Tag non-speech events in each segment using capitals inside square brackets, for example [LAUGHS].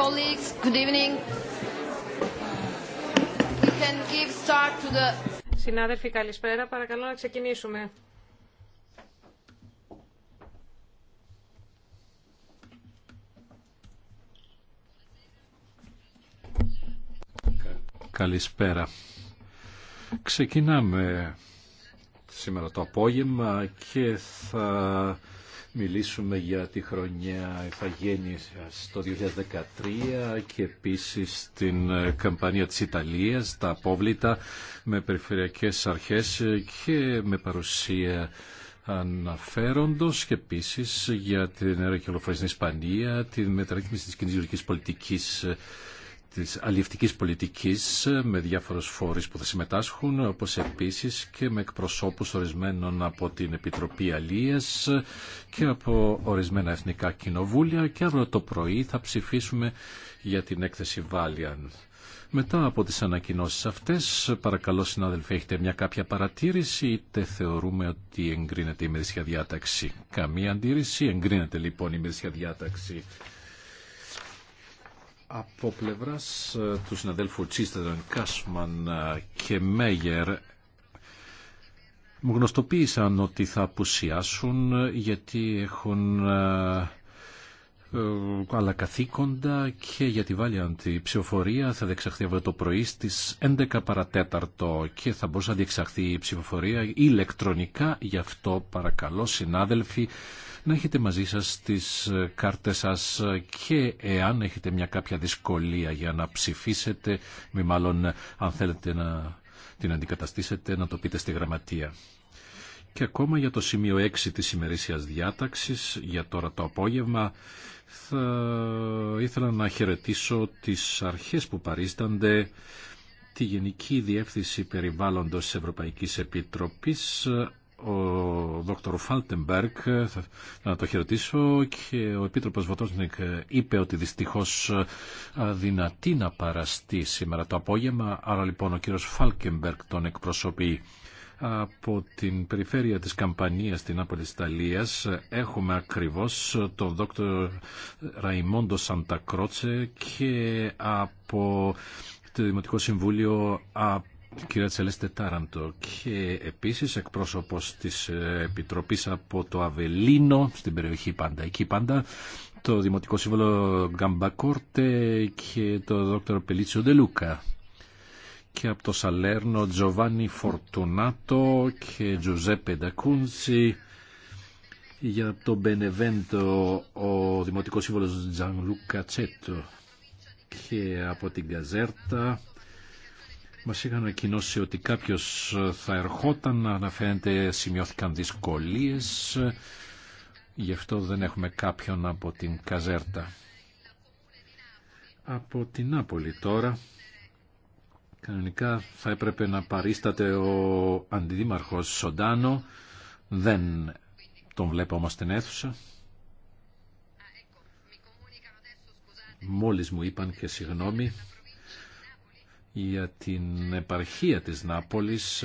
Colleagues, good evening. We can give start to the... Συνάδελφοι, καλησπέρα. Παρακαλώ να ξεκινήσουμε. Καλησπέρα. Ξεκινάμε σήμερα το απόγευμα και θα μιλήσουμε για τη χρονιά ηθαγένειας το 2013 και επίσης την ε, καμπανία της Ιταλίας, τα απόβλητα με περιφερειακές αρχές και με παρουσία αναφέροντος και επίσης για την αεροκυκλοφορία στην Ισπανία, την μεταρρύθμιση της κοινωνικής πολιτικής της αλληλευτικής πολιτικής ε, με διάφορους φόρους που θα συμμετάσχουν, όπως επίσης και με εκπροσώπους ορισμένων από την Επιτροπή Αλίας και από ορισμένα εθνικά κοινοβούλια και αύριο το πρωί θα ψηφίσουμε για την έκθεση Βάλιαν. Μετά από τις ανακοινώσεις αυτές, παρακαλώ συνάδελφοι, έχετε μια κάποια παρατήρηση, είτε θεωρούμε ότι εγκρίνεται η μερισιά διάταξη. Καμία αντίρρηση, εγκρίνεται λοιπόν η μερισιά διάταξη. Από πλευρά ε, του συναδέλφου Τσίστερν, Κάσμαν ε, και Μέγερ μου γνωστοποίησαν ότι θα απουσιάσουν ε, γιατί έχουν άλλα καθήκοντα και για τη βάλια θα διεξαχθεί αύριο το πρωί στις 11 παρατέταρτο και θα μπορούσε να διεξαχθεί η ψηφοφορία ηλεκτρονικά γι' αυτό παρακαλώ συνάδελφοι να έχετε μαζί σας τις ε, κάρτες σας και εάν έχετε μια κάποια δυσκολία για να ψηφίσετε, μη μάλλον ε, αν θέλετε να την αντικαταστήσετε, να το πείτε στη γραμματεία. Και ακόμα για το σημείο 6 της ημερήσιας διάταξης, για τώρα το απόγευμα, θα ήθελα να χαιρετήσω τις αρχές που παρίστανται τη Γενική Διεύθυνση Περιβάλλοντος Ευρωπαϊκής Επιτροπής ο δόκτωρ Φάλτεμπεργκ, να το χαιρετήσω, και ο Επίτροπος Βοτόσνικ είπε ότι δυστυχώς δυνατή να παραστεί σήμερα το απόγευμα, άρα λοιπόν ο κύριος Φάλτεμπεργκ τον εκπροσωπεί από την περιφέρεια της Καμπανίας στην Άπολη της Ιταλίας έχουμε ακριβώς τον δόκτωρ Ραϊμόντο Σαντακρότσε και από το Δημοτικό Συμβούλιο από κυρία Τσελέστε Τάραντο και επίσης εκπρόσωπος της ε, Επιτροπής από το Αβελίνο στην περιοχή πάντα, εκεί πάντα το Δημοτικό Σύμβολο Γκαμπακόρτε και το δόκτωρο Πελίτσιο Ντελούκα και από το Σαλέρνο Τζοβάνι Φορτουνάτο και Τζουζέπε Ντακούντσι για το Μπενεβέντο ο Δημοτικός Σύμβολος Τζανλούκα Τσέτο και από την Καζέρτα Μα είχαν ανακοινώσει ότι κάποιος θα ερχόταν, αναφέρεται σημειώθηκαν δυσκολίες, γι' αυτό δεν έχουμε κάποιον από την Καζέρτα. Από την Νάπολη τώρα, κανονικά θα έπρεπε να παρίσταται ο αντιδήμαρχος Σοντάνο, δεν τον βλέπω όμως στην αίθουσα. Μόλις μου είπαν και συγγνώμη για την επαρχία της Νάπολης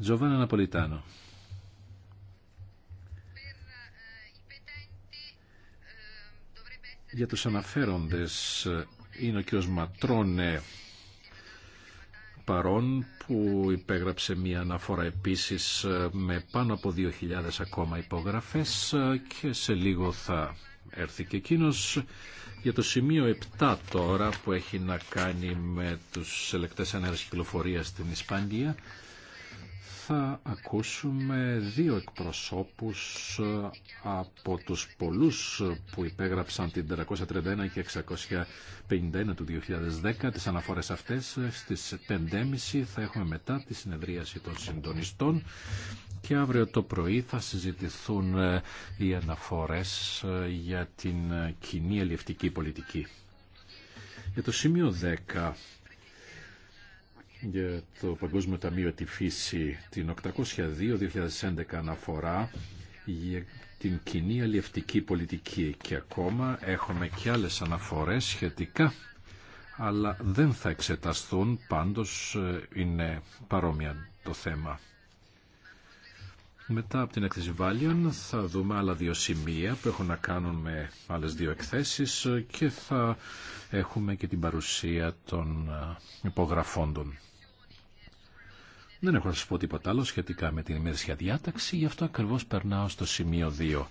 Τζοβάνα Ναπολιτάνο. Για τους αναφέροντες είναι ο κ. Ματρόνε παρόν που υπέγραψε μια αναφορά επίσης με πάνω από 2.000 ακόμα υπογραφές και σε λίγο θα έρθει και εκείνος για το σημείο 7 τώρα που έχει να κάνει με τους ελεκτές ανέρας κυκλοφορίας στην Ισπανία θα ακούσουμε δύο εκπροσώπους από τους πολλούς που υπέγραψαν την 431 και 651 του 2010, τις αναφορές αυτές. Στις 5.30 θα έχουμε μετά τη συνεδρίαση των συντονιστών και αύριο το πρωί θα συζητηθούν ε, οι αναφορές ε, για την ε, κοινή ελληνική πολιτική. Για το σημείο 10 για το Παγκόσμιο Ταμείο τη Φύση την 802-2011 αναφορά για την κοινή αλλιευτική πολιτική και ακόμα έχουμε και άλλες αναφορές σχετικά αλλά δεν θα εξεταστούν πάντως ε, είναι παρόμοια το θέμα. Μετά από την έκθεση Βάλιον θα δούμε άλλα δύο σημεία που έχουν να κάνουν με άλλες δύο εκθέσεις και θα έχουμε και την παρουσία των ε, των. Δεν έχω να σας πω τίποτα άλλο σχετικά με την ημερήσια διάταξη, γι' αυτό ακριβώ περνάω στο σημείο 2.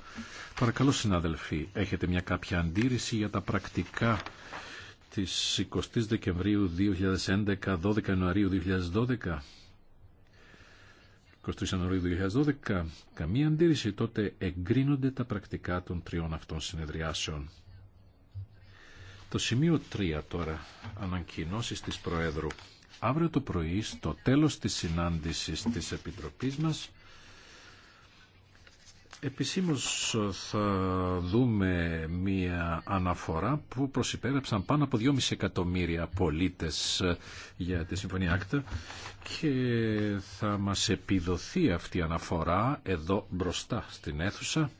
Παρακαλώ συνάδελφοι, έχετε μια κάποια αντίρρηση για τα πρακτικά της 20 Δεκεμβρίου 2011, 12 Ιανουαρίου 2012. 23 Ιανουαρίου 2012, καμία αντίρρηση, τότε εγκρίνονται τα πρακτικά των τριών αυτών συνεδριάσεων. Το σημείο 3 τώρα, ανακοινώσεις της Προέδρου. Αύριο το πρωί, στο τέλος της συνάντησης της Επιτροπής μας, Επισήμως θα δούμε μία αναφορά που προσυπέρεψαν πάνω από 2,5 εκατομμύρια πολίτες για τη Συμφωνία Άκτα και θα μας επιδοθεί αυτή η αναφορά εδώ μπροστά στην αίθουσα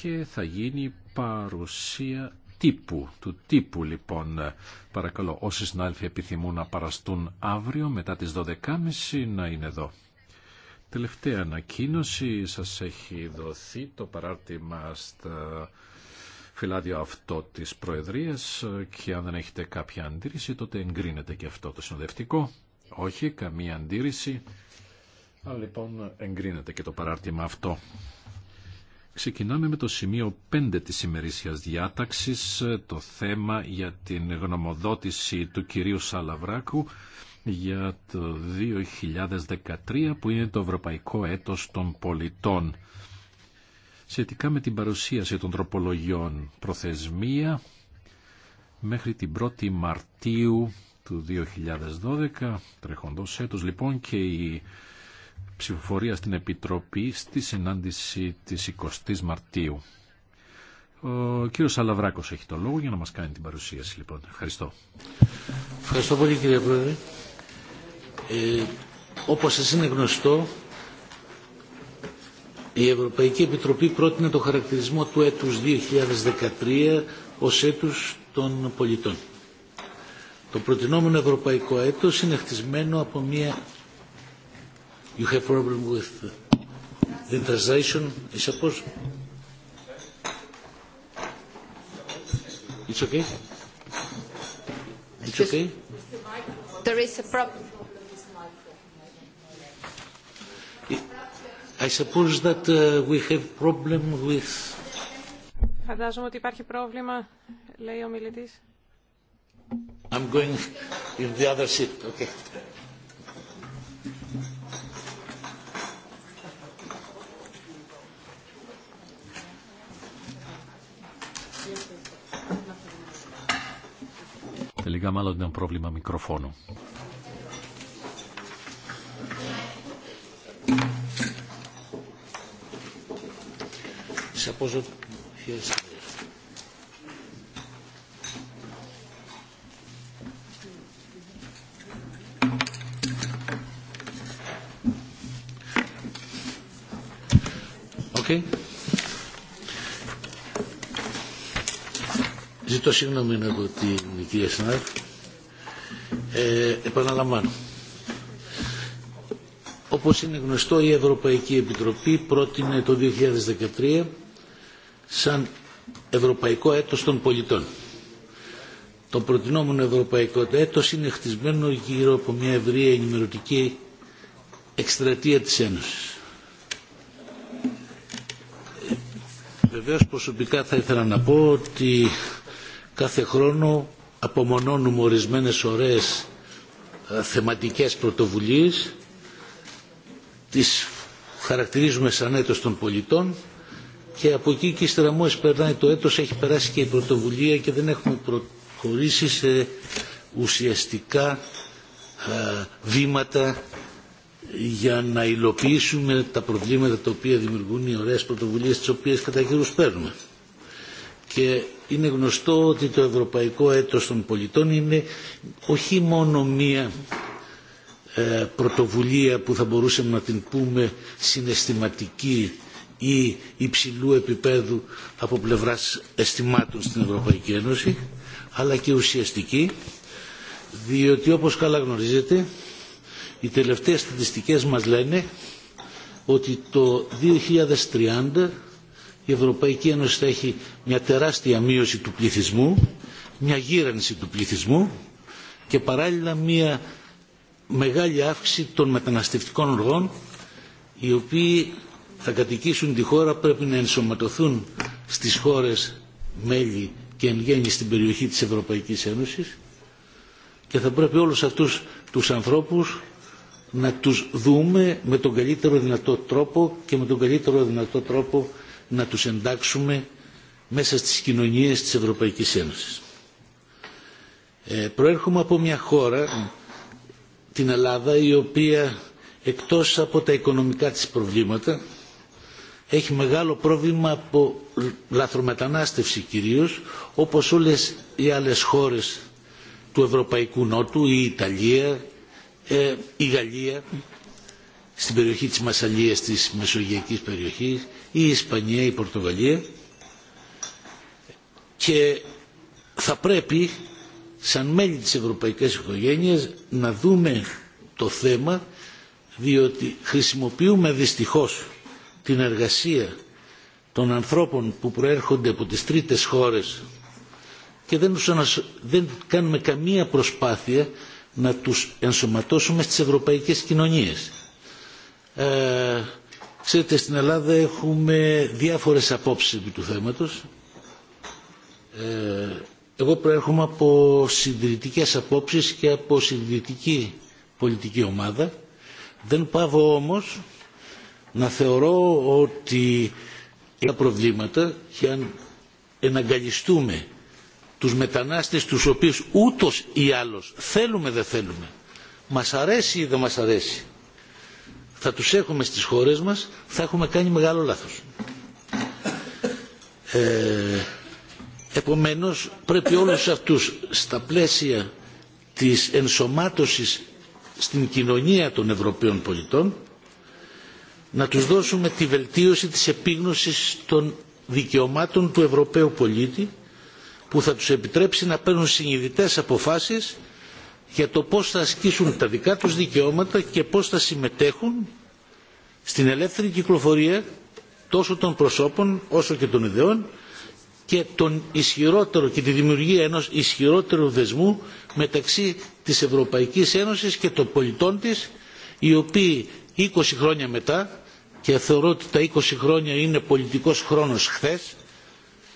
και θα γίνει παρουσία τύπου. Του τύπου λοιπόν ε, παρακαλώ όσοι συνάδελφοι επιθυμούν να παραστούν αύριο μετά τις 12.30 να είναι εδώ. Τελευταία ανακοίνωση σας έχει δοθεί το παράρτημα στα φυλάδιο αυτό της Προεδρίας ε, και αν δεν έχετε κάποια αντίρρηση τότε εγκρίνεται και αυτό το συνοδευτικό. Όχι, καμία αντίρρηση. αλλά λοιπόν, εγκρίνεται και το παράρτημα αυτό. Ξεκινάμε με το σημείο 5 της ημερήσιας διάταξης, το θέμα για την γνωμοδότηση του κυρίου Σαλαβράκου για το 2013 που είναι το Ευρωπαϊκό Έτος των Πολιτών. Σχετικά με την παρουσίαση των τροπολογιών προθεσμία μέχρι την 1η Μαρτίου του 2012, τρεχοντός έτος λοιπόν και η ψηφοφορία στην Επιτροπή στη συνάντηση της 20ης Μαρτίου. Ο κύριος Αλαβράκος έχει το λόγο για να μας κάνει την παρουσίαση λοιπόν. Ευχαριστώ. Ευχαριστώ πολύ κύριε Πρόεδρε. Ε, όπως σας είναι γνωστό, η Ευρωπαϊκή Επιτροπή πρότεινε το χαρακτηρισμό του έτους 2013 ως έτους των πολιτών. Το προτινόμενο ευρωπαϊκό έτος είναι χτισμένο από μια You have problem with the translation, I suppose? It's okay? It's okay? There is a problem. I suppose that we have problem with... Φαντάζομαι ότι υπάρχει πρόβλημα, λέει ο μιλητής. I'm going in the other seat. Okay. Τελικά μάλλον ήταν πρόβλημα μικροφώνου. Okay. Ζητώ συγγνώμη από την κυρία Σνάρφ. Ε, επαναλαμβάνω. Όπως είναι γνωστό η Ευρωπαϊκή Επιτροπή πρότεινε το 2013 σαν Ευρωπαϊκό Έτος των Πολιτών. Το προτινόμενο Ευρωπαϊκό Έτος είναι χτισμένο γύρω από μια ευρεία ενημερωτική εκστρατεία της Ένωσης. Ε, βεβαίως προσωπικά θα ήθελα να πω ότι κάθε χρόνο απομονώνουμε ορισμένες ωραίες ε, θεματικές πρωτοβουλίες τις χαρακτηρίζουμε σαν έτος των πολιτών και από εκεί και ύστερα μόλις περνάει το έτος έχει περάσει και η πρωτοβουλία και δεν έχουμε προχωρήσει σε ουσιαστικά ε, βήματα για να υλοποιήσουμε τα προβλήματα τα οποία δημιουργούν οι ωραίες πρωτοβουλίες τις οποίες κατά παίρνουμε. Και είναι γνωστό ότι το Ευρωπαϊκό Έτος των Πολιτών είναι όχι μόνο μία ε, πρωτοβουλία που θα μπορούσαμε να την πούμε συναισθηματική ή υψηλού επίπεδου από πλευράς αισθημάτων στην Ευρωπαϊκή Ένωση αλλά και ουσιαστική διότι όπως καλά γνωρίζετε οι τελευταίες στατιστικές μας λένε ότι το 2030 η Ευρωπαϊκή Ένωση θα έχει μια τεράστια μείωση του πληθυσμού, μια γύρανση του πληθυσμού και παράλληλα μια μεγάλη αύξηση των μεταναστευτικών οργών οι οποίοι θα κατοικήσουν τη χώρα πρέπει να ενσωματωθούν στις χώρες μέλη και εν γέννη στην περιοχή της Ευρωπαϊκής Ένωσης και θα πρέπει όλους αυτούς τους ανθρώπους να τους δούμε με τον καλύτερο δυνατό τρόπο και με τον καλύτερο δυνατό τρόπο να τους εντάξουμε μέσα στις κοινωνίες της Ευρωπαϊκής Ένωσης. Ε, προέρχομαι από μια χώρα, την Ελλάδα, η οποία εκτός από τα οικονομικά της προβλήματα έχει μεγάλο πρόβλημα από λαθρομετανάστευση κυρίως όπως όλες οι άλλες χώρες του Ευρωπαϊκού Νότου, η Ιταλία, ε, η Γαλλία στην περιοχή της Μασαλίας της Μεσογειακής περιοχής η Ισπανία, η Πορτογαλία και θα πρέπει σαν μέλη της ευρωπαϊκής οικογένειας να δούμε το θέμα διότι χρησιμοποιούμε δυστυχώς την εργασία των ανθρώπων που προέρχονται από τις τρίτες χώρες και δεν, δεν κάνουμε καμία προσπάθεια να τους ενσωματώσουμε στις ευρωπαϊκές κοινωνίες. Ε, Ξέρετε, στην Ελλάδα έχουμε διάφορες απόψεις του θέματος. Ε, εγώ προέρχομαι από συντηρητικές απόψεις και από συντηρητική πολιτική ομάδα. Δεν πάω όμως να θεωρώ ότι τα προβλήματα και αν εναγκαλιστούμε τους μετανάστες τους οποίους ούτως ή άλλως θέλουμε δεν θέλουμε μας αρέσει ή δεν μας αρέσει θα τους έχουμε στις χώρες μας θα έχουμε κάνει μεγάλο λάθος. Ε, επομένως πρέπει όλους αυτούς στα πλαίσια της ενσωμάτωσης στην κοινωνία των Ευρωπαίων πολιτών να τους δώσουμε τη βελτίωση της επίγνωσης των δικαιωμάτων του Ευρωπαίου πολίτη που θα τους επιτρέψει να παίρνουν συνειδητές αποφάσεις για το πώς θα ασκήσουν τα δικά τους δικαιώματα και πώς θα συμμετέχουν στην ελεύθερη κυκλοφορία τόσο των προσώπων όσο και των ιδεών και τον ισχυρότερο και τη δημιουργία ενός ισχυρότερου δεσμού μεταξύ της Ευρωπαϊκής Ένωσης και των πολιτών της οι οποίοι 20 χρόνια μετά και θεωρώ ότι τα 20 χρόνια είναι πολιτικός χρόνος χθες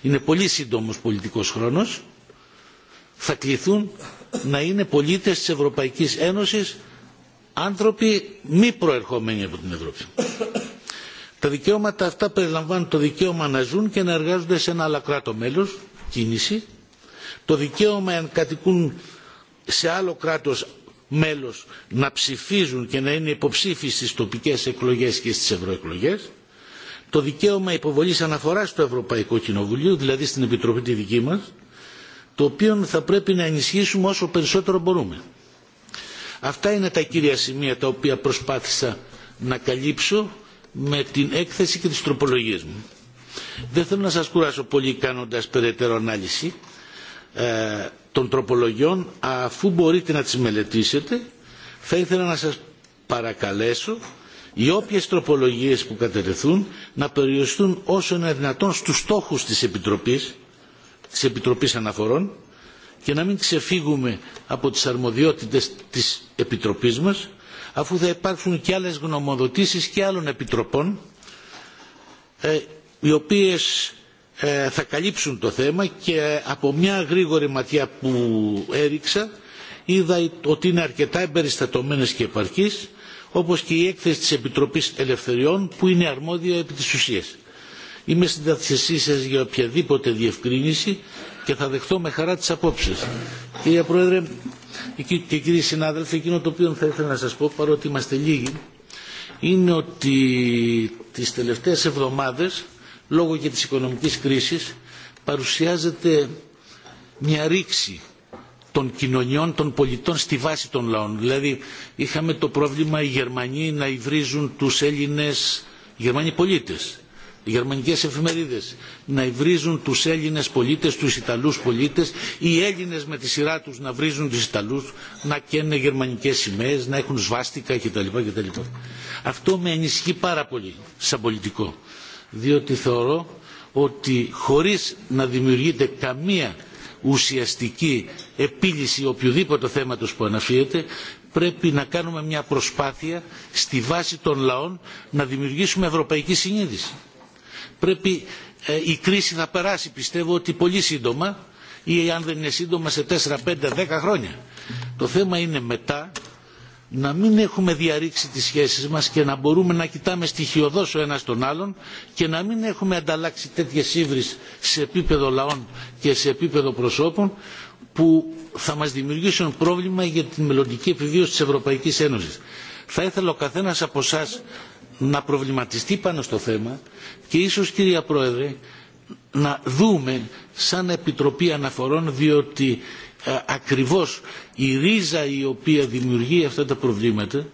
είναι πολύ σύντομος πολιτικός χρόνος θα κληθούν να είναι πολίτες της Ευρωπαϊκής Ένωσης άνθρωποι μη προερχόμενοι από την Ευρώπη. Τα δικαιώματα αυτά περιλαμβάνουν το δικαίωμα να ζουν και να εργάζονται σε ένα άλλο κράτο μέλος, κίνηση, το δικαίωμα αν κατοικούν σε άλλο κράτος μέλος να ψηφίζουν και να είναι υποψήφοι στις τοπικές εκλογές και στις ευρωεκλογές, το δικαίωμα υποβολής αναφοράς στο Ευρωπαϊκό Κοινοβουλίο, δηλαδή στην Επιτροπή τη δική μας, το οποίο θα πρέπει να ενισχύσουμε όσο περισσότερο μπορούμε. Αυτά είναι τα κύρια σημεία τα οποία προσπάθησα να καλύψω με την έκθεση και τις τροπολογίες μου. Δεν θέλω να σας κουράσω πολύ κάνοντας περαιτέρω ανάλυση ε, των τροπολογιών αφού μπορείτε να τις μελετήσετε θα ήθελα να σας παρακαλέσω οι όποιες τροπολογίες που κατερεθούν να περιοριστούν όσο είναι δυνατόν στους στόχους της Επιτροπής της Επιτροπής Αναφορών και να μην ξεφύγουμε από τις αρμοδιότητες της Επιτροπής μας αφού θα υπάρχουν και άλλες γνωμοδοτήσεις και άλλων επιτροπών ε, οι οποίες ε, θα καλύψουν το θέμα και ε, από μια γρήγορη ματιά που έριξα είδα ότι είναι αρκετά εμπεριστατωμένες και επαρκείς όπως και η έκθεση της Επιτροπής Ελευθεριών που είναι αρμόδια επί της ουσίας. Είμαι στην σα για οποιαδήποτε διευκρίνηση και θα δεχτώ με χαρά τι απόψει. Κυρία Πρόεδρε και κύριοι συνάδελφοι, εκείνο το οποίο θα ήθελα να σα πω, παρότι είμαστε λίγοι, είναι ότι τι τελευταίε εβδομάδε, λόγω και της οικονομική κρίση, παρουσιάζεται μια ρήξη των κοινωνιών των πολιτών στη βάση των λαών. Δηλαδή είχαμε το πρόβλημα οι Γερμανοί να υβρίζουν τους Έλληνες Γερμανοί πολίτες οι γερμανικές εφημερίδες να βρίζουν τους Έλληνες πολίτες, τους Ιταλούς πολίτες, οι Έλληνες με τη σειρά τους να βρίζουν τους Ιταλούς, να καίνουν γερμανικές σημαίες, να έχουν σβάστικα κτλ. κτλ. Αυτό με ενισχύει πάρα πολύ σαν πολιτικό, διότι θεωρώ ότι χωρίς να δημιουργείται καμία ουσιαστική επίλυση οποιοδήποτε θέματος που αναφύεται, πρέπει να κάνουμε μια προσπάθεια στη βάση των λαών να δημιουργήσουμε ευρωπαϊκή συνείδηση πρέπει ε, η κρίση να περάσει πιστεύω ότι πολύ σύντομα ή αν δεν είναι σύντομα σε 4, 5, 10 χρόνια. Το θέμα είναι μετά να μην έχουμε διαρρήξει τις σχέσεις μας και να μπορούμε να κοιτάμε στοιχειοδός ο ένας τον άλλον και να μην έχουμε ανταλλάξει τέτοιες ύβρις σε επίπεδο λαών και σε επίπεδο προσώπων που θα μας δημιουργήσουν πρόβλημα για τη μελλοντική επιβίωση της Ευρωπαϊκής Ένωσης. Θα ήθελα ο καθένας από εσά να προβληματιστεί πάνω στο θέμα και ίσως κυρία Πρόεδρε να δούμε σαν Επιτροπή Αναφορών διότι α, ε, ακριβώς η ρίζα η οποία δημιουργεί αυτά τα προβλήματα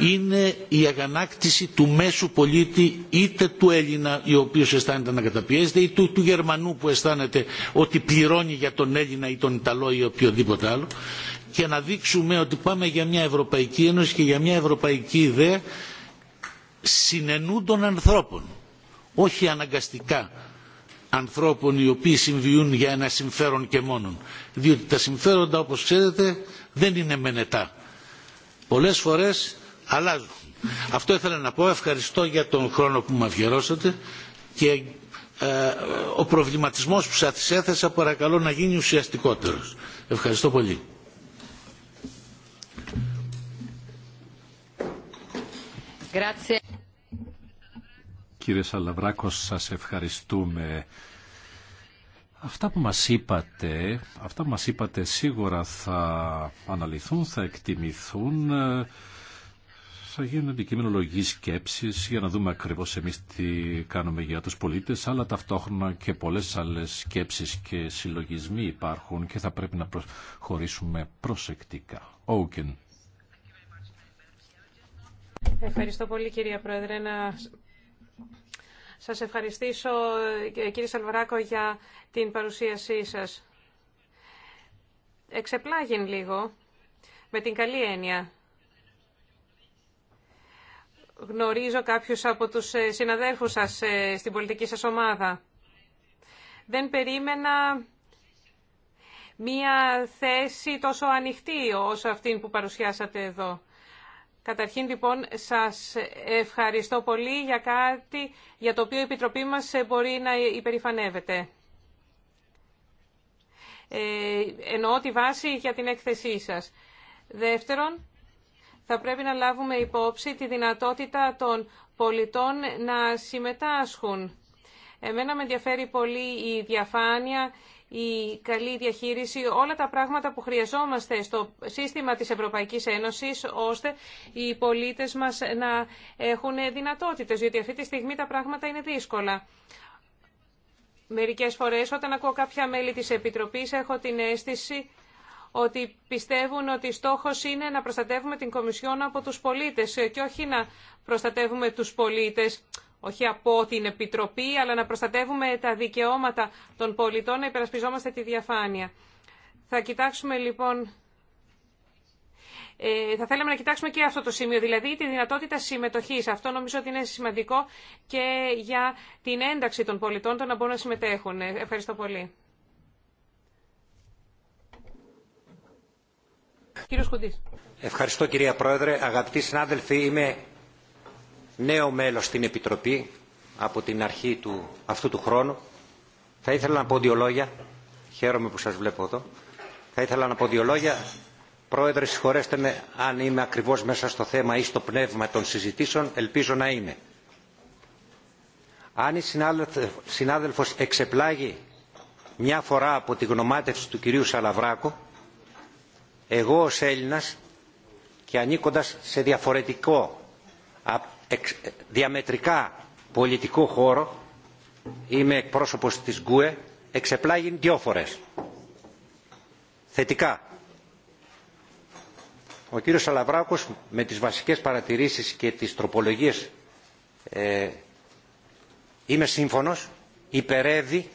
είναι η αγανάκτηση του μέσου πολίτη είτε του Έλληνα ο οποίος αισθάνεται να καταπιέζεται ή του, του Γερμανού που αισθάνεται ότι πληρώνει για τον Έλληνα ή τον Ιταλό ή οποιοδήποτε άλλο και να δείξουμε ότι πάμε για μια Ευρωπαϊκή Ένωση και για μια Ευρωπαϊκή ιδέα συνενού των ανθρώπων όχι αναγκαστικά ανθρώπων οι οποίοι συμβιούν για ένα συμφέρον και μόνον διότι τα συμφέροντα όπως ξέρετε δεν είναι μενετά πολλές φορές αλλάζουν αυτό ήθελα να πω ευχαριστώ για τον χρόνο που μου αφιερώσατε και ε, ο προβληματισμός που σας έθεσα παρακαλώ να γίνει ουσιαστικότερος ευχαριστώ πολύ Κύριε Σαλαβράκο, σας ευχαριστούμε. Αυτά που μας είπατε, αυτά που μας είπατε σίγουρα θα αναλυθούν, θα εκτιμηθούν, θα γίνουν αντικείμενο σκέψεις για να δούμε ακριβώς εμείς τι κάνουμε για τους πολίτες, αλλά ταυτόχρονα και πολλές άλλες σκέψεις και συλλογισμοί υπάρχουν και θα πρέπει να προχωρήσουμε προσεκτικά. Ευχαριστώ πολύ κυρία Πρόεδρε σας ευχαριστήσω ε, κύριε Σαλβαράκο για την παρουσίασή σας. Εξεπλάγιν λίγο, με την καλή έννοια. Γνωρίζω κάποιους από τους ε, συναδέρφους σας ε, στην πολιτική σας ομάδα. Δεν περίμενα μία θέση τόσο ανοιχτή όσο αυτή που παρουσιάσατε εδώ. Καταρχήν λοιπόν σας ευχαριστώ πολύ για κάτι για το οποίο η Επιτροπή μας μπορεί να υπερηφανεύεται. Ε, εννοώ τη βάση για την έκθεσή σας. Δεύτερον, θα πρέπει να λάβουμε υπόψη τη δυνατότητα των πολιτών να συμμετάσχουν. Εμένα με ενδιαφέρει πολύ η διαφάνεια, η καλή διαχείριση, όλα τα πράγματα που χρειαζόμαστε στο σύστημα της Ευρωπαϊκής Ένωσης, ώστε οι πολίτες μας να έχουν δυνατότητες, διότι αυτή τη στιγμή τα πράγματα είναι δύσκολα. Μερικές φορές όταν ακούω κάποια μέλη της Επιτροπής έχω την αίσθηση ότι πιστεύουν ότι στόχος είναι να προστατεύουμε την Κομισιόν από τους πολίτες και όχι να προστατεύουμε τους πολίτες όχι από την Επιτροπή, αλλά να προστατεύουμε τα δικαιώματα των πολιτών, να υπερασπιζόμαστε τη διαφάνεια. Θα κοιτάξουμε λοιπόν... Ε, θα θέλαμε να κοιτάξουμε και αυτό το σημείο, δηλαδή τη δυνατότητα συμμετοχής. Αυτό νομίζω ότι είναι σημαντικό και για την ένταξη των πολιτών, το να μπορούν να συμμετέχουν. Ε, ευχαριστώ πολύ. Ευχαριστώ κυρία Πρόεδρε. Αγαπητοί συνάδελφοι, είμαι νέο μέλος στην Επιτροπή από την αρχή του, αυτού του χρόνου. Θα ήθελα να πω δύο λόγια. Χαίρομαι που σας βλέπω εδώ. Θα ήθελα να πω δύο λόγια. Πρόεδρε, συγχωρέστε με αν είμαι ακριβώς μέσα στο θέμα ή στο πνεύμα των συζητήσεων. Ελπίζω να είμαι. Αν η συνάδελφος εξεπλάγει μια φορά από τη γνωμάτευση του κυρίου Σαλαβράκου, εγώ ως Έλληνας και ανήκοντας σε διαφορετικό διαμετρικά πολιτικό χώρο είμαι εκπρόσωπος της ΓΚΟΕ εξεπλάγει δυο φορές θετικά ο κύριος Σαλαβράκος με τις βασικές παρατηρήσεις και τις τροπολογίες ε, είμαι σύμφωνος υπερεύει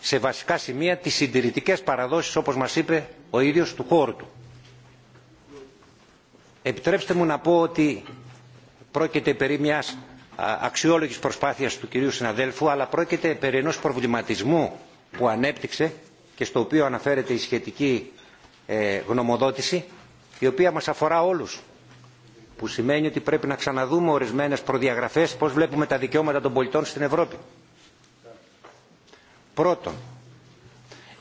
σε βασικά σημεία τις συντηρητικές παραδόσεις όπως μας είπε ο ίδιος του χώρου του. Επιτρέψτε μου να πω ότι πρόκειται περί μιας αξιόλογης προσπάθειας του κυρίου συναδέλφου αλλά πρόκειται περί ενός προβληματισμού που ανέπτυξε και στο οποίο αναφέρεται η σχετική ε, γνωμοδότηση η οποία μας αφορά όλους που σημαίνει ότι πρέπει να ξαναδούμε ορισμένες προδιαγραφές πώς βλέπουμε τα δικαιώματα των πολιτών στην Ευρώπη. Πρώτον,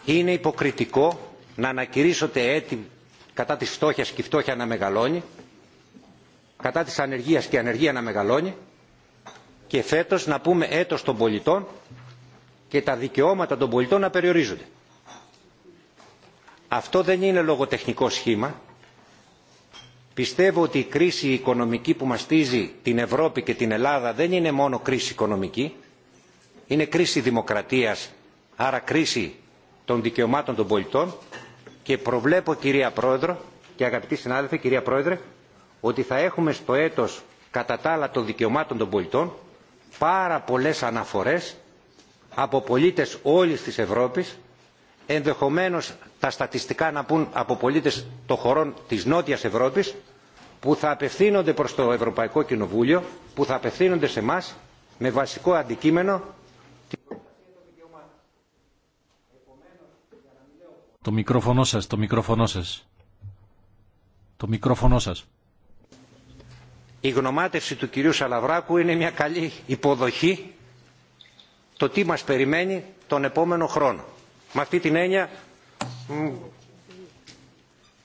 είναι υποκριτικό να ανακηρύσσονται έτοιμοι κατά τη φτώχειας και η φτώχεια να μεγαλώνει κατά της ανεργίας και η ανεργία να μεγαλώνει και φέτος να πούμε έτος των πολιτών και τα δικαιώματα των πολιτών να περιορίζονται. Αυτό δεν είναι λογοτεχνικό σχήμα. Πιστεύω ότι η κρίση οικονομική που μαστίζει την Ευρώπη και την Ελλάδα δεν είναι μόνο κρίση οικονομική. Είναι κρίση δημοκρατίας, άρα κρίση των δικαιωμάτων των πολιτών. Και προβλέπω κυρία Πρόεδρο και αγαπητοί συνάδελφοι, κυρία Πρόεδρε, ότι θα έχουμε στο έτος κατά τα άλλα των δικαιωμάτων των πολιτών πάρα πολλές αναφορές από πολίτες όλης της Ευρώπης ενδεχομένως τα στατιστικά να πούν από πολίτες των χωρών της Νότιας Ευρώπης που θα απευθύνονται προς το Ευρωπαϊκό Κοινοβούλιο, που θα απευθύνονται σε μας με βασικό αντικείμενο Το μικρόφωνο σας, το μικρόφωνο σας. Το μικρόφωνο σας η γνωμάτευση του κυρίου Σαλαβράκου είναι μια καλή υποδοχή το τι μας περιμένει τον επόμενο χρόνο. Με αυτή την έννοια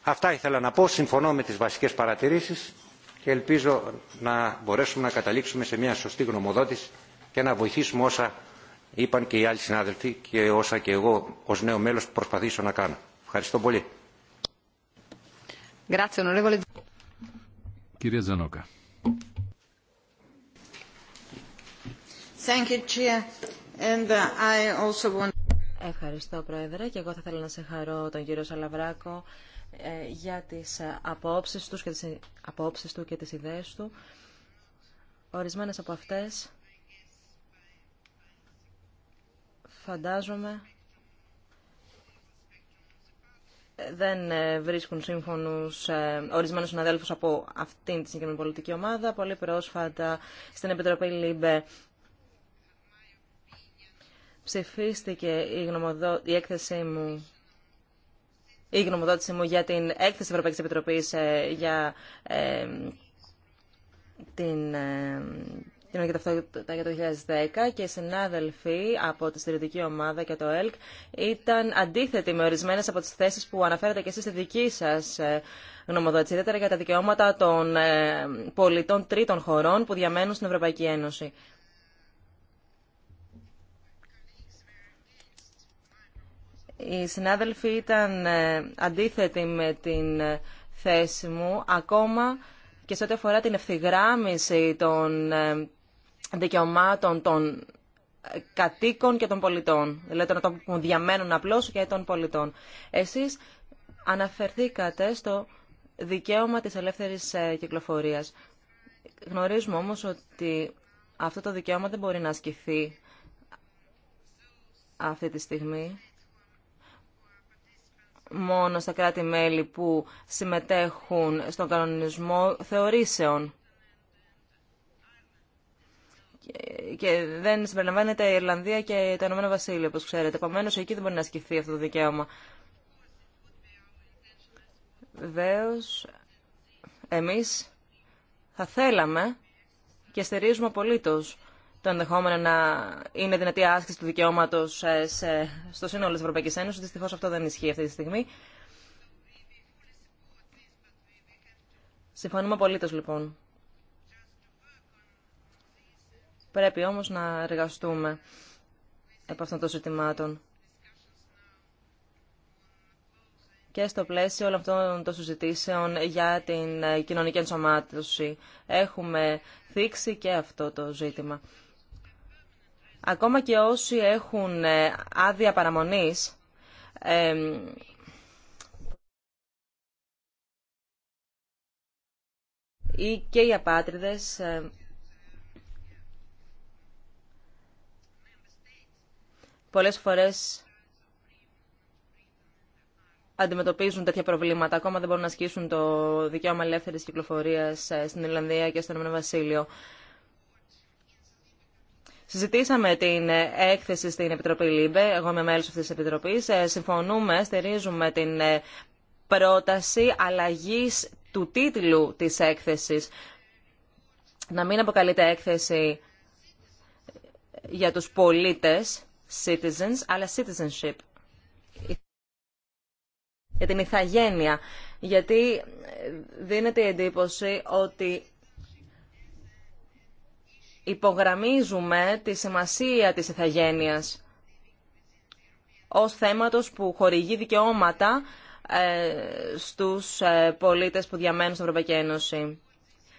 αυτά ήθελα να πω, συμφωνώ με τις βασικές παρατηρήσεις και ελπίζω να μπορέσουμε να καταλήξουμε σε μια σωστή γνωμοδότηση και να βοηθήσουμε όσα είπαν και οι άλλοι συνάδελφοι και όσα και εγώ ως νέο μέλος προσπαθήσω να κάνω. Ευχαριστώ πολύ. Κυρία Τζανόκα. Uh, Ευχαριστώ, Πρόεδρε. Και εγώ θα ήθελα να σε χαρώ τον κύριο Σαλαβράκο ε, για τις ε, απόψεις, και τις ε, απόψεις του και τις ιδέες του. Ορισμένες από αυτές φαντάζομαι δεν ε, βρίσκουν σύμφωνους ε, ορισμένου συναδέλφου από αυτήν τη συγκεκριμένη πολιτική ομάδα. Πολύ πρόσφατα στην Επιτροπή ΛΥΜΠΕ ψηφίστηκε η, γνωμοδο... η έκθεσή μου η γνωμοδότησή μου για την έκθεση Ευρωπαϊκής Επιτροπής ε, για την την για το 2010 και οι συνάδελφοι από τη στηρητική ομάδα και το ΕΛΚ ήταν αντίθετοι με ορισμένε από τι θέσει που αναφέρατε και εσεί στη δική σα ε, γνωμοδότηση, ιδιαίτερα για τα δικαιώματα των ε, πολιτών τρίτων χωρών που διαμένουν στην Ευρωπαϊκή Ένωση. Οι συνάδελφοι ήταν ε, αντίθετοι με την θέση μου, ακόμα και σε ό,τι αφορά την ευθυγράμμιση των δικαιωμάτων των ε, κατοίκων και των πολιτών, δηλαδή των ατόμων που διαμένουν απλώ και των πολιτών. Εσεί αναφερθήκατε στο δικαίωμα της ελεύθερη ε, κυκλοφορία. Γνωρίζουμε όμως ότι αυτό το δικαίωμα δεν μπορεί να ασκηθεί αυτή τη στιγμή μόνο στα κράτη-μέλη που συμμετέχουν στον κανονισμό θεωρήσεων και δεν συμπεριλαμβάνεται η Ιρλανδία και το Ηνωμένο Βασίλειο, όπως ξέρετε. Επομένω, εκεί δεν μπορεί να ασκηθεί αυτό το δικαίωμα. Βεβαίω, εμεί θα θέλαμε και στηρίζουμε απολύτω το ενδεχόμενο να είναι δυνατή άσκηση του δικαιώματο ε, στο σύνολο τη Ευρωπαϊκή Ένωση. Δυστυχώ αυτό δεν ισχύει αυτή τη στιγμή. Συμφωνούμε απολύτω λοιπόν. Πρέπει όμως να εργαστούμε από αυτών των ζητημάτων. Και στο πλαίσιο όλων αυτών των συζητήσεων για την ε, κοινωνική ενσωμάτωση έχουμε θίξει και αυτό το ζήτημα. Ακόμα και όσοι έχουν ε, άδεια παραμονής, ή και οι απάτριδες ε, πολλές φορές αντιμετωπίζουν τέτοια προβλήματα. Ακόμα δεν μπορούν να ασκήσουν το δικαίωμα ελεύθερη κυκλοφορία ε, στην Ιρλανδία και στον Ηνωμένο Βασίλειο. Συζητήσαμε την έκθεση στην Επιτροπή ΛΥΜΠΕ. Εγώ είμαι μέλο αυτή τη Επιτροπή. Ε, συμφωνούμε, στηρίζουμε την ε, πρόταση αλλαγή του τίτλου της έκθεσης. Να μην αποκαλείται έκθεση για τους πολίτες, citizens, αλλά citizenship. Για την ηθαγένεια. Γιατί δίνεται η εντύπωση ότι υπογραμμίζουμε τη σημασία της ηθαγένειας ως θέματος που χορηγεί δικαιώματα ε, στους ε, πολίτες που διαμένουν στην Ευρωπαϊκή Ένωση.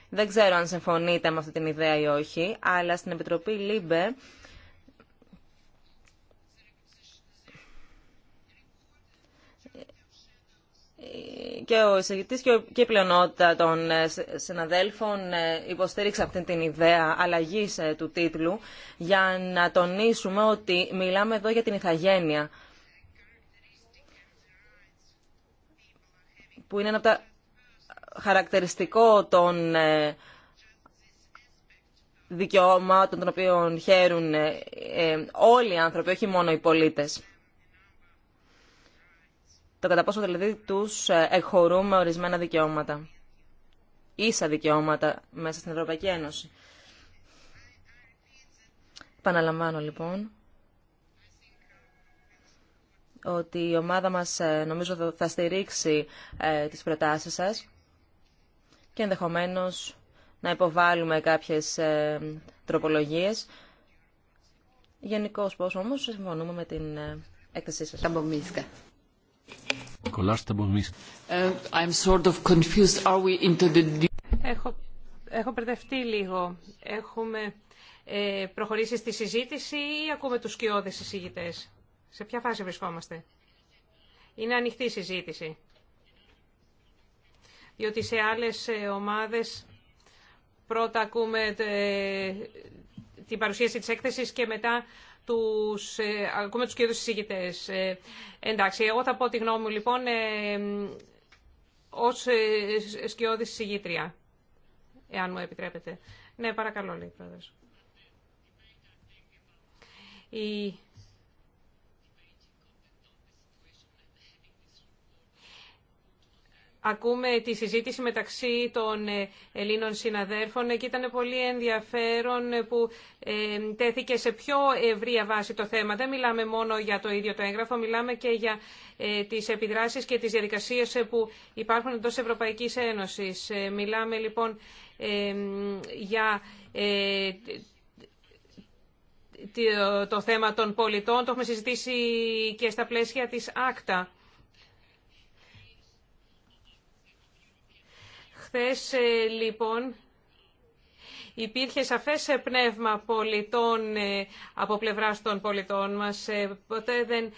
Δεν ξέρω αν συμφωνείτε με αυτή την ιδέα ή όχι, αλλά στην Επιτροπή ΛΥΜΠΕ και ο εισηγητής και η πλειονότητα των ε, συναδέλφων ε, υποστήριξε αυτή την ιδέα αλλαγής ε, του τίτλου για να τονίσουμε ότι μιλάμε εδώ για την ηθαγένεια που είναι ένα από τα χαρακτηριστικό των δικαιώματων των οποίων χαίρουν όλοι οι άνθρωποι, όχι μόνο οι πολίτες το κατά πόσο δηλαδή τους ε, εγχωρούμε ορισμένα δικαιώματα. Ίσα δικαιώματα μέσα στην Ευρωπαϊκή Ένωση. Παναλαμβάνω λοιπόν ότι η ομάδα μας ε, νομίζω θα στηρίξει ε, τις προτάσεις σας και ενδεχομένως να υποβάλουμε κάποιες τροπολογίες. Γενικώ πώς όμως συμφωνούμε με την έκθεσή σας. Έχω, μπερδευτεί λίγο. Έχουμε ε, προχωρήσει στη συζήτηση ή ακούμε τους σκιώδες συζητητές. Σε ποια φάση βρισκόμαστε. Είναι ανοιχτή η συζήτηση. Διότι σε άλλες ε, ομάδες πρώτα ακούμε ε, την παρουσίαση της έκθεσης και μετά τους, ε, ακούμε τους κύριους συζητητές. Ε, εντάξει, εγώ θα πω τη γνώμη μου λοιπόν ε, ως ε, σκιώδης εάν μου επιτρέπετε. Ναι, παρακαλώ, λέει η πρόεδρος. Η ακούμε τη συζήτηση μεταξύ των ε, Ελλήνων συναδέρφων και ήταν πολύ ενδιαφέρον που ε, τέθηκε σε πιο ευρία βάση το θέμα. Δεν μιλάμε μόνο για το ίδιο το έγγραφο, μιλάμε και για ε, τις επιδράσεις και τις διαδικασίες που υπάρχουν εντός Ευρωπαϊκής Ένωσης. Μιλάμε λοιπόν για το θέμα των πολιτών, το έχουμε συζητήσει και στα πλαίσια της ΑΚΤΑ. Χθες ε, λοιπόν υπήρχε σαφές ε, πνεύμα πολιτών ε, από πλευράς των πολιτών μας. Ποτέ δεν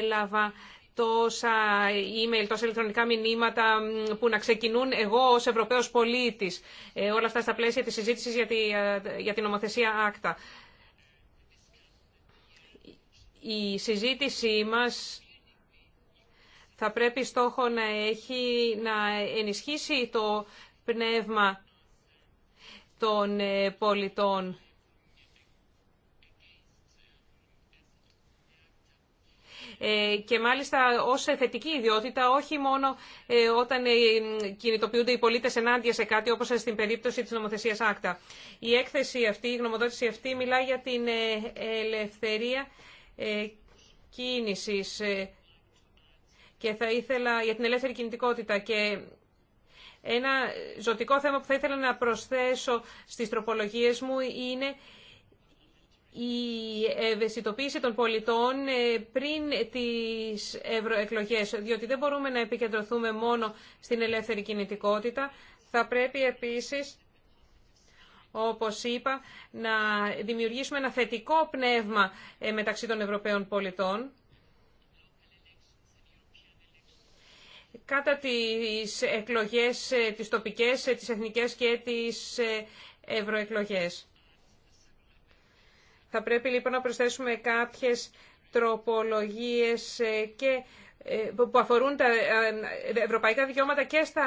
έλαβα τόσα email, τόσα ηλεκτρονικά μηνύματα που να ξεκινούν εγώ ως Ευρωπαίος πολίτης. όλα αυτά στα πλαίσια της συζήτησης για, για την νομοθεσία ΑΚΤΑ. Η συζήτησή μας θα πρέπει στόχο να έχει να ενισχύσει το πνεύμα των ε, πολιτών. Ε, και μάλιστα ως θετική ιδιότητα, όχι μόνο ε, όταν κινητοποιούνται οι πολίτες ενάντια σε κάτι, όπως στην περίπτωση της νομοθεσίας Άκτα. Η έκθεση αυτή, η γνωμοδότηση αυτή μιλά για την ελευθερία κίνησης και θα ήθελα για την ελεύθερη κινητικότητα και ένα ζωτικό θέμα που θα ήθελα να προσθέσω στις τροπολογίες μου είναι η ευαισθητοποίηση των πολιτών ε, πριν τις ευρωεκλογές, διότι δεν μπορούμε να επικεντρωθούμε μόνο στην ελεύθερη κινητικότητα. Θα πρέπει επίσης, όπως είπα, να δημιουργήσουμε ένα θετικό πνεύμα ε, μεταξύ των Ευρωπαίων πολιτών. κατά τις εκλογές, ε, τις τοπικές, ε, τις εθνικές και τις ε, ευρωεκλογές. Θα πρέπει λοιπόν να προσθέσουμε κάποιες τροπολογίες και που αφορούν τα ευρωπαϊκά δικαιώματα και στα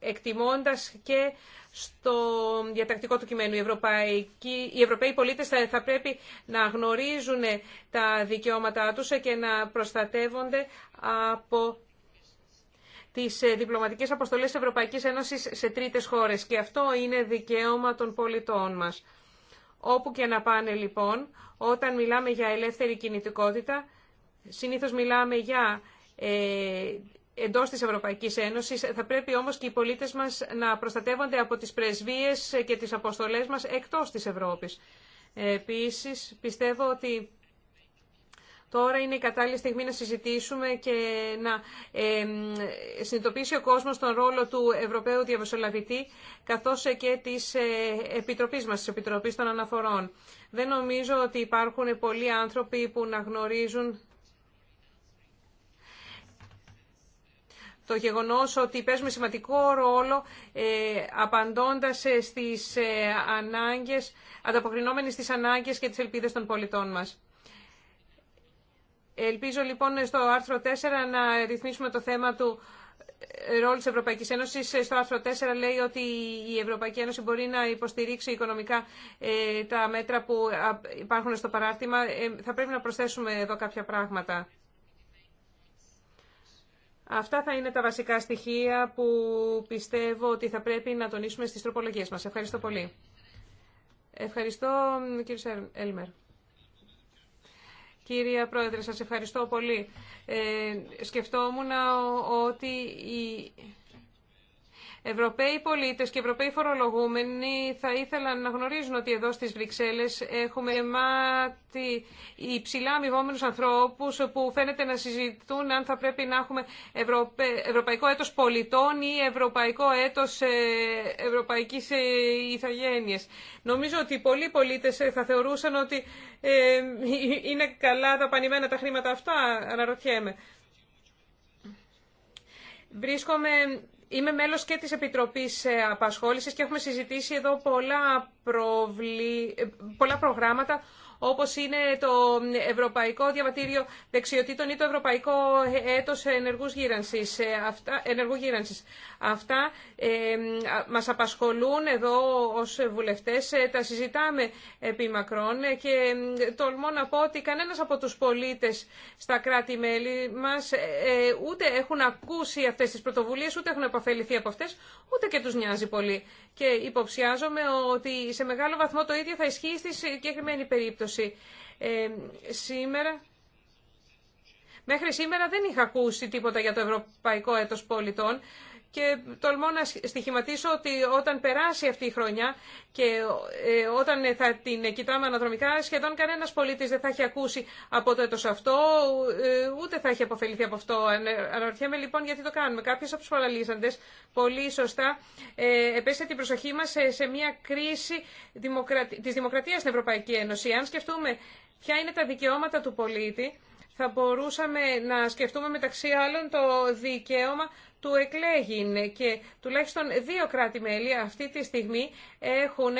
εκτιμώντας και στο διατακτικό του κειμένου. Οι, ευρωπαϊκοί, οι ευρωπαίοι πολίτες θα, πρέπει να γνωρίζουν τα δικαιώματά τους και να προστατεύονται από τις ε, διπλωματικέ αποστολές τη Ευρωπαϊκής Ένωση σε τρίτες χώρες. Και αυτό είναι δικαίωμα των πολιτών μας. Όπου και να πάνε λοιπόν, όταν μιλάμε για ελεύθερη κινητικότητα, συνήθως μιλάμε για ε, εντός της Ευρωπαϊκής Ένωσης. Θα πρέπει όμως και οι πολίτες μας να προστατεύονται από τις πρεσβείες και τις αποστολές μας εκτός της Ευρώπης. Επίσης, πιστεύω ότι Τώρα είναι η κατάλληλη στιγμή να συζητήσουμε και να συνειδητοποιήσει ο κόσμος τον ρόλο του Ευρωπαίου Διαμεσολαβητή καθώς και της ε, Επιτροπής μας, της Επιτροπής των Αναφορών. Δεν νομίζω ότι υπάρχουν πολλοί άνθρωποι που να γνωρίζουν το γεγονός ότι παίζουμε σημαντικό ρόλο ε, απαντώντας ε, στις ε, ανάγκες, ανταποκρινόμενοι στις ανάγκες και τις ελπίδες των πολιτών μας. Ελπίζω λοιπόν στο άρθρο 4 να ρυθμίσουμε το θέμα του ρόλου της Ευρωπαϊκής Ένωσης. Στο άρθρο 4 λέει ότι η Ευρωπαϊκή Ένωση μπορεί να υποστηρίξει οικονομικά ε, τα μέτρα που υπάρχουν στο παράρτημα. Ε, θα πρέπει να προσθέσουμε εδώ κάποια πράγματα. Αυτά θα είναι τα βασικά στοιχεία που πιστεύω ότι θα πρέπει να τονίσουμε στις τροπολογίες μας. Ευχαριστώ πολύ. Ευχαριστώ κύριε Έλμερ. Κύριε Πρόεδρε, σας ευχαριστώ πολύ. Ε, σκεφτόμουν ότι η Ευρωπαίοι πολίτες και Ευρωπαίοι φορολογούμενοι θα ήθελαν να γνωρίζουν ότι εδώ στις Βρυξέλλες έχουμε μάτι υψηλά αμοιβόμενους ανθρώπους που φαίνεται να συζητούν αν θα πρέπει να έχουμε Ευρωπαϊκό έτος πολιτών ή Ευρωπαϊκό έτος ε, Ευρωπαϊκής Ιθαγένειας. Ε, Νομίζω ότι πολλοί πολίτες ε, θα θεωρούσαν ότι είναι καλά τα τα χρήματα αυτά, αναρωτιέμαι. Βρίσκομαι Είμαι μέλος και της Επιτροπής ε, Απασχόλησης και έχουμε συζητήσει εδώ πολλά, προβλη... πολλά προγράμματα όπως είναι το Ευρωπαϊκό Διαβατήριο Δεξιοτήτων ή το Ευρωπαϊκό Έτος Ενεργούς Γύρανσης. Ε, αυτά, ενεργού γύρανσης. Αυτά ε, μας απασχολούν εδώ ως βουλευτές, ε, τα συζητάμε επί μακρόν και ε, τολμώ να πω ότι κανένας από τους πολίτες στα κράτη-μέλη μας ούτε έχουν ακούσει αυτές τις πρωτοβουλίες, ούτε έχουν επαφεληθεί από αυτές, ούτε και τους νοιάζει πολύ. Και υποψιάζομαι ότι σε μεγάλο βαθμό το ίδιο θα ισχύει στη συγκεκριμένη περίπτωση. Ε, σήμερα, μέχρι σήμερα δεν είχα ακούσει τίποτα για το Ευρωπαϊκό Έτος Πολιτών και τολμώ να στοιχηματίσω ότι όταν περάσει αυτή η χρονιά και ε, όταν θα την κοιτάμε αναδρομικά, σχεδόν κανένας πολίτης δεν θα έχει ακούσει από το έτος αυτό, ε, ούτε θα έχει αποφεληθεί από αυτό. Αναρωτιέμαι λοιπόν γιατί το κάνουμε. Κάποιες από τους παραλύσαντες πολύ σωστά ε, επέστησε την προσοχή μας σε μια κρίση της δημοκρατίας στην Ευρωπαϊκή Ένωση. Αν σκεφτούμε ποια είναι τα δικαιώματα του πολίτη, θα μπορούσαμε να σκεφτούμε μεταξύ άλλων το δικαίωμα του εκλέγην και τουλάχιστον δύο κράτη-μέλη αυτή τη στιγμή έχουν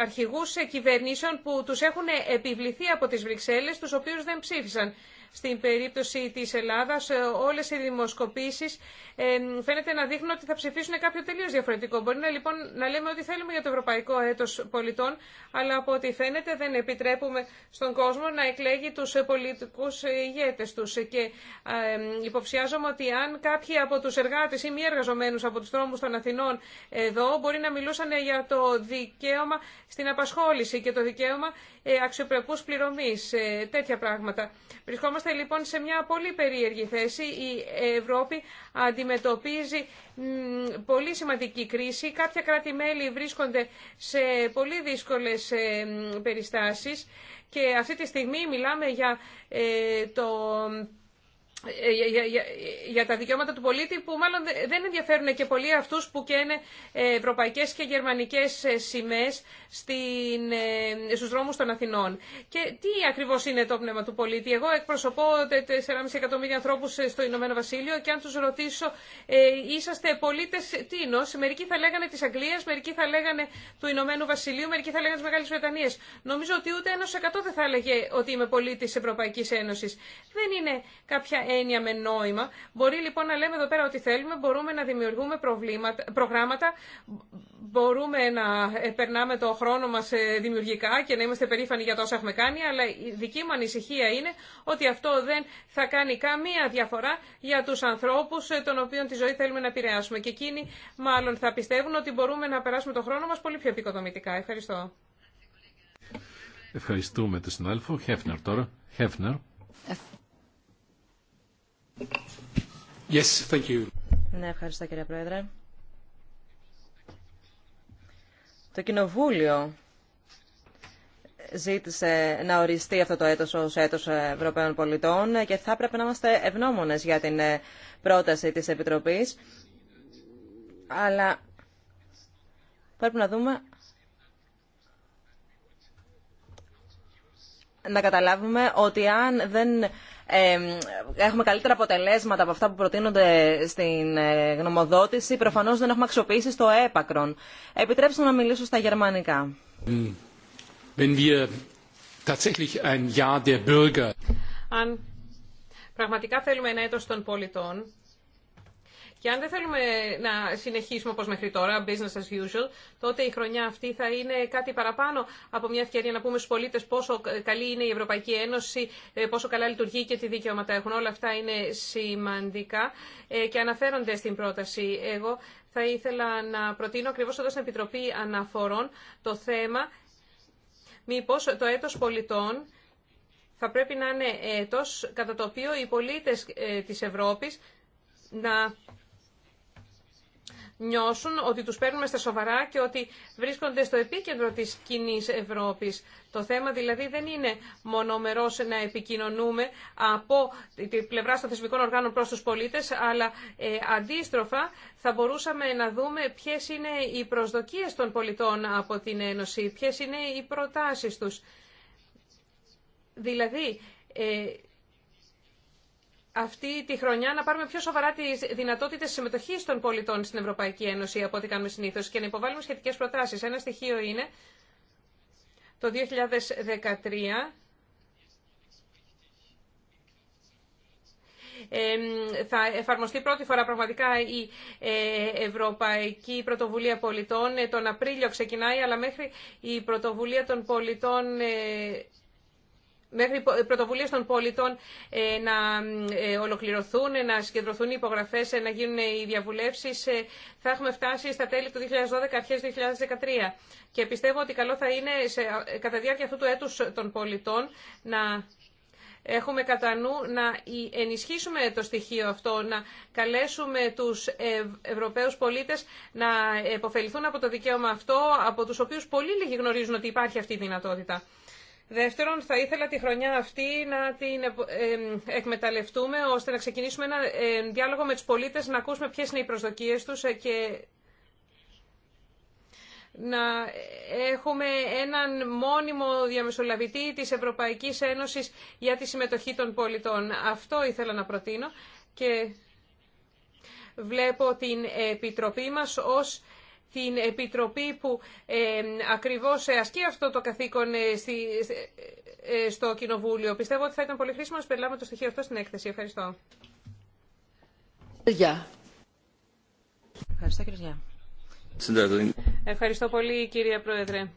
αρχηγούς κυβερνήσεων που τους έχουν επιβληθεί από τις Βρυξέλλες, τους οποίους δεν ψήφισαν. Στην περίπτωση της Ελλάδας ε, όλες οι δημοσκοπήσεις ε, φαίνεται να δείχνουν ότι θα ψηφίσουν κάποιο τελείως διαφορετικό. Μπορεί να, λοιπόν, να λέμε ότι θέλουμε για το Ευρωπαϊκό Έτος Πολιτών, αλλά από ό,τι φαίνεται δεν επιτρέπουμε στον κόσμο να εκλέγει τους πολιτικούς ηγέτες τους. Και ε, υποψιάζομαι ότι αν κάποιοι από τους εργάτες ή μη εργαζομένους από τους δρόμους των Αθηνών εδώ μπορεί να μιλούσαν για το δικαίωμα στην απασχόληση και το δικαίωμα αξιοπρεπούς πληρωμής, τέτοια πράγματα. Βρισκόμαστε λοιπόν σε μια πολύ περίεργη θέση. Η Ευρώπη αντιμετωπίζει πολύ σημαντική κρίση. Κάποια κράτη-μέλη βρίσκονται σε πολύ δύσκολες ε, περιστάσεις και αυτή τη στιγμή μιλάμε για ε, το ε, για, για, για, τα δικαιώματα του πολίτη που μάλλον δεν ενδιαφέρουν και πολλοί αυτούς που καίνε ευρωπαϊκές και γερμανικές ε, σημαίες στην, ε, στους δρόμους των Αθηνών. Και τι ακριβώς είναι το πνεύμα του πολίτη. Εγώ εκπροσωπώ 4,5 εκατομμύρια ανθρώπους στο Ηνωμένο Βασίλειο και αν τους ρωτήσω ε, είσαστε πολίτες τίνος, μερικοί θα λέγανε της Αγγλίας, μερικοί θα λέγανε του Ηνωμένου Βασιλείου, μερικοί θα λέγανε της Μεγάλης Βρετανίας. Νομίζω ότι ούτε 1% δεν θα έλεγε ότι είμαι πολίτης Ευρωπαϊκής Ένωσης. Δεν είναι κάποια έννοια με νόημα. Μπορεί λοιπόν να λέμε εδώ πέρα ότι θέλουμε, μπορούμε να δημιουργούμε προγράμματα, μπορούμε να ε, περνάμε το χρόνο μας ε, δημιουργικά και να είμαστε περήφανοι για τόσα όσα έχουμε κάνει, αλλά η δική μου ανησυχία είναι ότι αυτό δεν θα κάνει καμία διαφορά για τους ανθρώπους ε, των οποίων τη ζωή θέλουμε να επηρεάσουμε. Και εκείνοι μάλλον θα πιστεύουν ότι μπορούμε να περάσουμε το χρόνο μας πολύ πιο επικοδομητικά. Ευχαριστώ. Ευχαριστούμε τον συνάδελφο. Χέφνερ τώρα. Χέφνερ. Ναι, ευχαριστώ κύριε Πρόεδρε. Το Κοινοβούλιο ζήτησε να οριστεί αυτό το έτος ως έτος Ευρωπαίων Πολιτών και θα πρέπει να είμαστε ευγνώμονες για την πρόταση της Επιτροπής. Αλλά πρέπει να δούμε να καταλάβουμε ότι αν δεν έχουμε καλύτερα αποτελέσματα από αυτά που προτείνονται στην ε, γνωμοδότηση, προφανώς δεν έχουμε αξιοποιήσει στο έπακρον. Επιτρέψτε να μιλήσω στα γερμανικά. Αν πραγματικά θέλουμε ένα έτος των πολιτών, και αν δεν θέλουμε να συνεχίσουμε όπως μέχρι τώρα, business as usual, τότε η χρονιά αυτή θα είναι κάτι παραπάνω από μια ευκαιρία να πούμε στους πολίτες πόσο καλή είναι η Ευρωπαϊκή Ένωση, ε, πόσο καλά λειτουργεί και τι δικαιώματα έχουν. Όλα αυτά είναι σημαντικά ε, και αναφέρονται στην πρόταση. Εγώ θα ήθελα να προτείνω ακριβώ εδώ στην Επιτροπή Αναφορών το θέμα μήπως το έτος πολιτών θα πρέπει να είναι έτος κατά το οποίο οι πολίτες ε, της Ευρώπης να νιώσουν ότι τους παίρνουμε στα σοβαρά και ότι βρίσκονται στο επίκεντρο της κοινή Ευρώπης. Το θέμα δηλαδή δεν είναι μονομερός να επικοινωνούμε από την πλευρά των θεσμικών οργάνων προς τους πολίτες, αλλά ε, αντίστροφα θα μπορούσαμε να δούμε ποιες είναι οι προσδοκίες των πολιτών από την Ένωση, ποιες είναι οι προτάσεις τους. Δηλαδή, ε, αυτή τη χρονιά να πάρουμε πιο σοβαρά τι δυνατότητε συμμετοχή των πολιτών στην Ευρωπαϊκή Ένωση από ό,τι κάνουμε συνήθω και να υποβάλουμε σχετικέ προτάσει. Ένα στοιχείο είναι το 2013. θα εφαρμοστεί πρώτη φορά πραγματικά η ε, Ευρωπαϊκή Πρωτοβουλία Πολιτών. Ε, τον Απρίλιο ξεκινάει, αλλά μέχρι η Πρωτοβουλία των Πολιτών ε, μέχρι πρωτοβουλίες των πολιτών ε, να ε, ολοκληρωθούν, να συγκεντρωθούν οι υπογραφές, ε, να γίνουν οι διαβουλεύσεις. Θα έχουμε φτάσει στα τέλη του 2012, αρχές του 2013. Και πιστεύω ότι καλό θα είναι σε, κατά διάρκεια αυτού του έτους των πολιτών να έχουμε κατά νου να ενισχύσουμε το στοιχείο αυτό, να καλέσουμε τους Ευρωπαίους πολίτες να επωφεληθούν από το δικαίωμα αυτό, από τους οποίους πολύ λίγοι γνωρίζουν ότι υπάρχει αυτή η δυνατότητα. Δεύτερον, θα ήθελα τη χρονιά αυτή να την ε, εκμεταλλευτούμε ώστε να ξεκινήσουμε ένα διάλογο με τους πολίτες, να ακούσουμε ποιες είναι οι προσδοκίες τους ε, και να έχουμε έναν μόνιμο διαμεσολαβητή της Ευρωπαϊκής Ένωσης για τη συμμετοχή των πολιτών. Αυτό ήθελα να προτείνω και βλέπω την Επιτροπή μας ως την Επιτροπή που ε, ακριβώς ασκεί αυτό το καθήκον ε, ε, στο Κοινοβούλιο. Πιστεύω ότι θα ήταν πολύ χρήσιμο να περιλάβουμε το στοιχείο αυτό στην έκθεση. Ευχαριστώ. Ευχαριστώ, Ευχαριστώ πολύ, κυρία Πρόεδρε.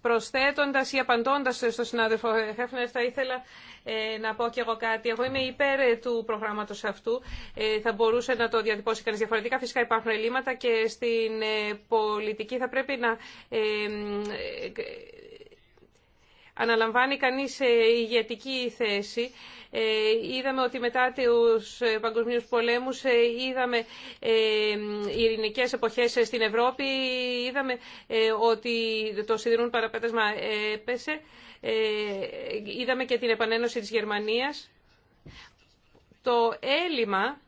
Προσθέτοντας ή απαντώντα στον συνάδελφο Χέφνερ, θα ήθελα ε, να πω και εγώ κάτι. Εγώ είμαι υπέρ ε, του προγράμματος αυτού. Ε, θα μπορούσε να το διατυπώσει κανείς διαφορετικά. Φυσικά υπάρχουν ελλείμματα και στην πολιτική θα πρέπει να αναλαμβάνει κανείς ε, ηγετική θέση. Ε, είδαμε ότι μετά τους ε, παγκοσμίους πολέμους είδαμε ειρηνικές εποχές στην Ευρώπη, είδαμε ότι το σιδηρούν παραπέτασμα έπεσε, είδαμε και την επανένωση της Γερμανίας. Το έλλειμμα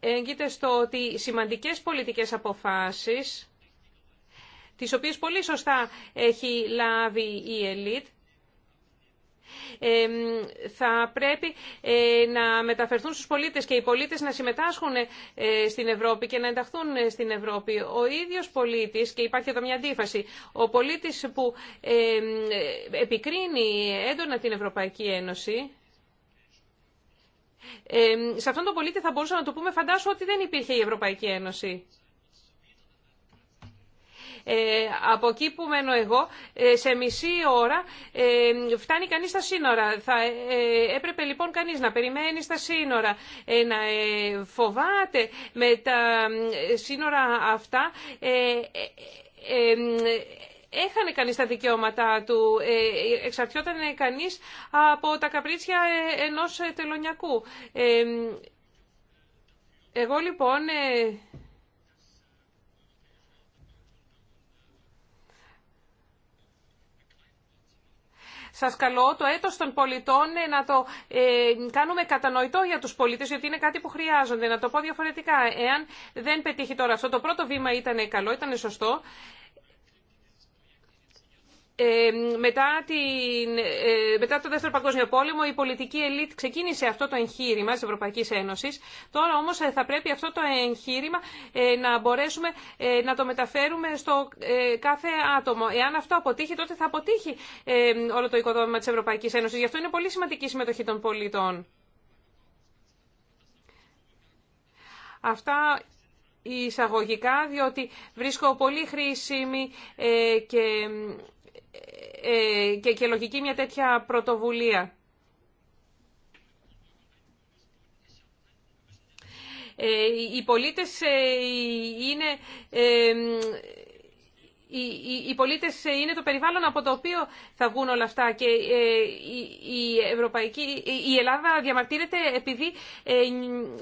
έγκυται στο ότι σημαντικές πολιτικές αποφάσεις τις οποίες πολύ σωστά έχει λάβει η ελίτ, θα πρέπει ε, να μεταφερθούν στους πολίτες και οι πολίτες να συμμετάσχουν ε, στην Ευρώπη και να ενταχθούν ε, στην Ευρώπη. Ο ίδιος πολίτης, και υπάρχει εδώ μια αντίφαση, ο πολίτης που επικρίνει έντονα την Ευρωπαϊκή Ένωση, σε αυτόν τον πολίτη θα μπορούσαμε να του πούμε φαντάσου ότι δεν υπήρχε η Ευρωπαϊκή Ένωση. Ε, από εκεί που μένω εγώ, ε, σε μισή ώρα ε, φτάνει κανείς στα σύνορα. Θα έπρεπε λοιπόν κανείς να περιμένει στα σύνορα, να φοβάται με τα σύνορα αυτά έχανε κανείς τα δικαιώματά του, εξαρτιόταν κανείς από τα καπρίτσια ενός τελωνιακού. εγώ λοιπόν Σας καλώ το έτος των πολιτών ε, να το ε, κάνουμε κατανοητό για τους πολίτες, γιατί είναι κάτι που χρειάζονται. Να το πω διαφορετικά. Εάν δεν πετύχει τώρα αυτό, το πρώτο βήμα ήταν καλό, ήταν σωστό. Ε, ε, μετά, το Δεύτερο Παγκόσμιο Πόλεμο η πολιτική ελίτ ξεκίνησε αυτό το εγχείρημα της Ευρωπαϊκής Ένωσης. Τώρα όμως ε, θα πρέπει αυτό το εγχείρημα να μπορέσουμε να το μεταφέρουμε στο κάθε άτομο. Εάν αυτό αποτύχει τότε θα αποτύχει όλο το οικοδόμημα της Ευρωπαϊκής Ένωσης. Γι' αυτό είναι πολύ σημαντική η συμμετοχή των πολιτών. Αυτά εισαγωγικά διότι βρίσκω πολύ χρήσιμη και ε, ε, και, και λογική μια τέτοια πρωτοβουλία. Ε, οι πολίτες είναι οι πολίτες ε, είναι το περιβάλλον από το οποίο θα βγουν όλα αυτά και ε, η, Ευρωπαϊκή, η Ελλάδα διαμαρτύρεται επειδή ε,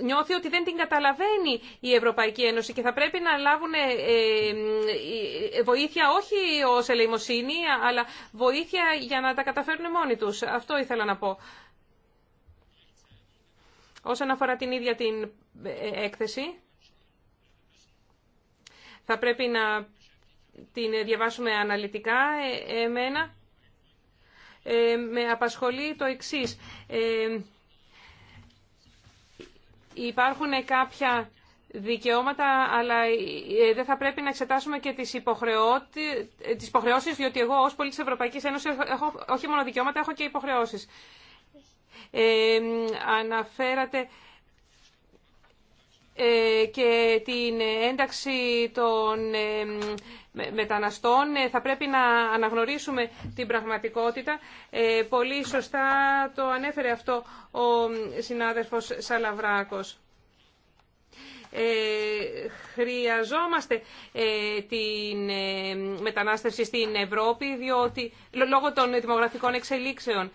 νιώθει ότι δεν την καταλαβαίνει η Ευρωπαϊκή Ένωση και θα πρέπει να λάβουν βοήθεια όχι ως ελεημοσύνη αλλά βοήθεια για να τα καταφέρουν μόνοι τους. Αυτό ήθελα να πω. Όσον αφορά την ίδια την έκθεση, θα πρέπει να την διαβάσουμε αναλυτικά. Ε, εμένα ε, με απασχολεί το εξής. Ε, υπάρχουν κάποια δικαιώματα, αλλά δεν θα πρέπει να εξετάσουμε και τις, τις υποχρεώσεις, διότι εγώ ως πολίτης Ευρωπαϊκής Ένωσης έχω όχι μόνο δικαιώματα, έχω και υποχρεώσεις. Ε, αναφέρατε και την ένταξη των μεταναστών. Ε, θα πρέπει να αναγνωρίσουμε την πραγματικότητα. Ε, πολύ σωστά το ανέφερε αυτό ο συνάδελφος Σαλαβράκος. Ε, χρειαζόμαστε ε, την ε, μετανάστευση στην Ευρώπη διότι λόγω των δημογραφικών εξελίξεων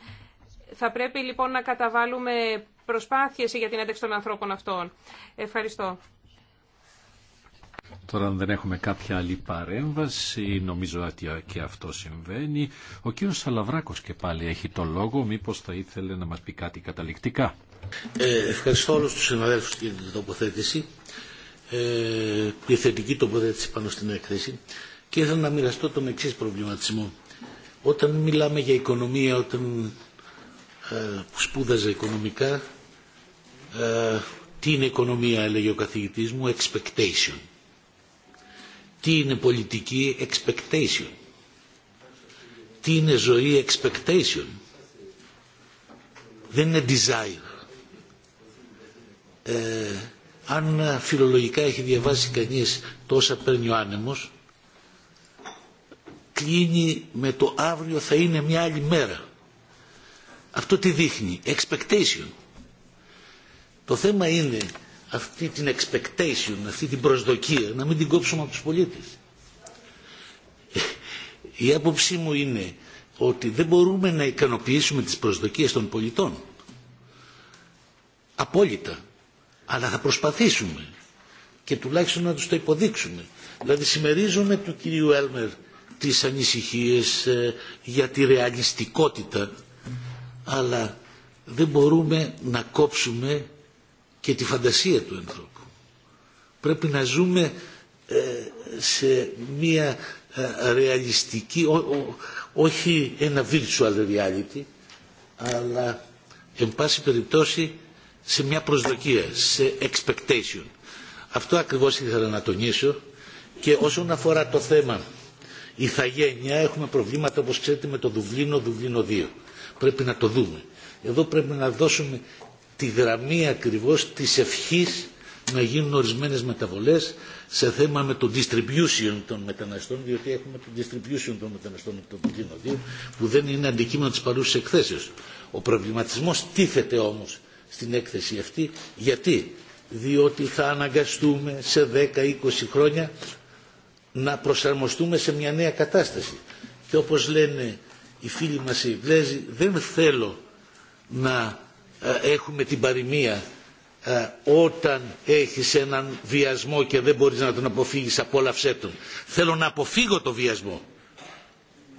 θα πρέπει λοιπόν να καταβάλουμε προσπάθειες για την ένταξη των ανθρώπων αυτών. Ευχαριστώ. Τώρα αν δεν έχουμε κάποια άλλη παρέμβαση, νομίζω ότι και αυτό συμβαίνει. Ο κύριος Σαλαβράκος και πάλι έχει το λόγο, μήπως θα ήθελε να μας πει κάτι καταληκτικά. Ε, ευχαριστώ όλους τους συναδέλφους για την τοποθέτηση, ε, θετική τοποθέτηση πάνω στην έκθεση και ήθελα να μοιραστώ τον εξή προβληματισμό. Όταν μιλάμε για οικονομία, όταν ε, σπούδαζα οικονομικά, ε, τι είναι οικονομία έλεγε ο καθηγητής μου, expectation τι είναι πολιτική expectation, τι είναι ζωή expectation. Δεν είναι desire. Ε, αν φιλολογικά έχει διαβάσει κανείς τόσα παίρνει ο άνεμος, κλείνει με το αύριο θα είναι μια άλλη μέρα. Αυτό τι δείχνει. Expectation. Το θέμα είναι αυτή την expectation, αυτή την προσδοκία, να μην την κόψουμε από τους πολίτες. Η άποψή μου είναι ότι δεν μπορούμε να ικανοποιήσουμε τις προσδοκίες των πολιτών. Απόλυτα. Αλλά θα προσπαθήσουμε και τουλάχιστον να τους το υποδείξουμε. Δηλαδή συμμερίζομαι του κυρίου Έλμερ τις ανησυχίες ε, για τη ρεαλιστικότητα αλλά δεν μπορούμε να κόψουμε και τη φαντασία του ανθρώπου. Πρέπει να ζούμε ε, σε μία ε, ρεαλιστική, ό, ό, όχι ένα virtual reality, αλλά εν πάση περιπτώσει σε μια ρεαλιστικη οχι ενα virtual reality αλλα εν παση περιπτωσει σε μια προσδοκια σε expectation. Αυτό ακριβώς ήθελα να τονίσω και όσον αφορά το θέμα ηθαγένεια έχουμε προβλήματα όπως ξέρετε με το Δουβλίνο, Δουβλίνο 2. Πρέπει να το δούμε. Εδώ πρέπει να δώσουμε τη γραμμή ακριβώς της ευχής να γίνουν ορισμένες μεταβολές σε θέμα με το distribution των μεταναστών, διότι έχουμε το distribution των μεταναστών από το 2, που δεν είναι αντικείμενο της παρούσης εκθέσεως. Ο προβληματισμός τίθεται όμως στην έκθεση αυτή, γιατί διότι θα αναγκαστούμε σε 10-20 χρόνια να προσαρμοστούμε σε μια νέα κατάσταση. Και όπως λένε οι φίλοι μας οι Βλέζοι, δεν θέλω να ε, έχουμε την παροιμία ε, όταν έχεις έναν βιασμό και δεν μπορείς να τον αποφύγεις απόλαυσέ τον. Θέλω να αποφύγω το βιασμό.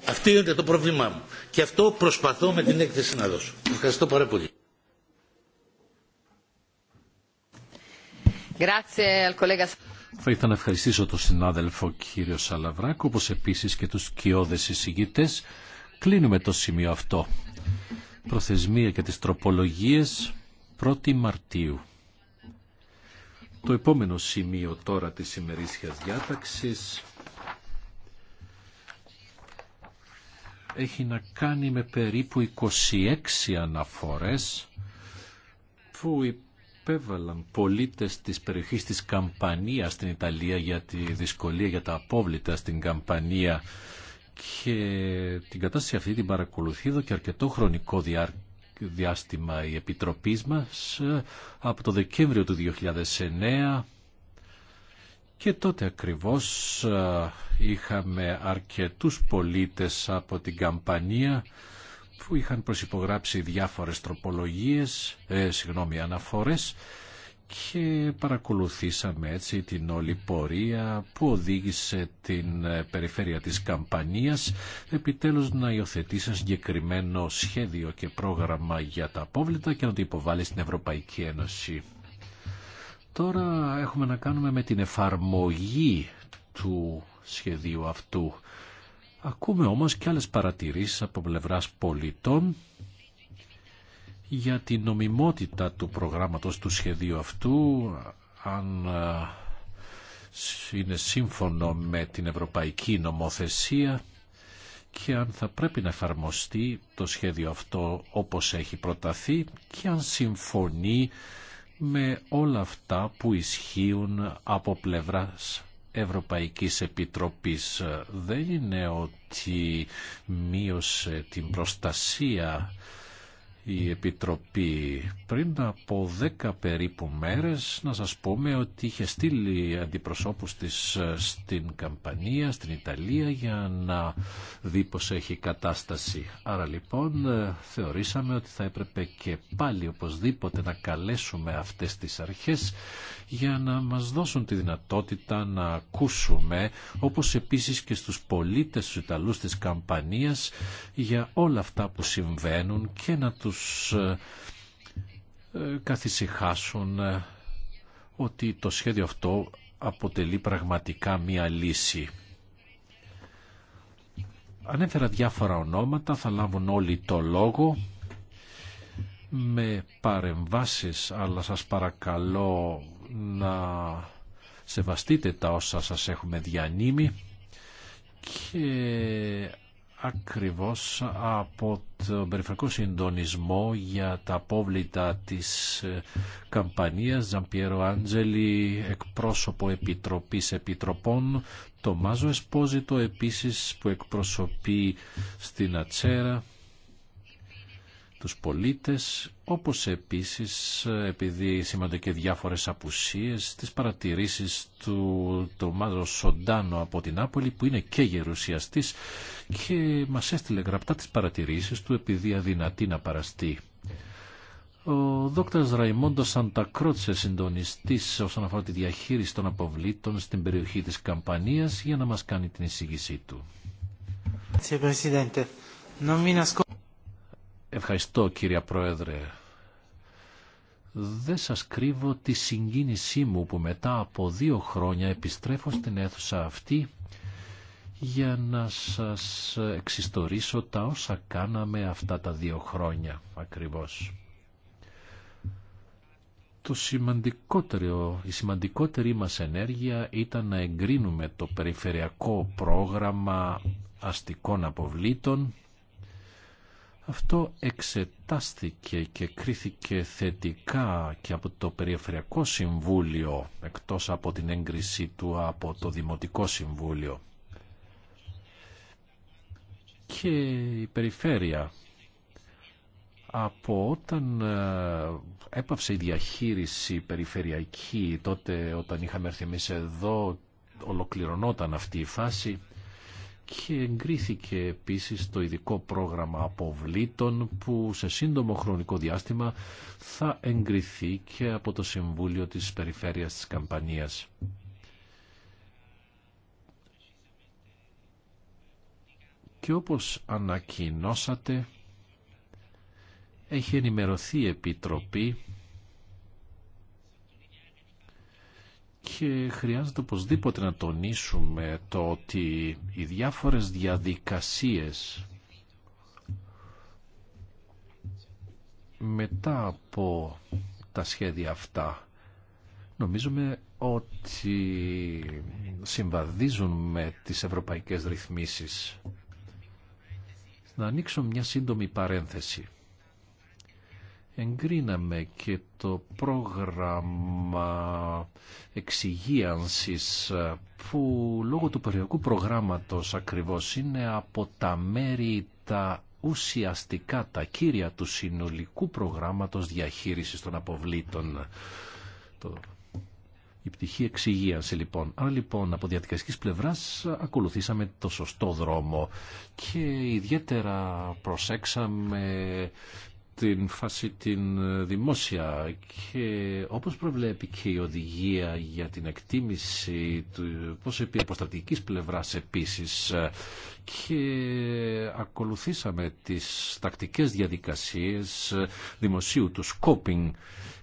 Αυτό είναι το πρόβλημά μου. Και αυτό προσπαθώ με την έκθεση να δώσω. Ευχαριστώ πάρα πολύ. Θα ήθελα να ευχαριστήσω τον συνάδελφο κύριο Σαλαβράκο, όπως επίσης και τους κοιόδες εισηγητές. Κλείνουμε το σημείο αυτό. Προθεσμία και τις τροπολογίες 1η Μαρτίου. Το επόμενο σημείο τώρα της ημερήσιας διάταξης έχει να κάνει με περίπου 26 αναφορές που υπέβαλαν πολίτες της περιοχής της Καμπανία στην Ιταλία για τη δυσκολία για τα απόβλητα στην Καμπανία και την κατάσταση αυτή την παρακολουθεί εδώ και αρκετό χρονικό διάστημα η Επιτροπή μας ε, από το Δεκέμβριο του 2009 και τότε ακριβώς ε, είχαμε αρκετούς πολίτες από την Καμπανία που είχαν προσυπογράψει διάφορες τροπολογίες, ε, συγγνώμη, αναφορές και παρακολουθήσαμε έτσι την όλη πορεία που οδήγησε την ε, περιφέρεια της Καμπανίας επιτέλους να υιοθετήσει συγκεκριμένο σχέδιο και πρόγραμμα για τα απόβλητα και να το υποβάλει στην Ευρωπαϊκή Ένωση. Τώρα έχουμε να κάνουμε με την εφαρμογή του σχεδίου αυτού. Ακούμε όμως και άλλες παρατηρήσεις από πλευράς πολιτών για την νομιμότητα του προγράμματος του σχεδίου αυτού αν ε, είναι σύμφωνο με την Ευρωπαϊκή Νομοθεσία και αν θα πρέπει να εφαρμοστεί το σχέδιο αυτό όπως έχει προταθεί και αν συμφωνεί με όλα αυτά που ισχύουν από πλευράς Ευρωπαϊκής Επιτροπής. Δεν είναι ότι μείωσε την προστασία η Επιτροπή πριν από δέκα περίπου μέρες να σας πούμε ότι είχε στείλει αντιπροσώπους της ε, στην Καμπανία, στην Ιταλία για να δει πως έχει κατάσταση. Άρα λοιπόν ε, θεωρήσαμε ότι θα έπρεπε και πάλι οπωσδήποτε να καλέσουμε αυτές τις αρχές για να μας δώσουν τη δυνατότητα να ακούσουμε όπως επίσης και στους πολίτες του Ιταλούς της Καμπανίας για όλα αυτά που συμβαίνουν και να τους ε, ε, καθησυχάσουν ε, ότι το σχέδιο αυτό αποτελεί πραγματικά μία λύση. Ανέφερα διάφορα ονόματα, θα λάβουν όλοι το λόγο με παρεμβάσεις, αλλά σας παρακαλώ να σεβαστείτε τα όσα σας έχουμε διανύμει και ακριβώς από τον Περιφερικό συντονισμό για τα απόβλητα της ε, καμπανίας Ζαμπιέρο Άντζελη, εκπρόσωπο Επιτροπής Επιτροπών, το Μάζο Εσπόζητο επίσης που εκπροσωπεί στην Ατσέρα τους πολίτες, όπως επίσης επειδή και διάφορες απουσίες, τις παρατηρήσεις του Τομάδο Σοντάνο από την Άπολη που είναι και γερουσιαστής και μας έστειλε γραπτά τις παρατηρήσεις του επειδή αδυνατή να παραστεί. Ο Δ. Ραϊμόντο Σαντακρότσε, συντονιστή όσον αφορά τη διαχείριση των αποβλήτων στην περιοχή τη Καμπανία, για να μα κάνει την εισήγησή του. Ευχαριστώ κύριε Πρόεδρε. Δεν σας κρύβω τη συγκίνησή μου που μετά από δύο χρόνια επιστρέφω στην αίθουσα αυτή για να σας εξιστορήσω τα όσα κάναμε αυτά τα δύο χρόνια ακριβώς. Το σημαντικότερο, η σημαντικότερη μας ενέργεια ήταν να εγκρίνουμε το περιφερειακό πρόγραμμα αστικών αποβλήτων αυτό εξετάστηκε και κρίθηκε θετικά και από το Περιφερειακό Συμβούλιο, εκτός από την έγκρισή του από το Δημοτικό Συμβούλιο. Και η Περιφέρεια από όταν ε, έπαυσε η διαχείριση περιφερειακή, τότε όταν είχαμε έρθει εμείς εδώ, ολοκληρωνόταν αυτή η φάση, και εγκρίθηκε επίσης το ειδικό πρόγραμμα αποβλήτων που σε σύντομο χρονικό διάστημα θα εγκριθεί και από το Συμβούλιο της Περιφέρειας της Καμπανίας. Και όπως ανακοινώσατε, έχει ενημερωθεί η Επιτροπή και χρειάζεται οπωσδήποτε να τονίσουμε το ότι οι διάφορες διαδικασίες μετά από τα σχέδια αυτά νομίζουμε ότι συμβαδίζουν με τις ευρωπαϊκές ρυθμίσεις. Να ανοίξω μια σύντομη παρένθεση εγκρίναμε και το πρόγραμμα εξυγίανσης που λόγω του περιοχικού προγράμματος ακριβώς είναι από τα μέρη τα ουσιαστικά τα κύρια του συνολικού προγράμματος διαχείρισης των αποβλήτων. Το... Η πτυχή εξυγίανση λοιπόν. Άρα λοιπόν από διαδικαστικής πλευράς ακολουθήσαμε το σωστό δρόμο και ιδιαίτερα προσέξαμε την φάση την ε, δημόσια και όπως προβλέπει και η οδηγία για την εκτίμηση του πώς επί αποστατικής πλευράς επίσης ε, και ακολουθήσαμε τις τακτικές διαδικασίες ε, δημοσίου του scoping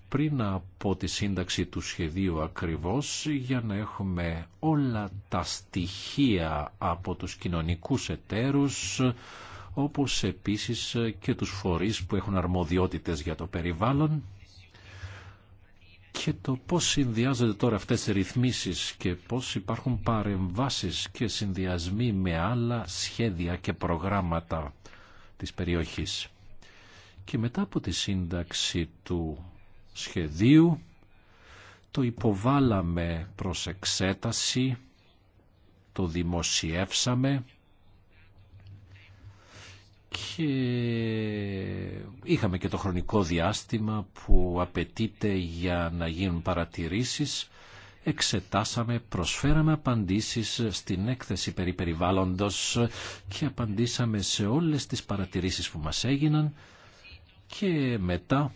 πριν από τη σύνταξη του σχεδίου ακριβώς για να έχουμε όλα τα στοιχεία από τους κοινωνικούς εταίρους όπως επίσης και τους φορείς που έχουν αρμοδιότητες για το περιβάλλον και το πώς συνδυάζονται τώρα αυτές οι ρυθμίσεις και πώς υπάρχουν παρεμβάσεις και συνδυασμοί με άλλα σχέδια και προγράμματα της περιοχής. Και μετά από τη σύνταξη του σχεδίου το υποβάλαμε προς εξέταση, το δημοσιεύσαμε και είχαμε και το χρονικό διάστημα που απαιτείται για να γίνουν παρατηρήσεις. Εξετάσαμε, προσφέραμε απαντήσεις στην έκθεση περί περιβάλλοντος και απαντήσαμε σε όλες τις παρατηρήσεις που μας έγιναν και μετά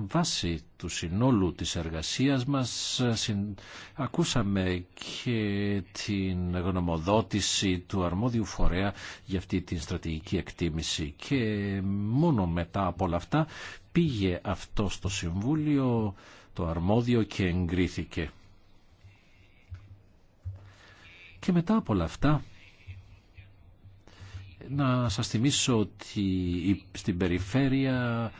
βάση του συνόλου της εργασίας μας ε, ακούσαμε και την γνωμοδότηση του αρμόδιου φορέα για αυτή την στρατηγική εκτίμηση και μόνο μετά από όλα αυτά πήγε αυτό στο Συμβούλιο το αρμόδιο και εγκρίθηκε. Και μετά από όλα αυτά να σας θυμίσω ότι στην περιφέρεια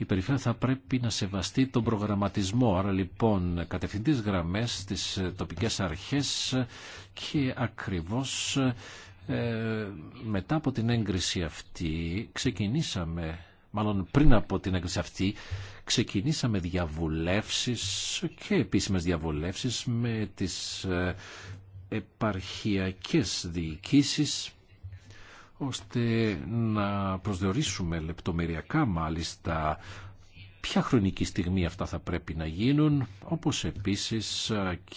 η περιφέρεια θα πρέπει να σεβαστεί τον προγραμματισμό. Άρα λοιπόν κατευθυντής γραμμές στις ε, τοπικές αρχές και ακριβώς ε, μετά από την έγκριση αυτή ξεκινήσαμε, μάλλον πριν από την έγκριση αυτή, ξεκινήσαμε διαβουλεύσεις και επίσημες διαβουλεύσεις με τις ε, επαρχιακές διοικήσεις ώστε να προσδιορίσουμε λεπτομεριακά μάλιστα ποια χρονική στιγμή αυτά θα πρέπει να γίνουν, όπως επίσης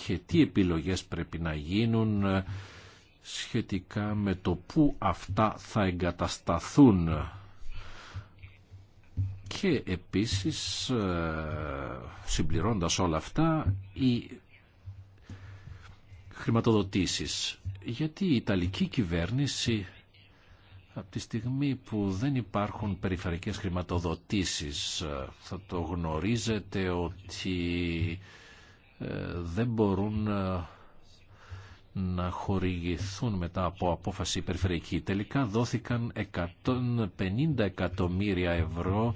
και τι επιλογές πρέπει να γίνουν σχετικά με το πού αυτά θα εγκατασταθούν. Και επίσης, συμπληρώντας όλα αυτά, οι χρηματοδοτήσεις. Γιατί η Ιταλική κυβέρνηση από τη στιγμή που δεν υπάρχουν περιφερειακές χρηματοδοτήσεις, ε, θα το γνωρίζετε ότι ε, δεν μπορούν ε, να χορηγηθούν μετά από απόφαση περιφερειακή. Τελικά δόθηκαν 150 εκατομμύρια ευρώ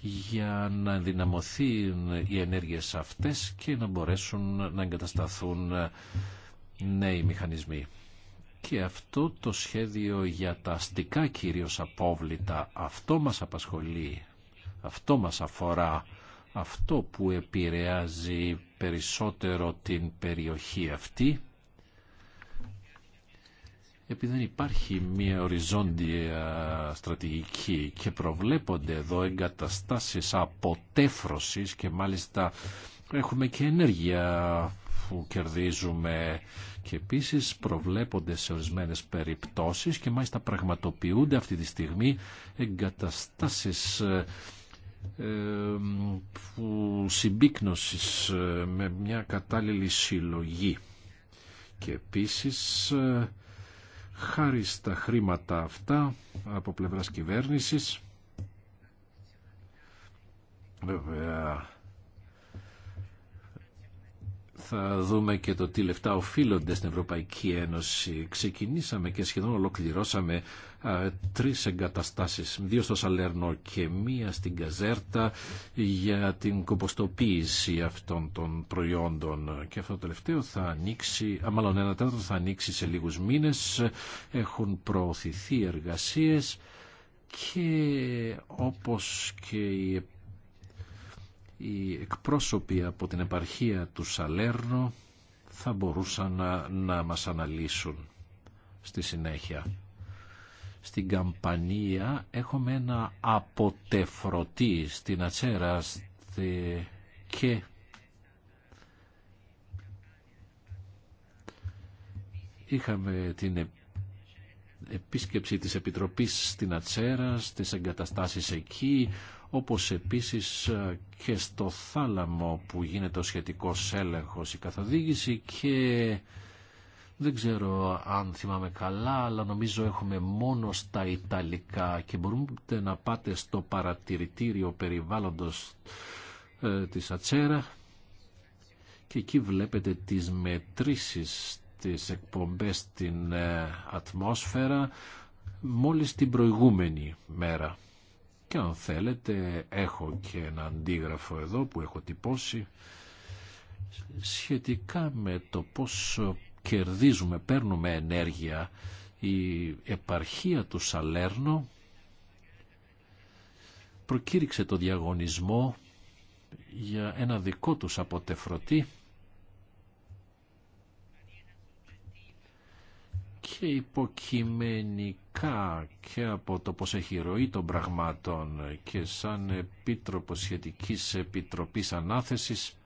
για να ενδυναμωθεί οι ενέργειες αυτές και να μπορέσουν να εγκατασταθούν νέοι μηχανισμοί και αυτό το σχέδιο για τα αστικά κυρίως απόβλητα, αυτό μας απασχολεί, αυτό μας αφορά, αυτό που επηρεάζει περισσότερο την περιοχή αυτή, επειδή δεν υπάρχει μια οριζόντια στρατηγική και προβλέπονται εδώ εγκαταστάσεις αποτέφρωσης και μάλιστα έχουμε και ενέργεια που κερδίζουμε και επίσης προβλέπονται σε ορισμένες περιπτώσεις και μάλιστα πραγματοποιούνται αυτή τη στιγμή εγκαταστάσεις που ε, ε, συμπίκνωσης ε, με μια κατάλληλη συλλογή. Και επίσης χάρη στα χρήματα αυτά από πλευράς κυβέρνησης βέβαια θα δούμε και το τι λεφτά οφείλονται στην Ευρωπαϊκή Ένωση. Ξεκινήσαμε και σχεδόν ολοκληρώσαμε α, τρεις εγκαταστάσεις, δύο στο Σαλέρνο και μία στην Καζέρτα για την κομποστοποίηση αυτών των προϊόντων. Και αυτό το τελευταίο θα ανοίξει, α, μάλλον ένα τέταρτο θα ανοίξει σε λίγους μήνες. Έχουν προωθηθεί εργασίες και όπως και η οι εκπρόσωποι από την επαρχία του Σαλέρνο θα μπορούσαν να, να μας αναλύσουν στη συνέχεια. Στην Καμπανία έχουμε ένα αποτεφρωτή στην Ατσέρα στη... και είχαμε την επίσκεψη της Επιτροπής στην Ατσέρα, στις εγκαταστάσεις εκεί, όπως επίσης ε, και στο θάλαμο που γίνεται ο σχετικός έλεγχος, η καθοδήγηση και δεν ξέρω αν θυμάμαι καλά, αλλά νομίζω έχουμε μόνο στα Ιταλικά και μπορούμε να πάτε στο παρατηρητήριο περιβάλλοντος ε, της Ατσέρα και εκεί βλέπετε τις μετρήσεις της εκπομπές στην ε, ατμόσφαιρα μόλις την προηγούμενη μέρα. Και αν θέλετε έχω και ένα αντίγραφο εδώ που έχω τυπώσει σχετικά με το πώς κερδίζουμε, παίρνουμε ενέργεια η επαρχία του Σαλέρνο προκήρυξε το διαγωνισμό για ένα δικό τους αποτεφρωτή και υποκειμενικά και από το πως έχει ροή των πραγμάτων και σαν επίτροπο σχετικής επιτροπής ανάθεσης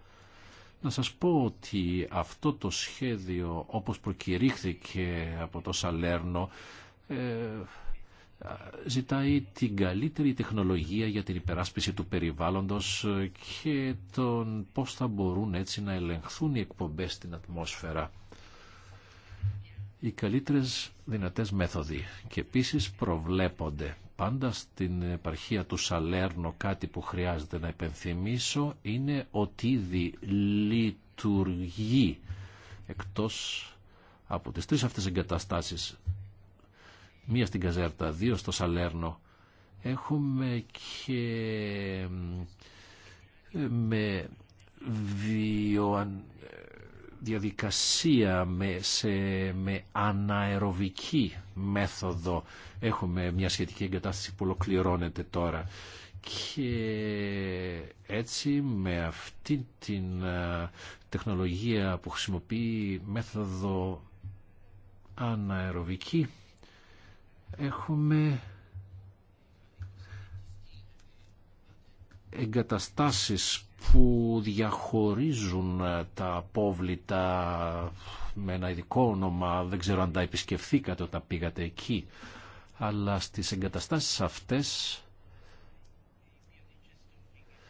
να σας πω ότι αυτό το σχέδιο όπως προκηρύχθηκε από το Σαλέρνο ε, ζητάει την καλύτερη τεχνολογία για την υπεράσπιση του περιβάλλοντος και τον πώς θα μπορούν έτσι να ελεγχθούν οι εκπομπές στην ατμόσφαιρα οι καλύτερες δυνατές μέθοδοι και επίσης προβλέπονται πάντα στην επαρχία του Σαλέρνο κάτι που χρειάζεται να υπενθυμίσω είναι ότι ήδη λειτουργεί εκτός από τις τρεις αυτές εγκαταστάσεις μία στην Καζέρτα, δύο στο Σαλέρνο έχουμε και ε, με βιοαν διαδικασία με, σε, με αναεροβική μέθοδο. Έχουμε μια σχετική εγκατάσταση που ολοκληρώνεται τώρα. Και έτσι με αυτή την τεχνολογία που χρησιμοποιεί μέθοδο αναεροβική έχουμε εγκαταστάσεις που διαχωρίζουν ε, τα απόβλητα με ένα ειδικό όνομα. Δεν ξέρω αν τα επισκεφθήκατε όταν πήγατε εκεί. Αλλά στις εγκαταστάσεις αυτές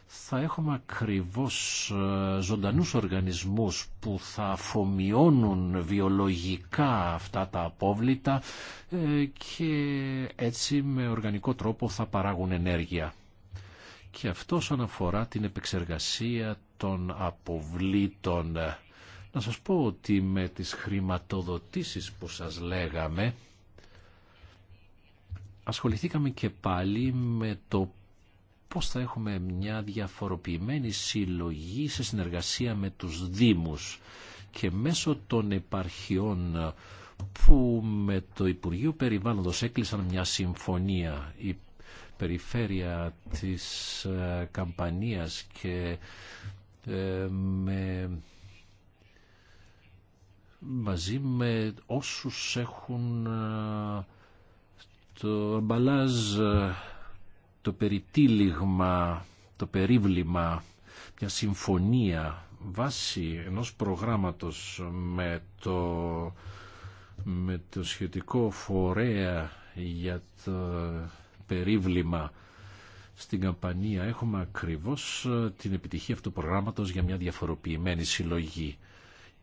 θα έχουμε ακριβώς ε, ζωντανούς οργανισμούς που θα αφομοιώνουν βιολογικά αυτά τα απόβλητα ε, και έτσι με οργανικό τρόπο θα παράγουν ενέργεια και αυτό όσον αφορά την επεξεργασία των αποβλήτων. Να σας πω ότι με τις χρηματοδοτήσεις που σας λέγαμε ασχοληθήκαμε και πάλι με το πώς θα έχουμε μια διαφοροποιημένη συλλογή σε συνεργασία με τους Δήμους και μέσω των επαρχιών που με το Υπουργείο Περιβάλλοντος έκλεισαν μια συμφωνία περιφέρεια της ε, Καμπανίας και ε, με μαζί με όσους έχουν ε, το αμπαλάζ, το περιτύλιγμα, το περίβλημα, μια συμφωνία βάση ενός προγράμματος με το, με το σχετικό φορέα για το περίβλημα. Στην καμπανία έχουμε ακριβώς ε, την επιτυχία αυτού του προγράμματος για μια διαφοροποιημένη συλλογή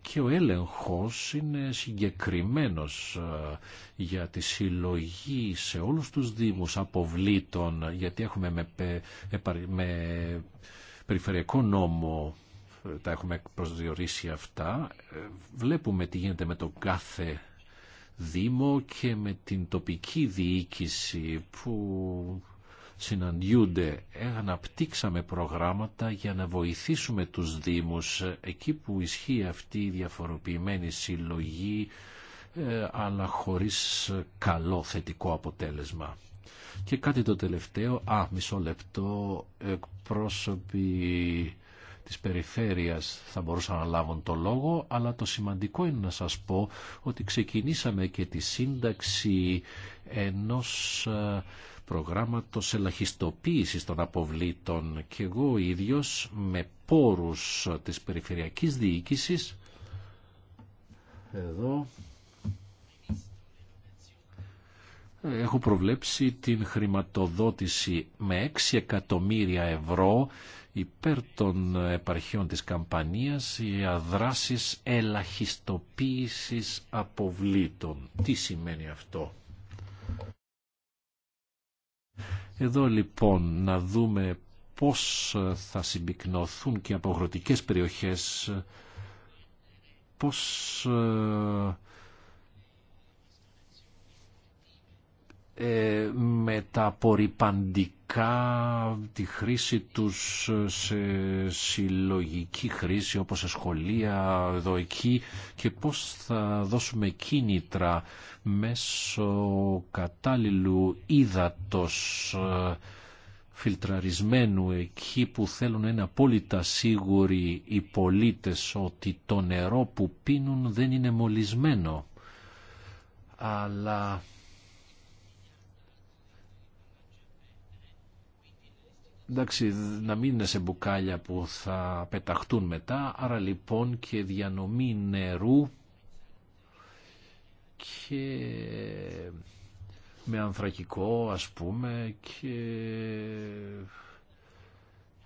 και ο έλεγχος είναι συγκεκριμένος ε, για τη συλλογή σε όλους τους δήμους αποβλήτων γιατί έχουμε με, με περιφερειακό νόμο ε, τα έχουμε προσδιορίσει αυτά βλέπουμε τι γίνεται με τον κάθε Δήμο και με την τοπική διοίκηση που συναντιούνται. Αναπτύξαμε προγράμματα για να βοηθήσουμε τους Δήμους εκεί που ισχύει αυτή η διαφοροποιημένη συλλογή ε, αλλά χωρίς καλό θετικό αποτέλεσμα. Και κάτι το τελευταίο, α, μισό λεπτό, εκπρόσωποι της περιφέρειας θα μπορούσαν να λάβουν το λόγο, αλλά το σημαντικό είναι να σας πω ότι ξεκινήσαμε και τη σύνταξη ενός ε, προγράμματος ελαχιστοποίησης των αποβλήτων και εγώ ίδιος με πόρους της περιφερειακής διοίκησης εδώ έχω προβλέψει την χρηματοδότηση με 6 εκατομμύρια ευρώ υπέρ των επαρχιών της Καμπανίας οι αδράσεις ελαχιστοποίησης αποβλήτων. Τι σημαίνει αυτό. Εδώ λοιπόν να δούμε πώς θα συμπυκνωθούν και αποχρωτικές περιοχές, πώς ε, Ε, με τα απορριπαντικά, τη χρήση τους σε συλλογική χρήση όπως σε σχολεία εδώ εκεί και πώς θα δώσουμε κίνητρα μέσω κατάλληλου ύδατος ε, φιλτραρισμένου εκεί που θέλουν ένα απόλυτα σίγουροι οι πολίτες ότι το νερό που πίνουν δεν είναι μολυσμένο αλλά εντάξει, να μην είναι σε μπουκάλια που θα πεταχτούν μετά, άρα λοιπόν και διανομή νερού και με ανθρακικό ας πούμε και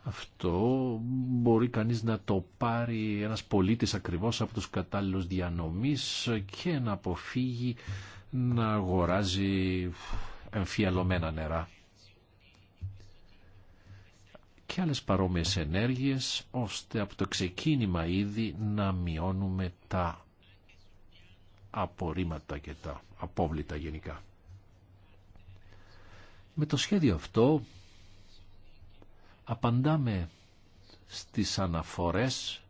αυτό μπορεί κανείς να το πάρει ένας πολίτης ακριβώς από τους κατάλληλους διανομής και να αποφύγει να αγοράζει εμφιαλωμένα νερά και άλλες παρόμοιες ενέργειες ώστε από το ξεκίνημα ήδη να μειώνουμε τα απορρίμματα και τα απόβλητα γενικά. Με το σχέδιο αυτό απαντάμε στις αναφορές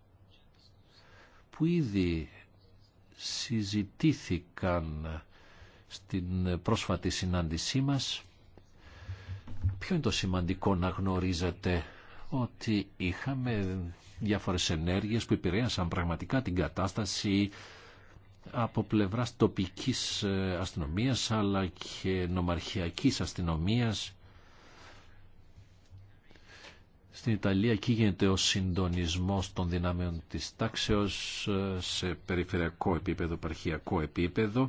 που ήδη συζητήθηκαν στην πρόσφατη συνάντησή μας. Ποιο είναι το σημαντικό να γνωρίζετε ότι είχαμε διάφορες ενέργειες που επηρέασαν πραγματικά την κατάσταση από πλευράς τοπικής ε, αστυνομίας αλλά και νομαρχιακής αστυνομίας στην Ιταλία εκεί γίνεται ο συντονισμός των δυνάμεων της τάξεως ε, σε περιφερειακό επίπεδο, επαρχιακό επίπεδο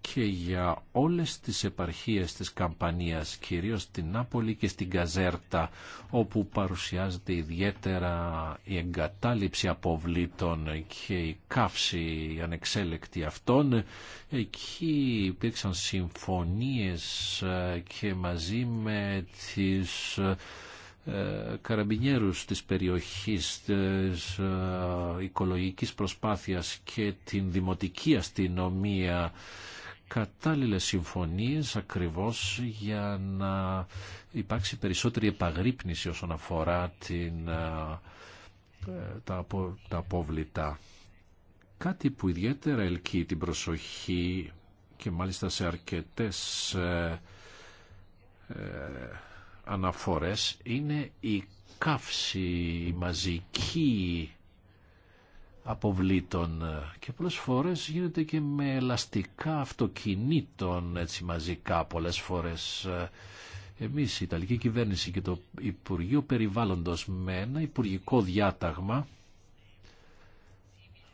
και για όλες τις επαρχίες της Καμπανίας, κυρίως στην Νάπολη και στην Καζέρτα, όπου παρουσιάζεται ιδιαίτερα η εγκατάλειψη αποβλήτων και η καύση ανεξέλεκτη αυτών, εκεί υπήρξαν συμφωνίες ε, και μαζί με τις ε, καραμπινιέρους της περιοχής της ε, οικολογικής προσπάθειας και την δημοτική αστυνομία κατάλληλες συμφωνίες ακριβώς για να υπάρξει περισσότερη επαγρύπνηση όσον αφορά την, ε, τα, απόβλητα. Κάτι που ιδιαίτερα ελκύει την προσοχή και μάλιστα σε αρκετές αναφορές είναι η καύση μαζική αποβλήτων και πολλές φορές γίνεται και με ελαστικά αυτοκινήτων έτσι μαζικά πολλές φορές εμείς η Ιταλική κυβέρνηση και το Υπουργείο Περιβάλλοντος με ένα υπουργικό διάταγμα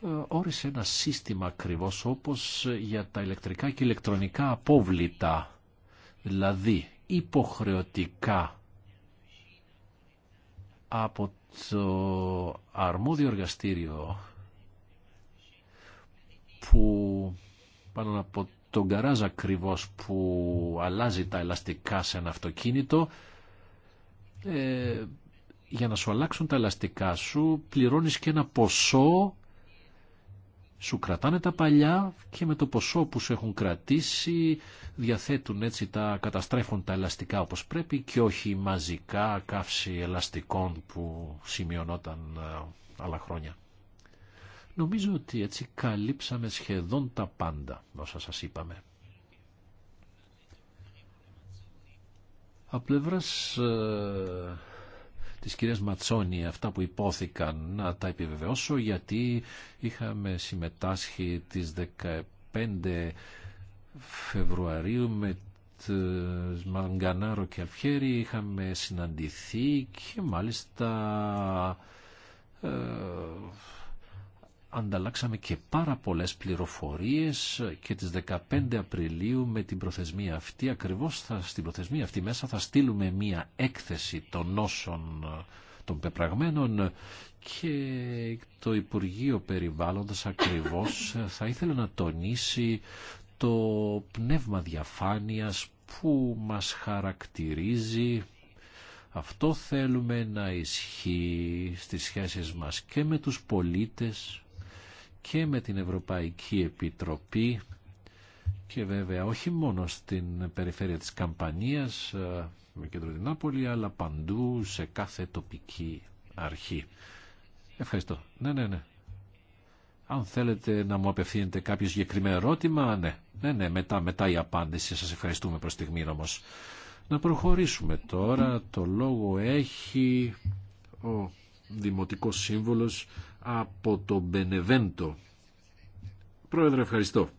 ε, όρισε ένα σύστημα ακριβώ όπως για τα ηλεκτρικά και ηλεκτρονικά απόβλητα δηλαδή υποχρεωτικά από το αρμόδιο εργαστήριο που πάνω από τον καράζ ακριβώ που αλλάζει τα ελαστικά σε ένα αυτοκίνητο ε, για να σου αλλάξουν τα ελαστικά σου πληρώνεις και ένα ποσό σου κρατάνε τα παλιά και με το ποσό που σου έχουν κρατήσει διαθέτουν έτσι τα καταστρέφουν τα ελαστικά όπως πρέπει και όχι μαζικά καύση ελαστικών που σημειωνόταν ε, άλλα χρόνια. Νομίζω ότι έτσι καλύψαμε σχεδόν τα πάντα όσα σας είπαμε. Απλευράς της κυρίας Ματσόνη αυτά που υπόθηκαν να τα επιβεβαιώσω γιατί είχαμε συμμετάσχει τις 15 Φεβρουαρίου με ε, Μαγκανάρο και Αλφιέρη είχαμε συναντηθεί και μάλιστα ε, ανταλλάξαμε και πάρα πολλές πληροφορίες και τις 15 Απριλίου με την προθεσμία αυτή, ακριβώς θα, στην προθεσμία αυτή μέσα θα στείλουμε μία έκθεση των νόσων των πεπραγμένων και το Υπουργείο Περιβάλλοντας ακριβώς θα ήθελε να τονίσει το πνεύμα διαφάνειας που μας χαρακτηρίζει αυτό θέλουμε να ισχύει στις σχέσεις μας και με τους πολίτες και με την Ευρωπαϊκή Επιτροπή και βέβαια όχι μόνο στην περιφέρεια της Καμπανίας ε, με κέντρο την Νάπολη, αλλά παντού σε κάθε τοπική αρχή. Ευχαριστώ. Ναι, ναι, ναι. Αν θέλετε να μου απευθύνετε κάποιο συγκεκριμένο ερώτημα, ναι. Ναι, ναι, μετά, μετά η απάντηση. Σας ευχαριστούμε προς στιγμή όμως. Να προχωρήσουμε τώρα. Το λόγο έχει ο Δημοτικός Σύμβολος από το Μπενεβέντο. Πρόεδρε, ευχαριστώ.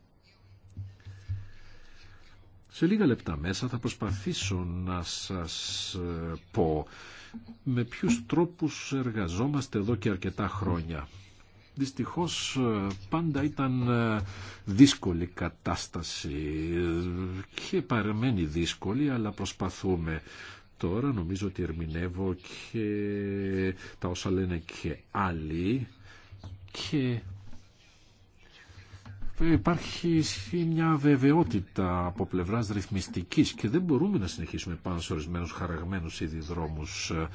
Σε λίγα λεπτά μέσα θα προσπαθήσω να σας ε, πω με ποιους τρόπους εργαζόμαστε εδώ και αρκετά χρόνια. Δυστυχώς ε, πάντα ήταν ε, δύσκολη κατάσταση και παραμένει δύσκολη αλλά προσπαθούμε. Τώρα νομίζω ότι ερμηνεύω και τα όσα λένε και άλλοι και υπάρχει μια βεβαιότητα από πλευράς ρυθμιστικής και δεν μπορούμε να συνεχίσουμε πάνω σε ορισμένους χαραγμένους δρόμους ε,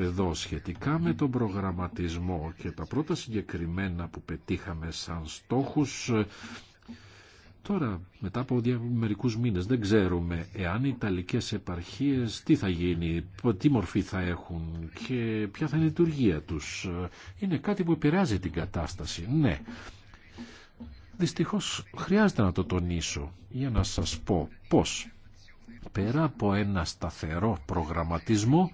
εδώ σχετικά με τον προγραμματισμό και τα πρώτα συγκεκριμένα που πετύχαμε σαν στόχους ε, Τώρα, μετά από μερικούς μήνες, δεν ξέρουμε εάν οι Ιταλικές επαρχίες τι θα γίνει, τι μορφή θα έχουν και ποια θα είναι η λειτουργία τους. Είναι κάτι που επηρεάζει την κατάσταση, ναι. Δυστυχώς χρειάζεται να το τονίσω για να σας πω πώς πέρα από ένα σταθερό προγραμματισμό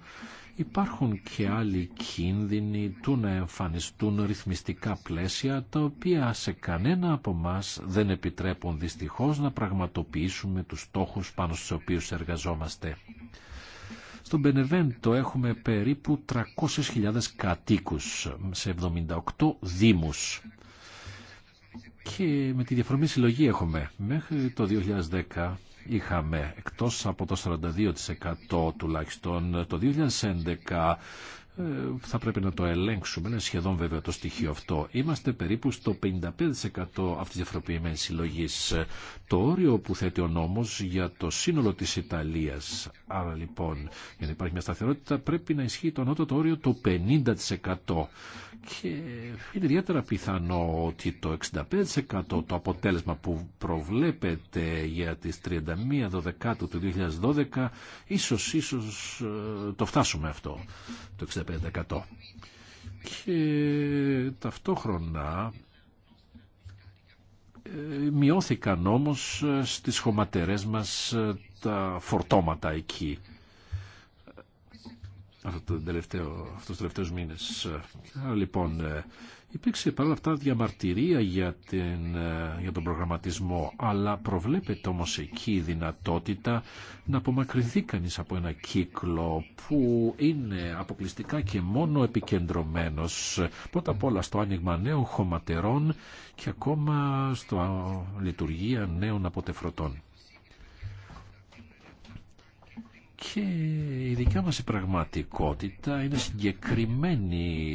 Υπάρχουν και άλλοι κίνδυνοι του να εμφανιστούν ρυθμιστικά πλαίσια τα οποία σε κανένα από εμά δεν επιτρέπουν δυστυχώς να πραγματοποιήσουμε τους στόχους πάνω στους οποίους εργαζόμαστε. Στον Πενεβέντο έχουμε περίπου 300.000 κατοίκους σε 78 δήμους. Και με τη διαφορμή συλλογή έχουμε μέχρι το 2010 είχαμε εκτός από το 42% τουλάχιστον το 2011 ε, θα πρέπει να το ελέγξουμε. Είναι σχεδόν βέβαια το στοιχείο αυτό. Είμαστε περίπου στο 55% αυτής της διαφοροποιημένης συλλογής. Το όριο που θέτει ο νόμος για το σύνολο της Ιταλίας. Άρα λοιπόν, για να υπάρχει μια σταθερότητα, πρέπει να ισχύει το ανώτατο όριο το 50%. Και είναι ιδιαίτερα πιθανό ότι το 65% το αποτέλεσμα που προβλέπεται για τις 31 Δεκάτου του 2012, ίσως, ίσως ε, το φτάσουμε αυτό, το 35%. Και ταυτόχρονα ε, μειώθηκαν όμως ε, στις χωματερές μας ε, τα φορτώματα εκεί αυτό το τελευταίο, αυτούς τους τελευταίους μήνες. Λοιπόν, Υπήρξε παρόλα αυτά διαμαρτυρία για, την, ε, για τον προγραμματισμό, αλλά προβλέπεται όμως εκεί η δυνατότητα να απομακρυνθεί κανείς από ένα κύκλο που είναι αποκλειστικά και μόνο επικεντρωμένος πρώτα απ' όλα στο άνοιγμα νέων χωματερών και ακόμα στο λειτουργία νέων αποτεφρωτών. και η δικιά μας πραγματικότητα είναι συγκεκριμένη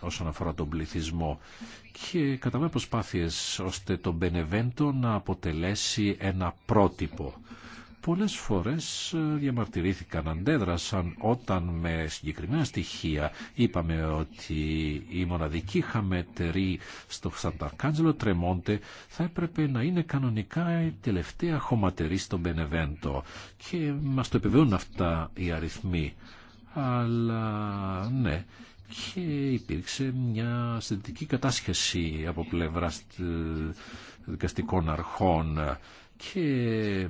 όσον αφορά τον πληθυσμό και με προσπάθειες ώστε το Μπενεβέντο να αποτελέσει ένα πρότυπο πολλές φορές ε, διαμαρτυρήθηκαν, αντέδρασαν όταν με συγκεκριμένα στοιχεία είπαμε ότι η μοναδική χαμετερή στο Σανταρκάντζελο Τρεμόντε θα έπρεπε να είναι κανονικά η τελευταία χωματερή στο Μπενεβέντο και μας το επιβεβαιώνουν αυτά οι αριθμοί. Αλλά ναι, και υπήρξε μια συντηρητική κατάσχεση από πλευράς ε, δικαστικών αρχών και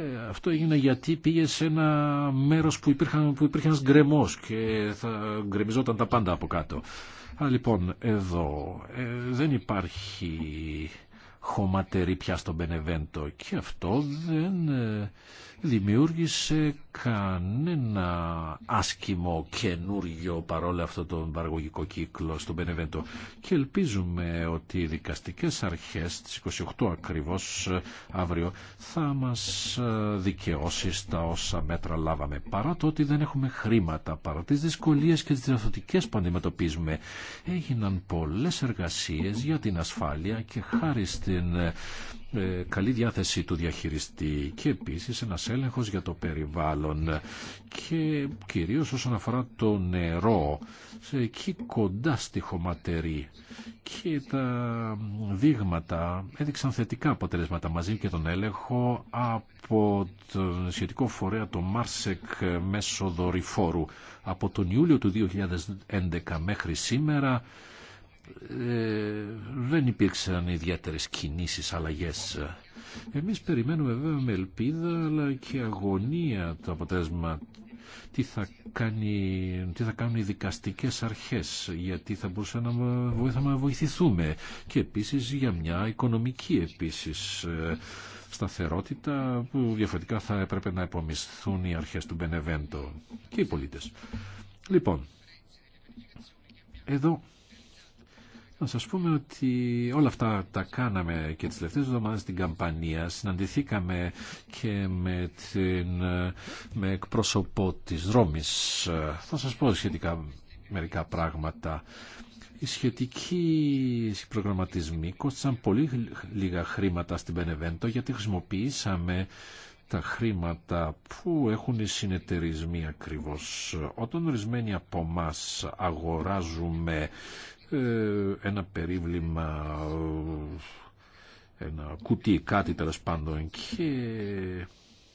ε, αυτό έγινε γιατί πήγε σε ένα μέρος που, υπήρχαν, που υπήρχε ένας γκρεμός και θα γκρεμιζόταν τα πάντα από κάτω. Α, λοιπόν, εδώ ε, δεν υπάρχει χωματερή πια στον Μπενεβέντο και αυτό δεν ε, δημιούργησε κανένα άσκημο καινούργιο παρόλο αυτό τον παραγωγικό κύκλο στον Πενεβέντο. Και ελπίζουμε ότι οι δικαστικές αρχές στις 28 ακριβώς αύριο θα μας ε, δικαιώσει στα όσα μέτρα λάβαμε. Παρά το ότι δεν έχουμε χρήματα, παρά τις δυσκολίες και τις διαθωτικές που αντιμετωπίζουμε, έγιναν πολλές εργασίες για την ασφάλεια και χάρη στην ε, ε, καλή διάθεση του διαχειριστή και επίσης ένας έλεγχος για το περιβάλλον και κυρίως όσον αφορά το νερό εκεί κοντά στη χωματερή και τα δείγματα έδειξαν θετικά αποτελέσματα μαζί και τον έλεγχο από τον σχετικό φορέα το Μάρσεκ μέσω δορυφόρου από τον Ιούλιο του 2011 μέχρι σήμερα ε, δεν υπήρξαν ιδιαίτερες κινήσεις, αλλαγές. Εμείς περιμένουμε βέβαια με ελπίδα αλλά και αγωνία το αποτέλεσμα τι θα, κάνει, τι θα κάνουν οι δικαστικές αρχές, γιατί θα μπορούσαμε να βοηθάμε βοηθηθούμε και επίσης για μια οικονομική επίσης ε, σταθερότητα που διαφορετικά θα έπρεπε να επομισθούν οι αρχές του Μπενεβέντο και οι πολίτες. Λοιπόν, εδώ να σας πούμε ότι όλα αυτά τα κάναμε και τις τελευταίες εβδομάδες στην Καμπανία. Συναντηθήκαμε και με, την, με εκπρόσωπο της Ρώμης. Θα σας πω σχετικά μερικά πράγματα. Οι σχετικοί προγραμματισμοί κόστησαν πολύ λίγα χρήματα στην Πενεβέντο γιατί χρησιμοποιήσαμε τα χρήματα που έχουν οι συνεταιρισμοί ακριβώς. Όταν ορισμένοι από εμά αγοράζουμε ε, ένα περίβλημα, ένα κουτί, κάτι τέλο πάντων και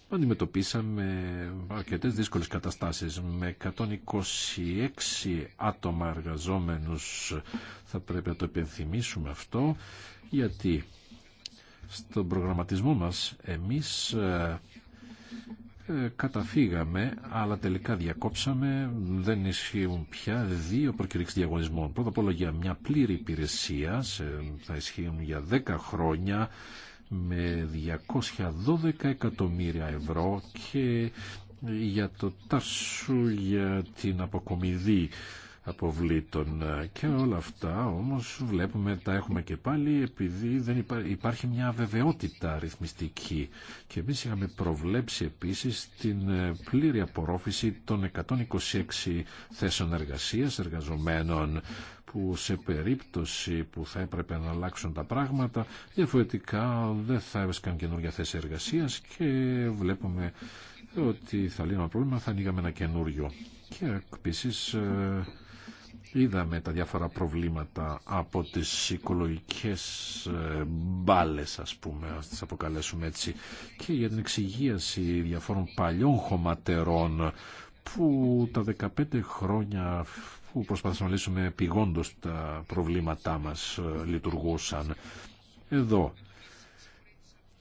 αντιμετωπίσαμε αρκετές δύσκολες καταστάσεις με 126 άτομα εργαζόμενους θα πρέπει να το επενθυμίσουμε αυτό γιατί στον προγραμματισμό μας εμείς ε, ε, καταφύγαμε, αλλά τελικά διακόψαμε, δεν ισχύουν πια δύο προκηρύξεις διαγωνισμών. Πρώτα απ' όλα για μια πλήρη υπηρεσία, θα ισχύουν για 10 χρόνια, με 212 εκατομμύρια ευρώ και για το τάσου για την αποκομιδή αποβλήτων. Ε, και όλα αυτά όμως βλέπουμε τα έχουμε και πάλι επειδή δεν υπάρχει μια αβεβαιότητα ρυθμιστική. Και εμείς είχαμε προβλέψει επίσης την ε, πλήρη απορρόφηση των 126 θέσεων εργασίας εργαζομένων που σε περίπτωση που θα έπρεπε να αλλάξουν τα πράγματα διαφορετικά δεν θα έβρισκαν καινούργια θέση εργασίας και βλέπουμε ότι θα λύνουμε πρόβλημα, θα ανοίγαμε ένα καινούριο. Και επίσης ε, Είδαμε τα διάφορα προβλήματα από τις οικολογικές ε, μπάλε, ας πούμε, ας τις αποκαλέσουμε έτσι, και για την εξυγίαση διαφόρων παλιών χωματερών που τα 15 χρόνια που προσπαθήσαμε να λύσουμε πηγόντως τα προβλήματά μας ε, λειτουργούσαν. Εδώ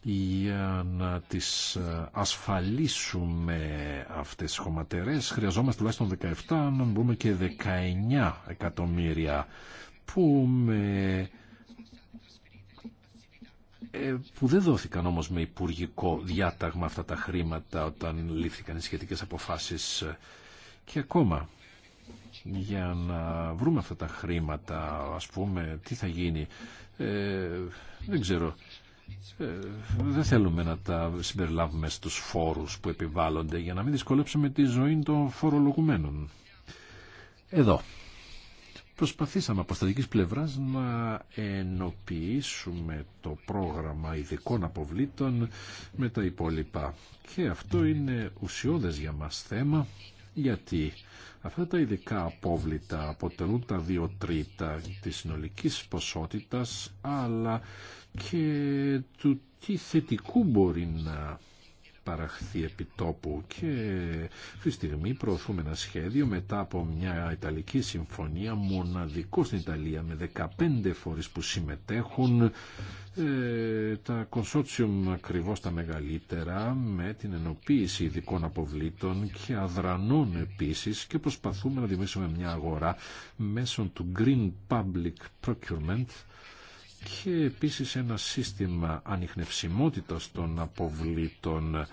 για να τις ε, ασφαλίσουμε αυτές τις χωματερές χρειαζόμαστε τουλάχιστον 17, να μπούμε και 19 εκατομμύρια που, ε, που δεν δόθηκαν όμως με υπουργικό διάταγμα αυτά τα χρήματα όταν λήφθηκαν οι σχετικές αποφάσεις και ακόμα για να βρούμε αυτά τα χρήματα ας πούμε τι θα γίνει ε, δεν ξέρω ε, δεν θέλουμε να τα συμπεριλάβουμε στους φόρους που επιβάλλονται για να μην δυσκολέψουμε τη ζωή των φορολογουμένων. Εδώ. Προσπαθήσαμε από πλευράς να ενοποιήσουμε το πρόγραμμα ειδικών αποβλήτων με τα υπόλοιπα. Και αυτό είναι ουσιώδες για μας θέμα, γιατί αυτά τα ειδικά απόβλητα αποτελούν τα δύο τρίτα της συνολικής ποσότητας, αλλά και του τι θετικού μπορεί να παραχθεί επί τόπου και τη στιγμή προωθούμε ένα σχέδιο μετά από μια Ιταλική συμφωνία μοναδικό στην Ιταλία με 15 φορείς που συμμετέχουν ε, τα κονσότσιουμ ακριβώς τα μεγαλύτερα με την ενοποίηση ειδικών αποβλήτων και αδρανών επίσης και προσπαθούμε να δημιουργήσουμε μια αγορά μέσω του Green Public Procurement και επίσης ένα σύστημα ανιχνευσιμότητας των αποβλήτων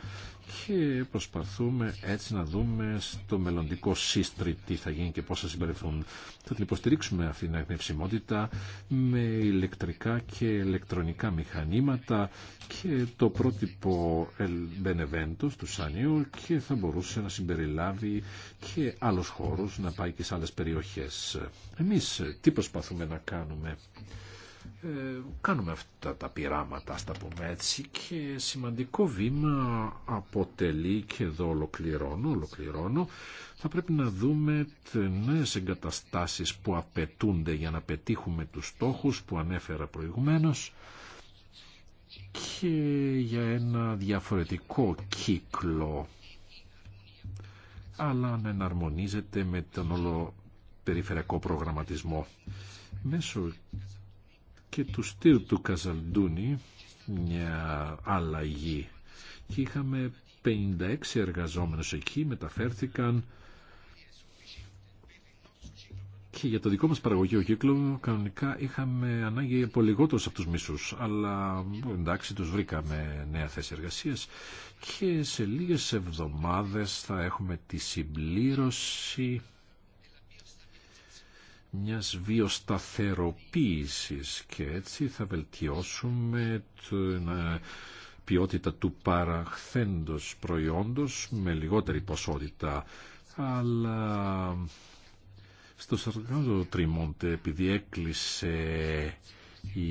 και προσπαθούμε έτσι να δούμε στο μελλοντικό σύστρι τι θα γίνει και πώς θα συμπεριφθούν. Θα την υποστηρίξουμε αυτή την ανιχνευσιμότητα με ηλεκτρικά και ηλεκτρονικά μηχανήματα και το πρότυπο El του Σανίου και θα μπορούσε να συμπεριλάβει και άλλους χώρους να πάει και σε άλλες περιοχές. Εμείς τι προσπαθούμε να κάνουμε. Ε, κάνουμε αυτά τα πειράματα, στα πούμε έτσι, και σημαντικό βήμα αποτελεί, και εδώ ολοκληρώνω, ολοκληρώνω, θα πρέπει να δούμε νέες εγκαταστάσεις που απαιτούνται για να πετύχουμε τους στόχους που ανέφερα προηγουμένως και για ένα διαφορετικό κύκλο αλλά να εναρμονίζεται με τον όλο περιφερειακό προγραμματισμό. Μέσω και του στήρου του Καζαλντούνη μια αλλαγή και είχαμε 56 εργαζόμενους εκεί, μεταφέρθηκαν και για το δικό μας παραγωγείο κύκλο κανονικά είχαμε ανάγκη από λιγότερους από τους μισούς αλλά εντάξει τους βρήκαμε νέα θέση εργασίας και σε λίγες εβδομάδες θα έχουμε τη συμπλήρωση μιας βιοσταθεροποίησης και έτσι θα βελτιώσουμε την ε, ποιότητα του παραχθέντος προϊόντος με λιγότερη ποσότητα αλλά στο Σαρκάζο Τριμόντε επειδή έκλεισε η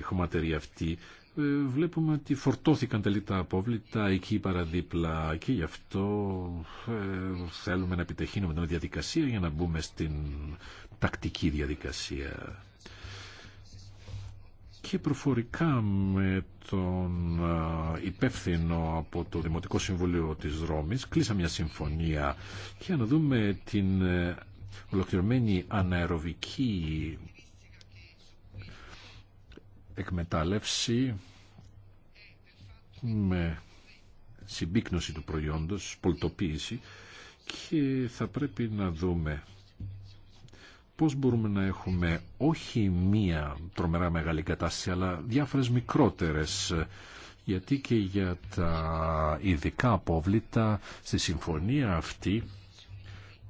χωματερία αυτή ε, βλέπουμε ότι φορτώθηκαν τελικά απόβλητα εκεί παραδίπλα και γι' αυτό ε, θέλουμε να επιτεχύνουμε την διαδικασία για να μπούμε στην τακτική διαδικασία. Και προφορικά με τον υπεύθυνο από το Δημοτικό Συμβουλίο της Ρώμης κλείσαμε μια συμφωνία και να δούμε την ε, ολοκληρωμένη αναεροβική εκμετάλλευση με συμπίκνωση του προϊόντος, πολτοποίηση και θα πρέπει να δούμε πώς μπορούμε να έχουμε όχι μία τρομερά μεγάλη κατάσταση, αλλά διάφορες μικρότερες, γιατί και για τα ειδικά απόβλητα στη συμφωνία αυτή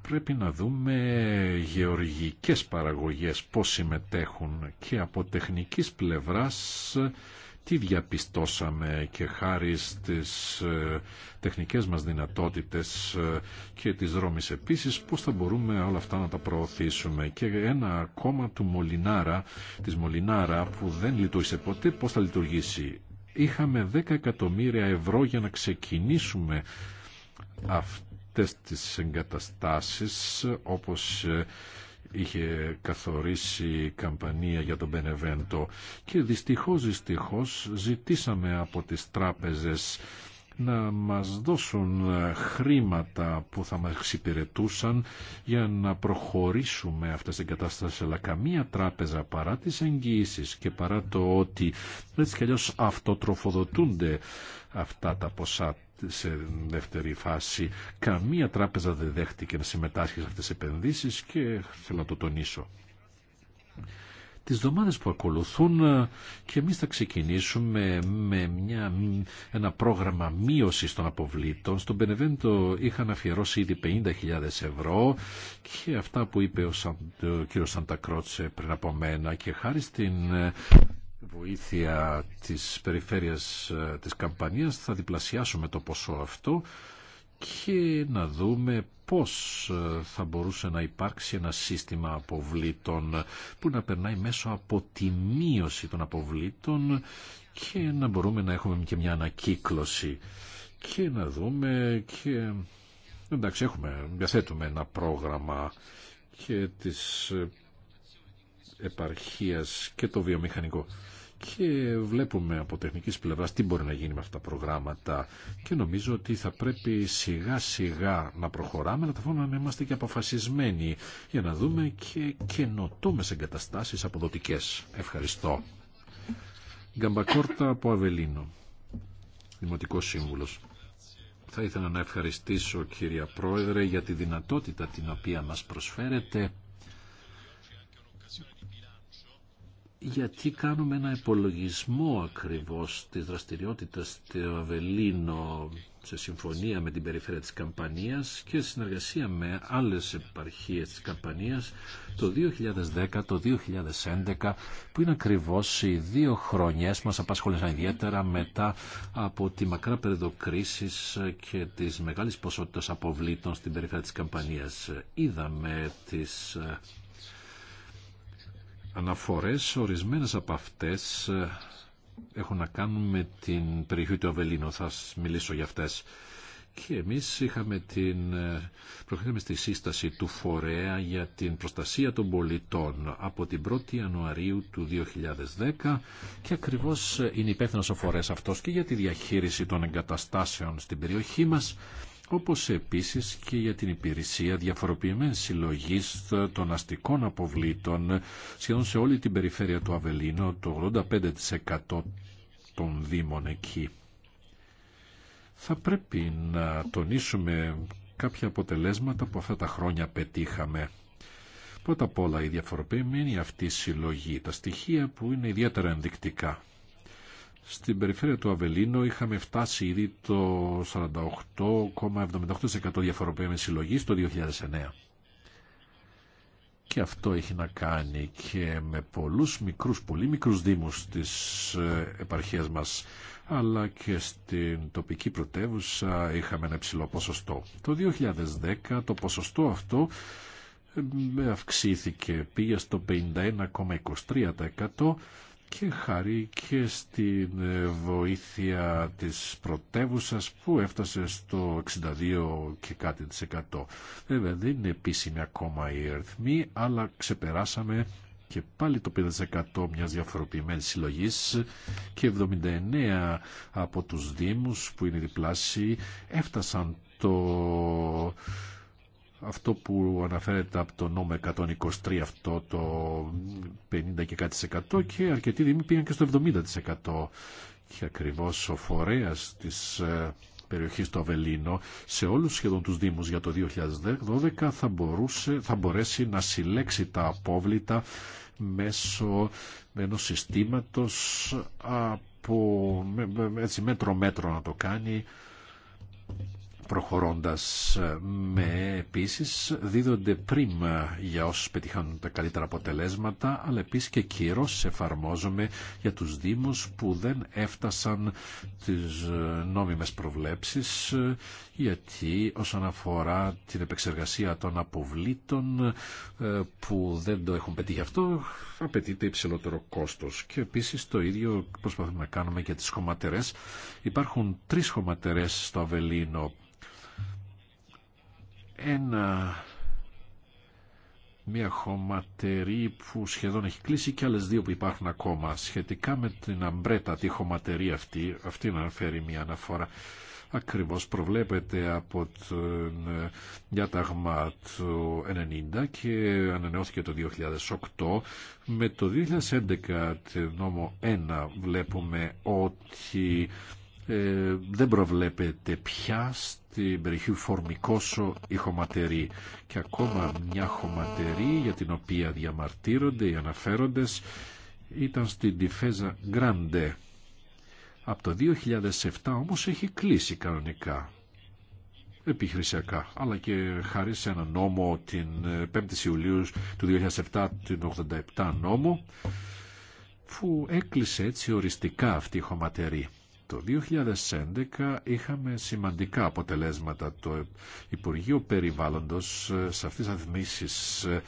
πρέπει να δούμε γεωργικές παραγωγές πώς συμμετέχουν και από τεχνικής πλευράς τι διαπιστώσαμε και χάρη στις ε, τεχνικές μας δυνατότητες ε, και της δρόμης επίσης, πώς θα μπορούμε όλα αυτά να τα προωθήσουμε. Και ένα ακόμα του Μολυνάρα, της Μολυνάρα που δεν λειτουργήσε ποτέ, πώς θα λειτουργήσει. Είχαμε 10 εκατομμύρια ευρώ για να ξεκινήσουμε αυτές τις εγκαταστάσεις όπως ε, είχε καθορίσει καμπανία για τον Πενεβέντο και δυστυχώς δυστυχώς ζητήσαμε από τις τράπεζες να μας δώσουν χρήματα που θα μας εξυπηρετούσαν για να προχωρήσουμε αυτές τις κατάσταση. Αλλά καμία τράπεζα παρά τις εγγύησεις και παρά το ότι έτσι κι αλλιώς αυτοτροφοδοτούνται αυτά τα ποσά σε δεύτερη φάση. Καμία τράπεζα δεν δέχτηκε να συμμετάσχει σε αυτές τις επενδύσεις και θέλω να το τονίσω. Τις εβδομάδες που ακολουθούν ε, και εμείς θα ξεκινήσουμε με μια, ένα πρόγραμμα μείωσης των αποβλήτων. Στον Πενεβέντο είχαν αφιερώσει ήδη 50.000 ευρώ και αυτά που είπε ο, Σαν, Σαντακρότσε πριν από μένα και χάρη στην ε, βοήθεια της περιφέρειας ε, της Καμπανίας θα διπλασιάσουμε το ποσό αυτό και να δούμε πώς ε, θα μπορούσε να υπάρξει ένα σύστημα αποβλήτων που να περνάει μέσω από τη μείωση των αποβλήτων και να μπορούμε να έχουμε και μια ανακύκλωση και να δούμε και... Εντάξει, έχουμε, διαθέτουμε ένα πρόγραμμα και τις ε, επαρχίας και το βιομηχανικό. Και βλέπουμε από τεχνικής πλευράς τι μπορεί να γίνει με αυτά τα προγράμματα και νομίζω ότι θα πρέπει σιγά σιγά να προχωράμε, τα ταυτόχρονα να είμαστε και αποφασισμένοι για να δούμε και καινοτόμες εγκαταστάσεις αποδοτικές. Ευχαριστώ. Γκαμπακόρτα από Αβελίνο, Δημοτικός Σύμβουλος. Θα ήθελα να ευχαριστήσω κυρία Πρόεδρε για τη δυνατότητα την οποία μας προσφέρετε γιατί κάνουμε ένα υπολογισμό ακριβώς της δραστηριότητας του Αβελίνο σε συμφωνία με την περιφέρεια της Καμπανίας και συνεργασία με άλλες επαρχίες της Καμπανίας το 2010, το 2011 που είναι ακριβώς οι δύο χρονιές μας απασχόλησαν ιδιαίτερα μετά από τη μακρά περίοδο κρίσης και της μεγάλης ποσότητας αποβλήτων στην περιφέρεια της Καμπανίας. Είδαμε τις αναφορές, ορισμένες από αυτές ε, έχουν να κάνουν με την περιοχή του Αβελίνου. Θα μιλήσω για αυτές. Και εμείς είχαμε την, ε, προχωρήσαμε στη σύσταση του Φορέα για την προστασία των πολιτών από την 1η Ιανουαρίου του 2010 και ακριβώς ε, είναι υπεύθυνος ο Φορέας αυτός και για τη διαχείριση των εγκαταστάσεων στην περιοχή μας όπως επίσης και για την υπηρεσία διαφοροποιημένης συλλογής των αστικών αποβλήτων σχεδόν σε όλη την περιφέρεια του Αβελίνο, το 85% των δήμων εκεί. Θα πρέπει να τονίσουμε κάποια αποτελέσματα που αυτά τα χρόνια πετύχαμε. Πρώτα απ' όλα η διαφοροποιημένη αυτή συλλογή, τα στοιχεία που είναι ιδιαίτερα ενδεικτικά. Στην περιφέρεια του Αβελίνο είχαμε φτάσει ήδη το 48,78% διαφοροποίηση συλλογή το 2009. Και αυτό έχει να κάνει και με πολλούς μικρούς, πολύ μικρούς δήμους της ε, επαρχίας μας, αλλά και στην τοπική πρωτεύουσα είχαμε ένα υψηλό ποσοστό. Το 2010 το ποσοστό αυτό ε, αυξήθηκε, πήγε στο 51,23% και χαρή και στην ε, βοήθεια της πρωτεύουσα που έφτασε στο 62 και κάτι της 100, Βέβαια δεν είναι επίσημη ακόμα η αριθμή, αλλά ξεπεράσαμε και πάλι το 5% μιας διαφοροποιημένης συλλογής και 79 από τους Δήμους που είναι διπλάσιοι έφτασαν το αυτό που αναφέρεται από το νόμο 123 αυτό το 50 και κάτι και αρκετοί δήμοι πήγαν και στο 70% και ακριβώς ο φορέας της ε, περιοχής του Αβελίνο σε όλους σχεδόν τους δήμους για το 2012 θα, μπορούσε, θα μπορέσει να συλλέξει τα απόβλητα μέσω ενό συστήματος από έτσι μέτρο μέτρο να το κάνει προχωρώντας ε, με επίσης δίδονται πριν ε, για όσους πετυχάνουν τα καλύτερα αποτελέσματα αλλά επίσης και κύρος εφαρμόζομαι για τους Δήμους που δεν έφτασαν τις ε, νόμιμες προβλέψεις γιατί όσον αφορά την επεξεργασία των αποβλήτων ε, που δεν το έχουν πετύχει αυτό, απαιτείται υψηλότερο κόστος. Και επίσης το ίδιο προσπαθούμε να κάνουμε για τις χωματερές. Υπάρχουν τρεις χωματερές στο Αβελίνο. Ένα μια χωματερή που σχεδόν έχει κλείσει και άλλες δύο που υπάρχουν ακόμα. Σχετικά με την αμπρέτα, τη χωματερή αυτή, αυτή να αναφέρει μια αναφορά ακριβώς προβλέπεται από το ε, διάταγμα του 90 και ανανεώθηκε το 2008. Με το 2011 νόμο 1 βλέπουμε ότι ε, δεν προβλέπεται πια στην περιοχή Φορμικόσο η χωματερή και ακόμα μια χωματερή για την οποία διαμαρτύρονται οι αναφέροντες ήταν στην Τιφέζα Γκράντε από το 2007 όμως έχει κλείσει κανονικά επιχειρησιακά, αλλά και χάρη σε ένα νόμο την 5η Ιουλίου του 2007, την 87 νόμο, που έκλεισε έτσι οριστικά αυτή η χωματερή. Το 2011 είχαμε σημαντικά αποτελέσματα. Το Υπουργείο Περιβάλλοντος ε, σε αυτές τις ε,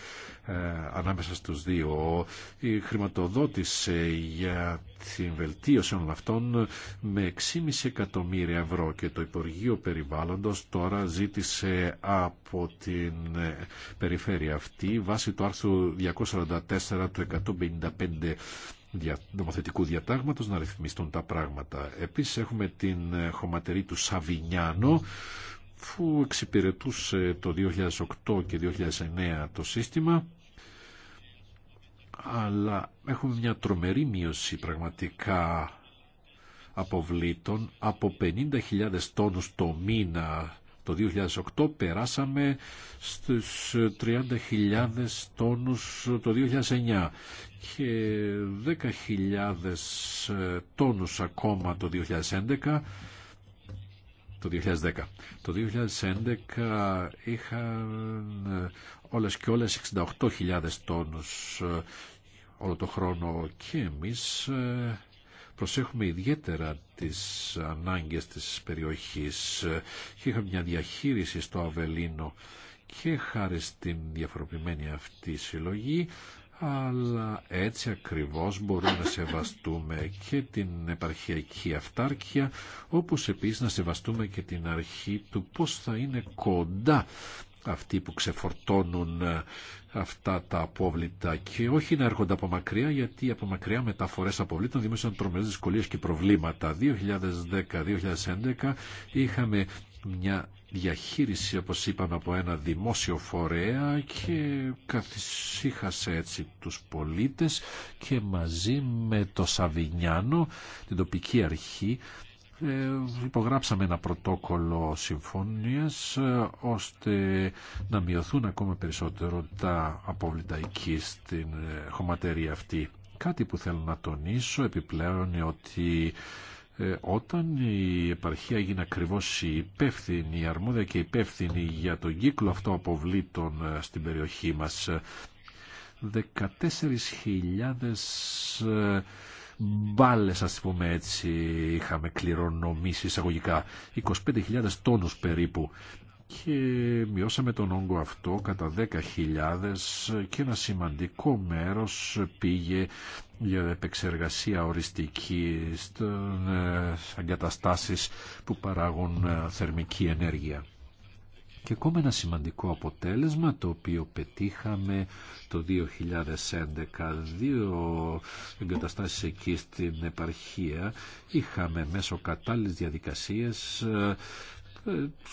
ε, ανάμεσα στους δύο. Η χρηματοδότησε για την βελτίωση όλων αυτών με 6,5 εκατομμύρια ευρώ και το Υπουργείο Περιβάλλοντος τώρα ζήτησε από την ε, περιφέρεια αυτή βάσει του άρθρου 244 του 155 νομοθετικού διατάγματος να ρυθμιστούν τα πράγματα. Επίσης έχουμε την ε, χωματερή του Σαβινιάνο που εξυπηρετούσε το 2008 και 2009 το σύστημα αλλά έχουμε μια τρομερή μείωση πραγματικά αποβλήτων από 50.000 τόνους το μήνα το 2008 περάσαμε στους 30.000 τόνους το 2009 και 10.000 ε, τόνους ακόμα το 2011 το 2010. Το 2011 είχαν ε, όλες και όλες 68.000 τόνους όλο το χρόνο και εμείς ε, προσέχουμε ιδιαίτερα τις ανάγκες της περιοχής και είχαμε μια διαχείριση στο Αβελίνο και χάρη στην διαφοροποιημένη αυτή συλλογή αλλά έτσι ακριβώς μπορούμε να σεβαστούμε και την επαρχιακή αυτάρκεια, όπως επίσης να σεβαστούμε και την αρχή του πώς θα είναι κοντά αυτοί που ξεφορτώνουν αυτά τα απόβλητα και όχι να έρχονται από μακριά γιατί από μακριά μεταφορές αποβλήτων δημιούργησαν τρομερές δυσκολίες και προβλήματα. 2010-2011 είχαμε μια διαχείριση όπως είπαμε από ένα δημόσιο φορέα και καθυσίχασε έτσι τους πολίτες και μαζί με το Σαβινιάνο, την τοπική αρχή ε, υπογράψαμε ένα πρωτόκολλο συμφωνίας ε, ώστε να μειωθούν ακόμα περισσότερο τα απόβλητα εκεί στην ε, χωματερία αυτή. Κάτι που θέλω να τονίσω επιπλέον είναι ότι όταν η επαρχία έγινε ακριβώ η υπεύθυνη, η αρμόδια και υπεύθυνη για τον κύκλο αυτό αποβλήτων στην περιοχή μας, 14.000 Μπάλε, α πούμε έτσι είχαμε κληρονομήσει εισαγωγικά 25.000 τόνους περίπου και μειώσαμε τον όγκο αυτό κατά 10.000 και ένα σημαντικό μέρος πήγε για επεξεργασία οριστική στι ε, εγκαταστάσεις που παράγουν ε, θερμική ενέργεια. Και ακόμα ένα σημαντικό αποτέλεσμα το οποίο πετύχαμε το 2011, δύο εγκαταστάσεις εκεί στην επαρχία, είχαμε μέσω κατάλληλης διαδικασίας ε,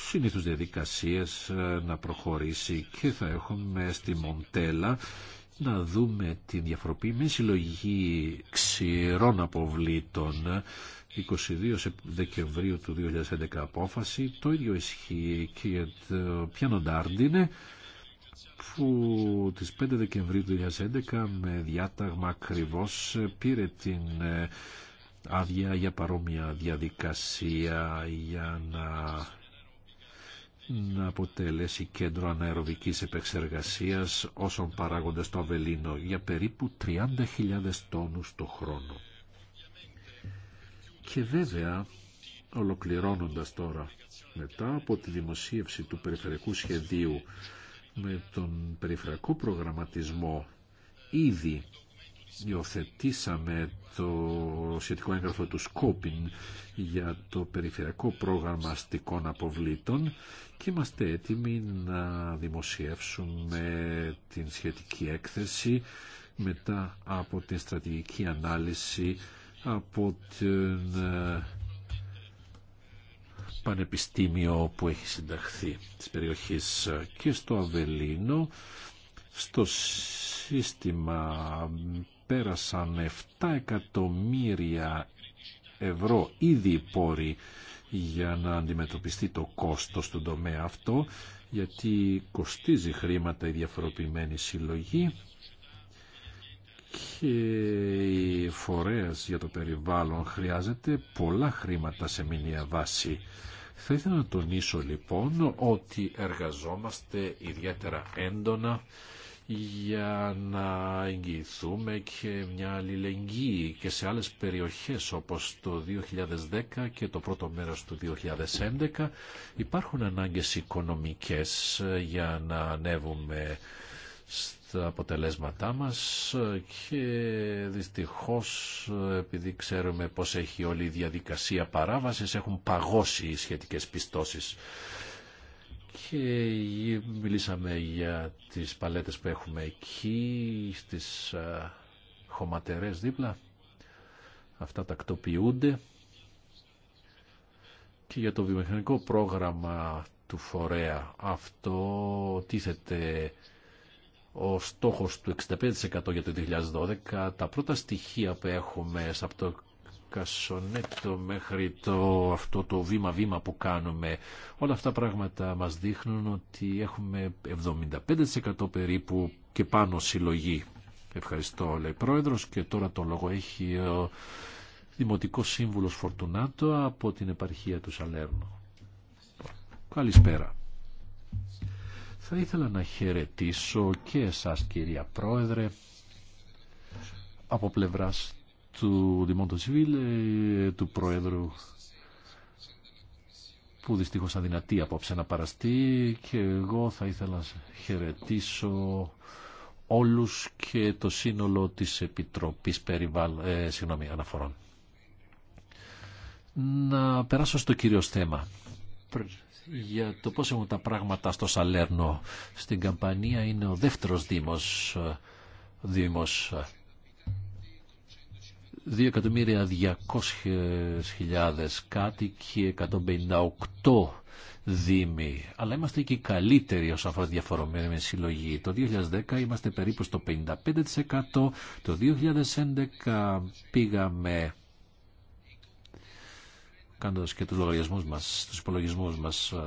συνήθως διαδικασίες ε, να προχωρήσει και θα έχουμε στη Μοντέλα να δούμε την διαφοροποιημένη συλλογή ξηρών αποβλήτων 22 Δεκεμβρίου του 2011 απόφαση. Το ίδιο ισχύει και για το πιάνο Ντάρντινε που τις 5 Δεκεμβρίου του 2011 με διάταγμα ακριβώ πήρε την ε, άδεια για παρόμοια διαδικασία για να να αποτελέσει κέντρο αναεροβικής επεξεργασίας όσων παράγονται στο Αβελίνο για περίπου 30.000 τόνους το χρόνο. Και βέβαια, ολοκληρώνοντας τώρα, μετά από τη δημοσίευση του περιφερειακού σχεδίου με τον περιφερειακό προγραμματισμό, ήδη υιοθετήσαμε το σχετικό έγγραφο του Σκόπιν για το περιφερειακό πρόγραμμα αστικών αποβλήτων και είμαστε έτοιμοι να δημοσιεύσουμε την σχετική έκθεση μετά από την στρατηγική ανάλυση από την ε, πανεπιστήμιο που έχει συνταχθεί της περιοχής ε, και στο Αβελίνο στο σύστημα πέρασαν 7 εκατομμύρια ευρώ ήδη πόροι για να αντιμετωπιστεί το κόστος στον τομέα αυτό γιατί κοστίζει χρήματα η διαφοροποιημένη συλλογή και η φορέας για το περιβάλλον χρειάζεται πολλά χρήματα σε μια βάση. Θα ήθελα να τονίσω λοιπόν ότι εργαζόμαστε ιδιαίτερα έντονα για να εγγυηθούμε και μια αλληλεγγύη και σε άλλες περιοχές όπως το 2010 και το πρώτο μέρος του 2011 υπάρχουν ανάγκες οικονομικές για να ανέβουμε τα αποτελέσματά μας και δυστυχώς επειδή ξέρουμε πως έχει όλη η διαδικασία παράβασης έχουν παγώσει οι σχετικές πιστώσεις και μιλήσαμε για τις παλέτες που έχουμε εκεί στις χωματερές δίπλα αυτά τακτοποιούνται και για το βιομηχανικό πρόγραμμα του φορέα αυτό τίθεται ο στόχος του 65% για το 2012, τα πρώτα στοιχεία που έχουμε από το κασονέτο μέχρι το, αυτό το βήμα-βήμα που κάνουμε, όλα αυτά πράγματα μας δείχνουν ότι έχουμε 75% περίπου και πάνω συλλογή. Ευχαριστώ, λέει Πρόεδρος, και τώρα το λόγο έχει ο Δημοτικός Σύμβουλος Φορτουνάτο από την επαρχία του Σαλέρνου. Καλησπέρα. Θα ήθελα να χαιρετήσω και εσάς κυρία Πρόεδρε από πλευράς του Δημόντο Σιβίλ, ε, του Πρόεδρου που δυστυχώς αδυνατεί απόψε να παραστεί και εγώ θα ήθελα να χαιρετήσω όλους και το σύνολο της Επιτροπής περιβάλ ε, συγγνώμη, Αναφορών. Να περάσω στο κύριο θέμα για το πώς έχουν τα πράγματα στο Σαλέρνο. Στην Καμπανία είναι ο δεύτερος δήμος, δήμος 2.200.000 κάτοικοι, 158 δήμοι. Αλλά είμαστε και οι καλύτεροι όσον αφορά τη με συλλογή. Το 2010 είμαστε περίπου στο 55%. Το 2011 πήγαμε κάνοντας και τους λογαριασμούς μας, τους υπολογισμούς μας, ε,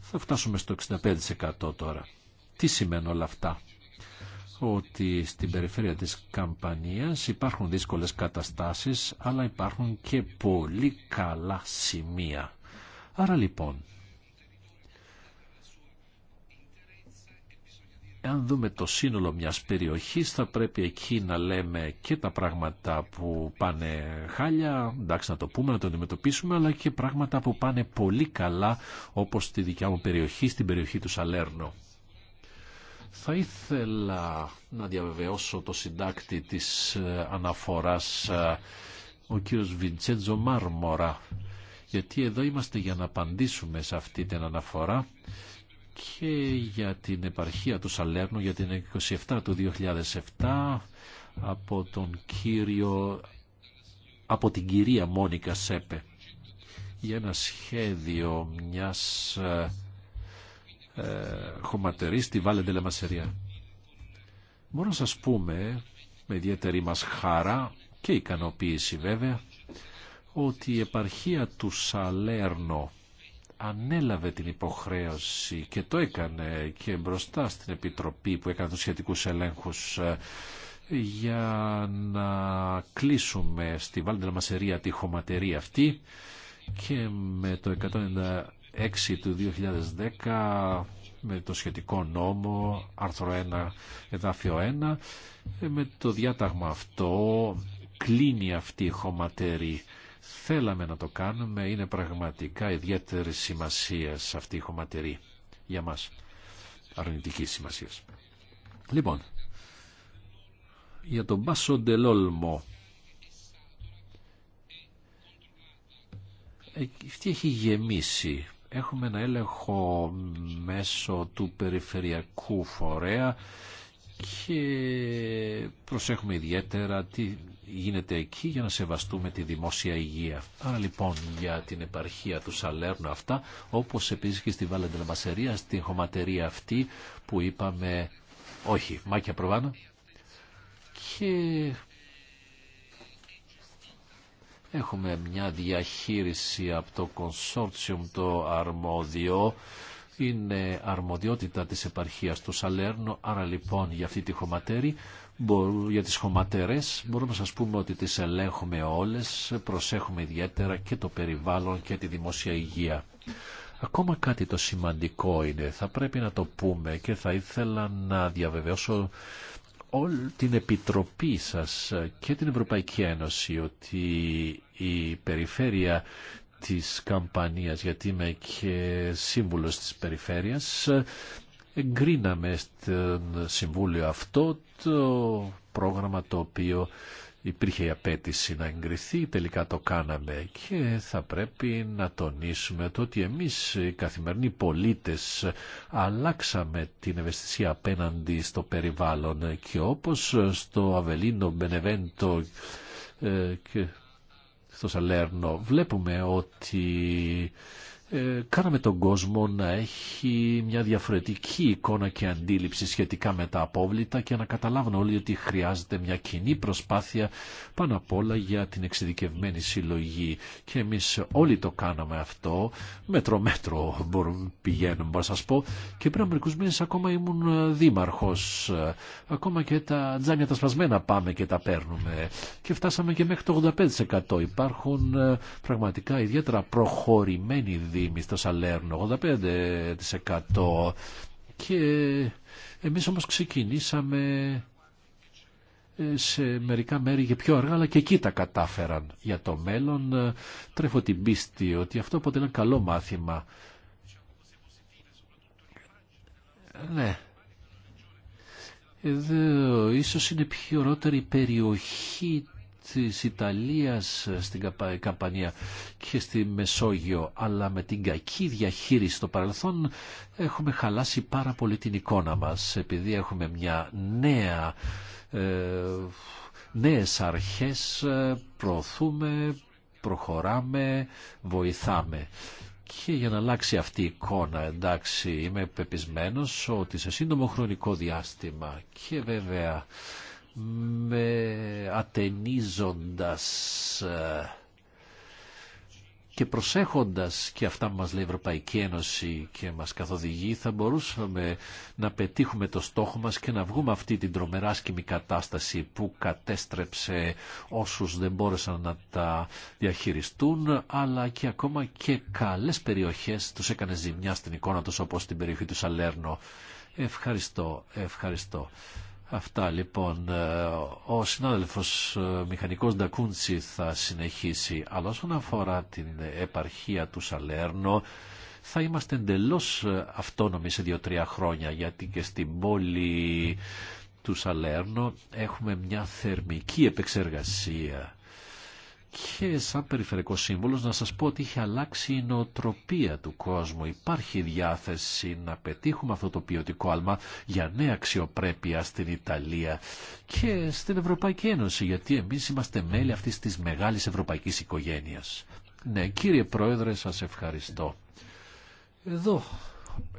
θα φτάσουμε στο 65% τώρα. Τι σημαίνουν όλα αυτά. Ότι στην περιφέρεια της Καμπανίας υπάρχουν δύσκολες καταστάσεις, αλλά υπάρχουν και πολύ καλά σημεία. Άρα λοιπόν, αν δούμε το σύνολο μιας περιοχής θα πρέπει εκεί να λέμε και τα πράγματα που πάνε χάλια, εντάξει να το πούμε, να το αντιμετωπίσουμε, αλλά και πράγματα που πάνε πολύ καλά όπως στη δικιά μου περιοχή, στην περιοχή του Σαλέρνο. Θα ήθελα να διαβεβαιώσω το συντάκτη της ε, αναφοράς ε, ο κύριος Βιντσέντζο Μάρμορα, γιατί εδώ είμαστε για να απαντήσουμε σε αυτή την αναφορά και για την επαρχία του Σαλέρνου για την 27 του 2007 από τον κύριο από την κυρία Μόνικα Σέπε για ένα σχέδιο μιας ε, ε χωματερής στη Βάλεντε Λεμασερία. Μπορώ να σας πούμε με ιδιαίτερη μας χαρά και ικανοποίηση βέβαια ότι η επαρχία του Σαλέρνο ανέλαβε την υποχρέωση και το έκανε και μπροστά στην Επιτροπή που έκανε τους σχετικούς ελέγχους ε, για να κλείσουμε στη Βάλντελα Μασερία τη χωματερή αυτή και με το 196 του 2010 με το σχετικό νόμο, άρθρο 1, εδάφιο 1, ε, με το διάταγμα αυτό κλείνει αυτή η χωματερή Θέλαμε να το κάνουμε, είναι πραγματικά ιδιαίτερη σημασία αυτή η χωματερή για μας, αρνητική σημασία. Λοιπόν, για τον Μπάσο Ντελόλμο, αυτή έχει γεμίσει. Έχουμε ένα έλεγχο μέσω του περιφερειακού φορέα και προσέχουμε ιδιαίτερα τι γίνεται εκεί για να σεβαστούμε τη δημόσια υγεία. Άρα λοιπόν για την επαρχία του Σαλέρνου αυτά, όπως επίσης και στη Λαμασερία στην χωματερία αυτή που είπαμε όχι, Μάκια Προβάνα. Και έχουμε μια διαχείριση από το κονσόρτσιουμ το αρμόδιό είναι αρμοδιότητα της επαρχίας του Σαλέρνου άρα λοιπόν για αυτή τη χωματέρη για τις χωματερές μπορούμε να σας πούμε ότι τις ελέγχουμε όλες, προσέχουμε ιδιαίτερα και το περιβάλλον και τη δημόσια υγεία. Ακόμα κάτι το σημαντικό είναι, θα πρέπει να το πούμε και θα ήθελα να διαβεβαιώσω όλη την Επιτροπή σας και την Ευρωπαϊκή Ένωση ότι η περιφέρεια της καμπανίας, γιατί είμαι και σύμβουλος της περιφέρειας, εγκρίναμε στο Συμβούλιο αυτό το πρόγραμμα το οποίο υπήρχε η απέτηση να εγκριθεί, τελικά το κάναμε και θα πρέπει να τονίσουμε το ότι εμείς οι καθημερινοί πολίτες αλλάξαμε την ευαισθησία απέναντι στο περιβάλλον και όπως στο Αβελίνο Μπενεβέντο ε, και στο Σαλέρνο βλέπουμε ότι ε, κάναμε τον κόσμο να έχει μια διαφορετική εικόνα και αντίληψη σχετικά με τα απόβλητα και να καταλάβουν όλοι ότι χρειάζεται μια κοινή προσπάθεια πάνω απ' όλα για την εξειδικευμένη συλλογή. Και εμείς όλοι το κάναμε αυτό, μέτρο-μέτρο μπορούμε, πηγαίνουμε, μπορώ να σας πω. Και πριν μερικού μήνες ακόμα ήμουν δήμαρχος. Ακόμα και τα τζάμια τα σπασμένα πάμε και τα παίρνουμε. Και φτάσαμε και μέχρι το 85%. Υπάρχουν ε, πραγματικά ιδιαίτερα προχωρημένοι δήμαρχοι Εμεί στο Σαλέρνο, 85% και εμείς όμως ξεκινήσαμε ε, σε μερικά μέρη και πιο αργά, αλλά και εκεί τα κατάφεραν. Για το μέλλον ε, τρέφω την πίστη ότι αυτό αποτελεί ένα καλό μάθημα. Ναι. Εδώ ίσως είναι πιο ρότερη περιοχή της Ιταλίας στην Καμπανία και στη Μεσόγειο αλλά με την κακή διαχείριση στο παρελθόν έχουμε χαλάσει πάρα πολύ την εικόνα μας επειδή έχουμε μια νέα ε, νέες αρχές προωθούμε, προχωράμε, βοηθάμε. Και για να αλλάξει αυτή η εικόνα, εντάξει, είμαι πεπισμένος ότι σε σύντομο χρονικό διάστημα και βέβαια με ατενίζοντας ε, και προσέχοντας και αυτά που μας λέει η Ευρωπαϊκή Ένωση και μας καθοδηγεί θα μπορούσαμε να πετύχουμε το στόχο μας και να βγούμε αυτή την τρομερά σκημη κατάσταση που κατέστρεψε όσους δεν μπόρεσαν να τα διαχειριστούν αλλά και ακόμα και καλές περιοχές τους έκανε ζημιά στην εικόνα τους όπως στην περιοχή του Σαλέρνο. Ευχαριστώ, ευχαριστώ. Αυτά λοιπόν ε, ο συνάδελφος ε, μηχανικός Ντακούντσι θα συνεχίσει αλλά όσον αφορά την επαρχία του Σαλέρνο θα είμαστε εντελώς ε, αυτόνομοι σε δύο-τρία χρόνια γιατί και στην πόλη του Σαλέρνο έχουμε μια θερμική επεξεργασία και σαν περιφερειακό σύμβολος να σας πω ότι είχε αλλάξει η νοοτροπία του κόσμου. Υπάρχει διάθεση να πετύχουμε αυτό το ποιοτικό άλμα για νέα αξιοπρέπεια στην Ιταλία και στην Ευρωπαϊκή Ένωση, γιατί εμείς είμαστε μέλη αυτής της μεγάλης ευρωπαϊκής οικογένειας. Ναι, κύριε Πρόεδρε, σας ευχαριστώ. Εδώ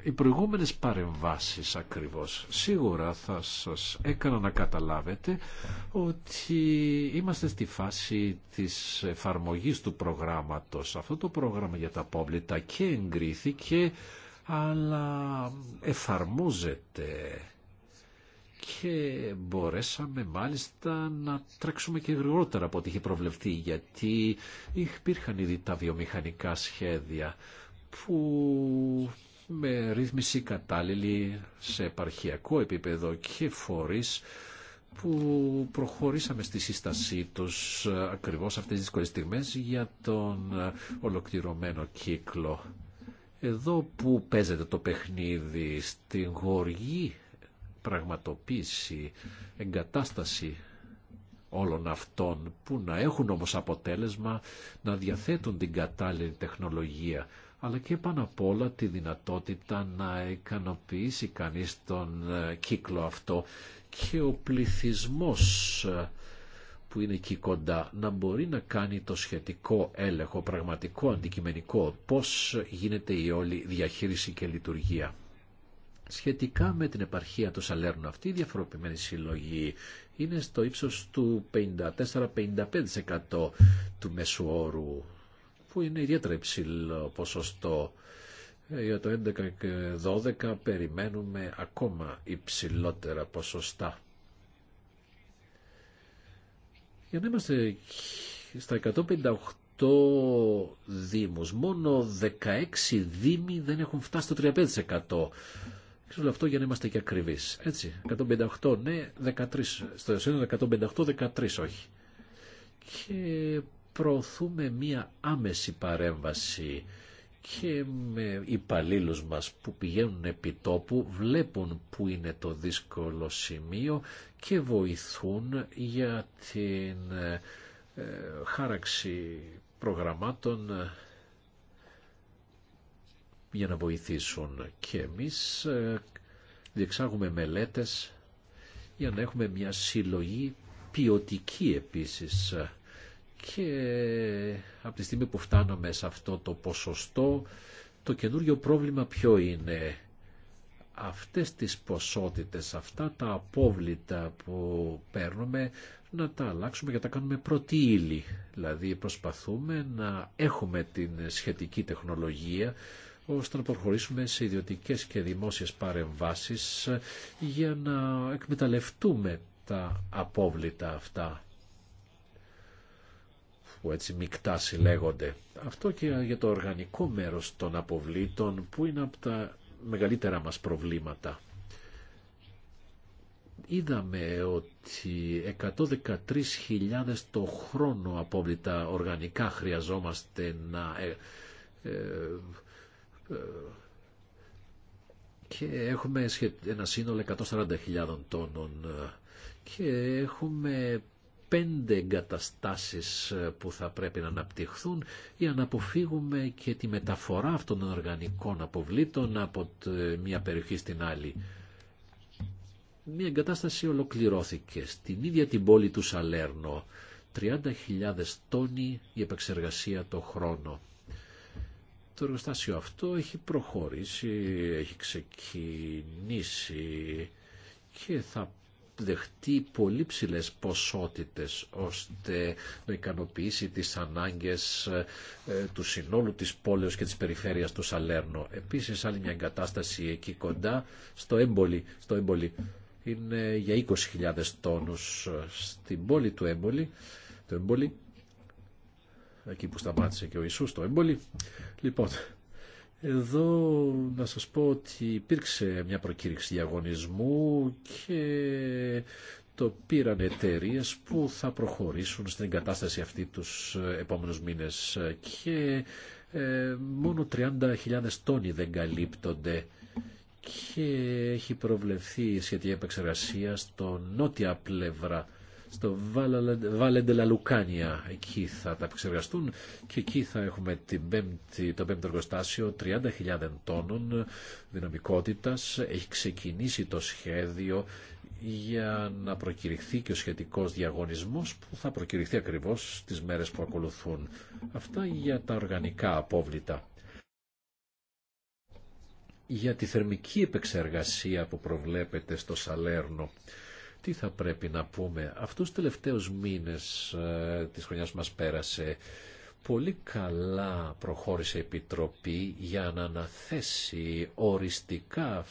οι προηγούμενες παρεμβάσεις ακριβώς σίγουρα θα σας έκανα να καταλάβετε ότι είμαστε στη φάση της εφαρμογής του προγράμματος. Αυτό το πρόγραμμα για τα πόβλητα και εγκρίθηκε αλλά εφαρμόζεται και μπορέσαμε μάλιστα να τρέξουμε και γρηγορότερα από ό,τι είχε προβλεφτεί γιατί υπήρχαν ήδη τα βιομηχανικά σχέδια που με ρύθμιση κατάλληλη σε επαρχιακό επίπεδο και φορείς που προχωρήσαμε στη σύστασή τους ακριβώς αυτές τις δύσκολες στιγμές για τον ολοκληρωμένο κύκλο. Εδώ που παίζεται το παιχνίδι στην γοργή πραγματοποίηση, εγκατάσταση όλων αυτών που να έχουν όμως αποτέλεσμα να διαθέτουν την κατάλληλη τεχνολογία αλλά και πάνω απ' όλα τη δυνατότητα να ικανοποιήσει κανείς τον ε, κύκλο αυτό και ο πληθυσμός ε, που είναι εκεί κοντά να μπορεί να κάνει το σχετικό έλεγχο, πραγματικό, αντικειμενικό, πώς γίνεται η όλη διαχείριση και λειτουργία. Σχετικά με την επαρχία του Σαλέρνου αυτή η διαφοροποιημένη συλλογή είναι στο ύψος του 54-55% του μεσουόρου που είναι ιδιαίτερα υψηλό ποσοστό. Για το 11 και 12 περιμένουμε ακόμα υψηλότερα ποσοστά. Για να είμαστε στα 158 δήμους, μόνο 16 δήμοι δεν έχουν φτάσει στο 35%. Ξέρω αυτό για να είμαστε και ακριβείς. Έτσι, 158 ναι, 13, στο σύνολο 158, 13 όχι. Και προωθούμε μία άμεση παρέμβαση και με υπαλλήλους μας που πηγαίνουν επί τόπου βλέπουν που είναι το δύσκολο σημείο και βοηθούν για την ε, χάραξη προγραμμάτων ε, για να βοηθήσουν και εμείς ε, διεξάγουμε μελέτες για να έχουμε μια συλλογή ποιοτική επίσης και από τη στιγμή που φτάνουμε σε αυτό το ποσοστό, το καινούριο πρόβλημα ποιο είναι. Αυτές τις ποσότητες, αυτά τα απόβλητα που παίρνουμε, να τα αλλάξουμε και τα κάνουμε πρώτη ύλη. Δηλαδή προσπαθούμε να έχουμε την σχετική τεχνολογία ώστε να προχωρήσουμε σε ιδιωτικές και δημόσιες παρεμβάσεις για να εκμεταλλευτούμε τα απόβλητα αυτά που έτσι μεικτά συλλέγονται. Αυτό και για το οργανικό μέρος των αποβλήτων που είναι από τα μεγαλύτερα μας προβλήματα. Είδαμε ότι 113.000 το χρόνο απόβλητα οργανικά χρειαζόμαστε να... Ε, ε, ε, και έχουμε ένα σύνολο 140.000 τόνων και έχουμε πέντε εγκαταστάσεις ε, που θα πρέπει να αναπτυχθούν για να αποφύγουμε και τη μεταφορά αυτών των οργανικών αποβλήτων από μία περιοχή στην άλλη. Μία εγκατάσταση ολοκληρώθηκε στην ίδια την πόλη του Σαλέρνο. 30.000 τόνοι η επεξεργασία το χρόνο. Το εργοστάσιο αυτό έχει προχωρήσει, έχει ξεκινήσει και θα δεχτεί πολύ ψηλέ ποσότητες ώστε να ικανοποιήσει τις ανάγκες ε, του συνόλου της πόλεως και της περιφέρειας του Σαλέρνο. Επίσης άλλη μια εγκατάσταση εκεί κοντά στο Έμπολι, στο Έμπολι είναι για 20.000 τόνους ε, στην πόλη του έμπολι. το έμπολι. εκεί που σταμάτησε και ο Ιησούς, το έμπολι. Λοιπόν, εδώ να σας πω ότι υπήρξε μια προκήρυξη διαγωνισμού και το πήραν εταιρείε που θα προχωρήσουν στην κατάσταση αυτή τους επόμενους μήνες και ε, μόνο 30.000 τόνοι δεν καλύπτονται και έχει προβλεφθεί η σχετική επεξεργασία στο νότια πλευρά στο Βάλεντε Λαλουκάνια Εκεί θα τα επεξεργαστούν και εκεί θα έχουμε την πέμπτη, το πέμπτο εργοστάσιο 30.000 τόνων δυναμικότητας. Έχει ξεκινήσει το σχέδιο για να προκηρυχθεί και ο σχετικός διαγωνισμός που θα προκηρυχθεί ακριβώς τις μέρες που ακολουθούν. Αυτά για τα οργανικά απόβλητα για τη θερμική επεξεργασία που προβλέπεται στο Σαλέρνο τι θα πρέπει να πούμε. Αυτούς τους τελευταίους μήνες ε, της χρονιάς μας πέρασε, πολύ καλά προχώρησε η Επιτροπή για να αναθέσει οριστικά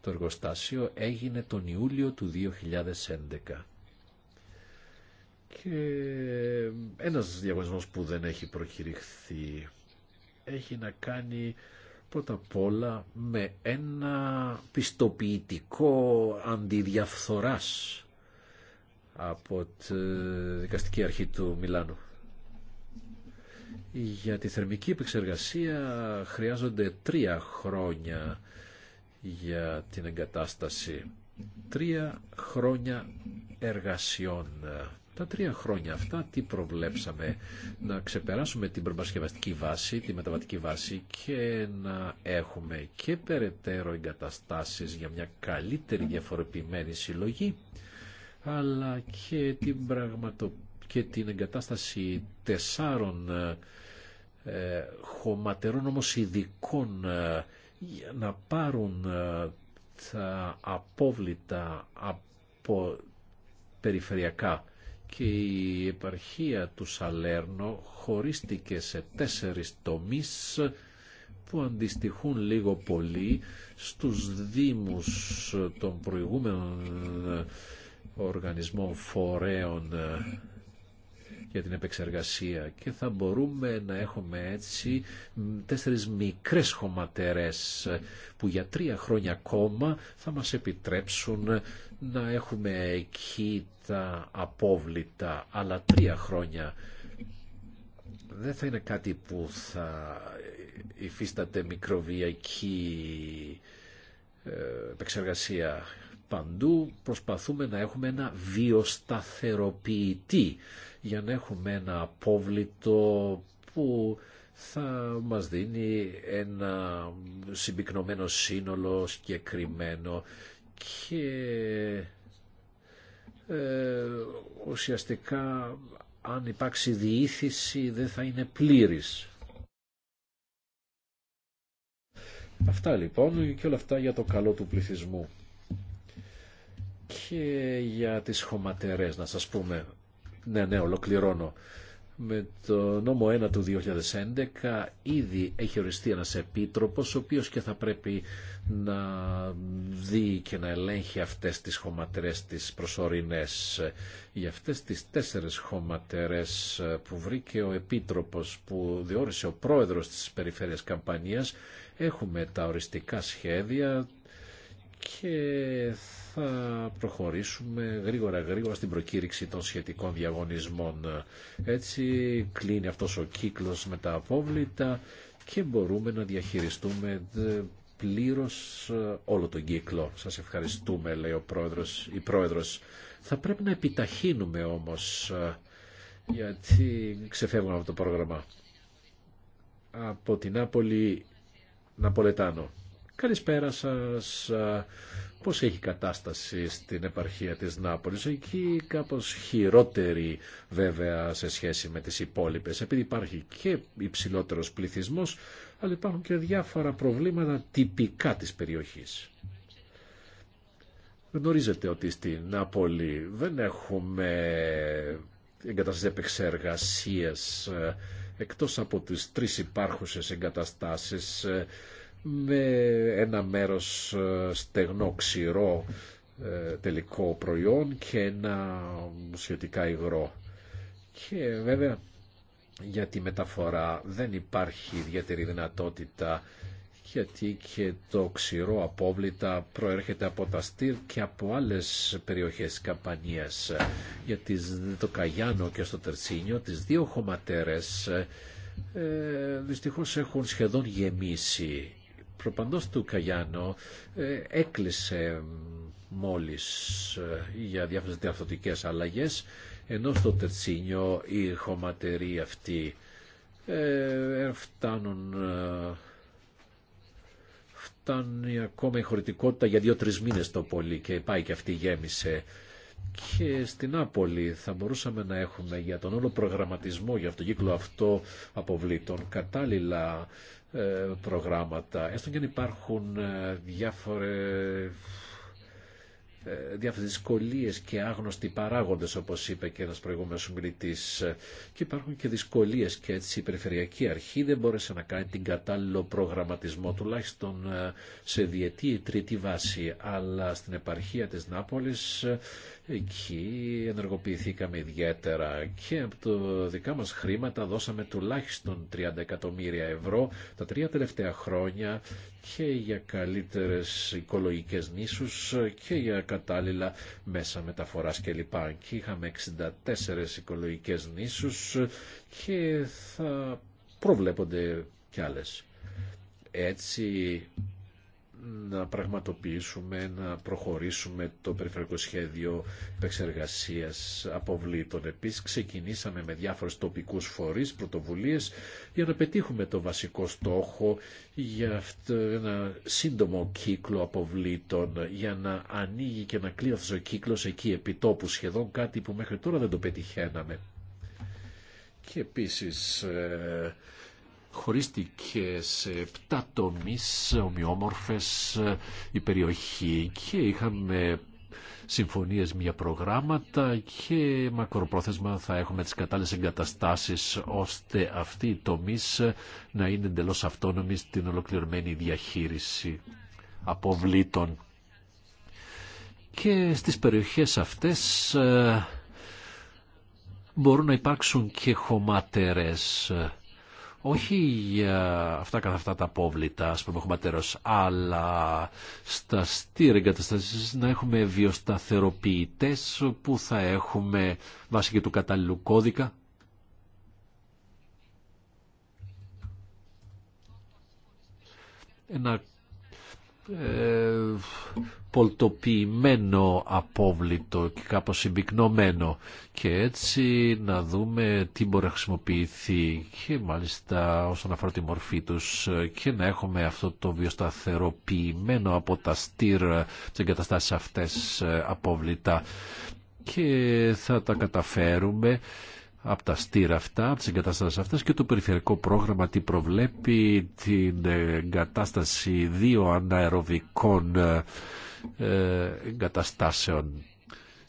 το εργοστάσιο έγινε τον Ιούλιο του 2011. Και ένας διαγωνισμός που δεν έχει προκηρυχθεί έχει να κάνει Πρώτα απ' όλα με ένα πιστοποιητικό αντιδιαφθοράς από τη δικαστική αρχή του Μιλάνου. Για τη θερμική επεξεργασία χρειάζονται τρία χρόνια για την εγκατάσταση. Τρία χρόνια εργασιών τα τρία χρόνια αυτά τι προβλέψαμε. Να ξεπεράσουμε την προπασκευαστική βάση, τη μεταβατική βάση και να έχουμε και περαιτέρω εγκαταστάσεις για μια καλύτερη διαφοροποιημένη συλλογή αλλά και την, πραγματο... και την εγκατάσταση τεσσάρων ε, χωματερών όμως ειδικών ε, για να πάρουν ε, τα απόβλητα από περιφερειακά και η επαρχία του Σαλέρνο χωρίστηκε σε τέσσερις τομείς που αντιστοιχούν λίγο πολύ στους δήμους των προηγούμενων οργανισμών φορέων για την επεξεργασία και θα μπορούμε να έχουμε έτσι τέσσερις μικρές χωματερές που για τρία χρόνια ακόμα θα μας επιτρέψουν να έχουμε εκεί τα απόβλητα αλλά τρία χρόνια δεν θα είναι κάτι που θα υφίσταται μικροβιακή ε, επεξεργασία παντού προσπαθούμε να έχουμε ένα βιοσταθεροποιητή για να έχουμε ένα απόβλητο που θα μας δίνει ένα συμπυκνωμένο σύνολο συγκεκριμένο και ε, ουσιαστικά αν υπάρξει διήθηση δεν θα είναι πλήρης. Αυτά λοιπόν και όλα αυτά για το καλό του πληθυσμού. Και για τις χωματερές να σας πούμε. Ναι, ναι, ολοκληρώνω με το νόμο 1 του 2011 ήδη έχει οριστεί ένας επίτροπος ο οποίος και θα πρέπει να δει και να ελέγχει αυτές τις χωματερές τις προσωρινές. Για αυτές τις τέσσερες χωματερές που βρήκε ο επίτροπος που διόρισε ο πρόεδρος της Περιφέρειας Καμπανίας έχουμε τα οριστικά σχέδια και θα προχωρήσουμε γρήγορα γρήγορα στην προκήρυξη των σχετικών διαγωνισμών. Έτσι κλείνει αυτός ο κύκλος με τα απόβλητα και μπορούμε να διαχειριστούμε ε, πλήρως ε, όλο τον κύκλο. Σας ευχαριστούμε, λέει ο πρόεδρος, η πρόεδρος. Θα πρέπει να επιταχύνουμε όμως, ε, γιατί ξεφεύγουμε από το πρόγραμμα. Από την Άπολη Ναπολετάνο. Καλησπέρα σας. Πώς έχει κατάσταση στην επαρχία της Νάπολης. Εκεί κάπως χειρότερη βέβαια σε σχέση με τις υπόλοιπες. Επειδή υπάρχει και υψηλότερος πληθυσμός, αλλά υπάρχουν και διάφορα προβλήματα τυπικά της περιοχής. Γνωρίζετε ότι στην Νάπολη δεν έχουμε εγκαταστάσει επεξεργασίας ε, εκτός από τις τρεις υπάρχουσες εγκαταστάσεις ε, με ένα μέρος ε, στεγνό ξηρό ε, τελικό προϊόν και ένα σχετικά υγρό. Και βέβαια για τη μεταφορά δεν υπάρχει ιδιαίτερη δυνατότητα γιατί και το ξηρό απόβλητα προέρχεται από τα Στυρ και από άλλες περιοχές Καμπανίας. Γιατί το Καγιάνο και στο Τερσίνιο, τις δύο χωματέρες ε, ε δυστυχώς έχουν σχεδόν γεμίσει προπαντός του Καγιάνο ε, έκλεισε μόλις ε, για διάφορες διαφθορτικές αλλαγές ενώ στο Τερτσίνιο οι χωματεροί αυτοί ε, φτάνουν φτάνει ακόμα η χωρητικότητα για δύο-τρεις μήνες το πολύ και πάει και αυτή γέμισε και στην Άπολη θα μπορούσαμε να έχουμε για τον όλο προγραμματισμό για αυτόν τον κύκλο αυτό αποβλήτων κατάλληλα ε, προγράμματα. Έστω και αν υπάρχουν ε, διάφορε ε, διάφορες δυσκολίες και άγνωστοι παράγοντες όπως είπε και ένα προηγούμενο ομιλητή, και υπάρχουν και δυσκολίε και έτσι η Περιφερειακή Αρχή δεν μπόρεσε να κάνει την κατάλληλο προγραμματισμό τουλάχιστον σε διετή ή τρίτη βάση αλλά στην επαρχία της Νάπολης Εκεί ενεργοποιηθήκαμε ιδιαίτερα και από το δικά μας χρήματα δώσαμε τουλάχιστον 30 εκατομμύρια ευρώ τα τρία τελευταία χρόνια και για καλύτερες οικολογικές νήσους και για κατάλληλα μέσα μεταφοράς κλπ. Και είχαμε 64 οικολογικές νήσους και θα προβλέπονται κι άλλες. Έτσι να πραγματοποιήσουμε, να προχωρήσουμε το περιφερειακό σχέδιο επεξεργασίας αποβλήτων. Επίσης ξεκινήσαμε με διάφορες τοπικούς φορείς, πρωτοβουλίες για να πετύχουμε το βασικό στόχο για αυτό ένα σύντομο κύκλο αποβλήτων, για να ανοίγει και να κλείνει ο κύκλος εκεί επιτόπου σχεδόν κάτι που μέχρι τώρα δεν το πετυχαίναμε. Και επίσης ε, χωρίστηκε σε 7 τομείς ομοιόμορφες ε, η περιοχή και είχαμε συμφωνίες μια προγράμματα και μακροπρόθεσμα θα έχουμε τις κατάλληλες εγκαταστάσεις ώστε αυτοί οι τομείς ε, να είναι εντελώ αυτόνομοι στην ολοκληρωμένη διαχείριση αποβλήτων. Και στις περιοχές αυτές ε, μπορούν να υπάρξουν και χωματερές όχι για αυτά καθ' αυτά τα απόβλητα, α πούμε, αλλά στα στήρ να έχουμε βιοσταθεροποιητές που θα έχουμε βάσει και του κατάλληλου κώδικα. Ένα ε, πολτοποιημένο απόβλητο και κάπως συμπυκνωμένο και έτσι να δούμε τι μπορεί να χρησιμοποιηθεί και μάλιστα όσον αφορά τη μορφή τους και να έχουμε αυτό το βιοσταθεροποιημένο από τα στήρ της εγκαταστάσεις αυτές απόβλητα και θα τα καταφέρουμε από τα στήρα αυτά, από τις εγκαταστάσεις αυτές και το περιφερειακό πρόγραμμα τι προβλέπει την εγκατάσταση δύο αναεροβικών ε, εγκαταστάσεων.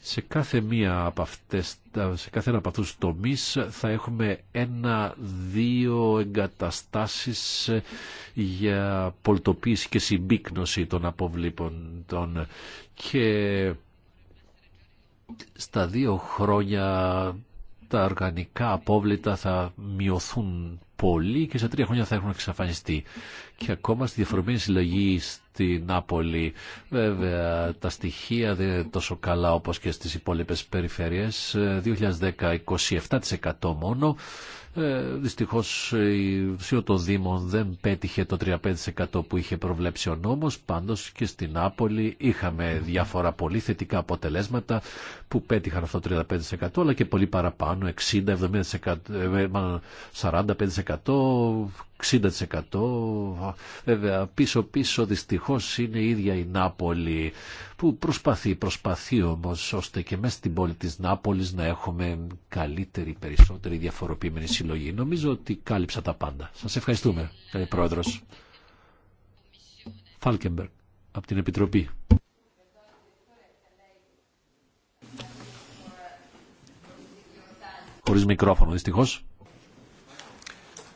Σε κάθε, μία από αυτές, σε κάθε ένα από αυτούς τους τομείς θα έχουμε ένα-δύο εγκαταστάσεις ε, για πολτοποίηση και συμπίκνωση των αποβλήπων των και στα δύο χρόνια τα οργανικά απόβλητα θα μειωθούν πολύ και σε τρία χρόνια θα έχουν εξαφανιστεί. Και ακόμα στη διαφορεμένη συλλογή στην Νάπολη, βέβαια τα στοιχεία δεν είναι τόσο καλά όπως και στις υπόλοιπες περιφέρειες, ε, 2010 27% μόνο ε, Δυστυχώ, η ουσία των Δήμων δεν πέτυχε το 35% που είχε προβλέψει ο νόμο, πάντως και στην Άπολη είχαμε διάφορα πολύ θετικά αποτελέσματα που πέτυχαν αυτό το 35% αλλά και πολύ παραπάνω, 60-70%, 45% 60%. Βέβαια πίσω-πίσω δυστυχώς είναι η ίδια η Νάπολη που προσπαθεί, προσπαθεί όμως ώστε και μέσα στην πόλη της Νάπολης να έχουμε καλύτερη, περισσότερη διαφοροποιημένη συλλογή. Νομίζω ότι κάλυψα τα πάντα. Σας ευχαριστούμε, κύριε Πρόεδρος. Φάλκεμπεργκ, από την Επιτροπή. Χωρίς μικρόφωνο, δυστυχώς.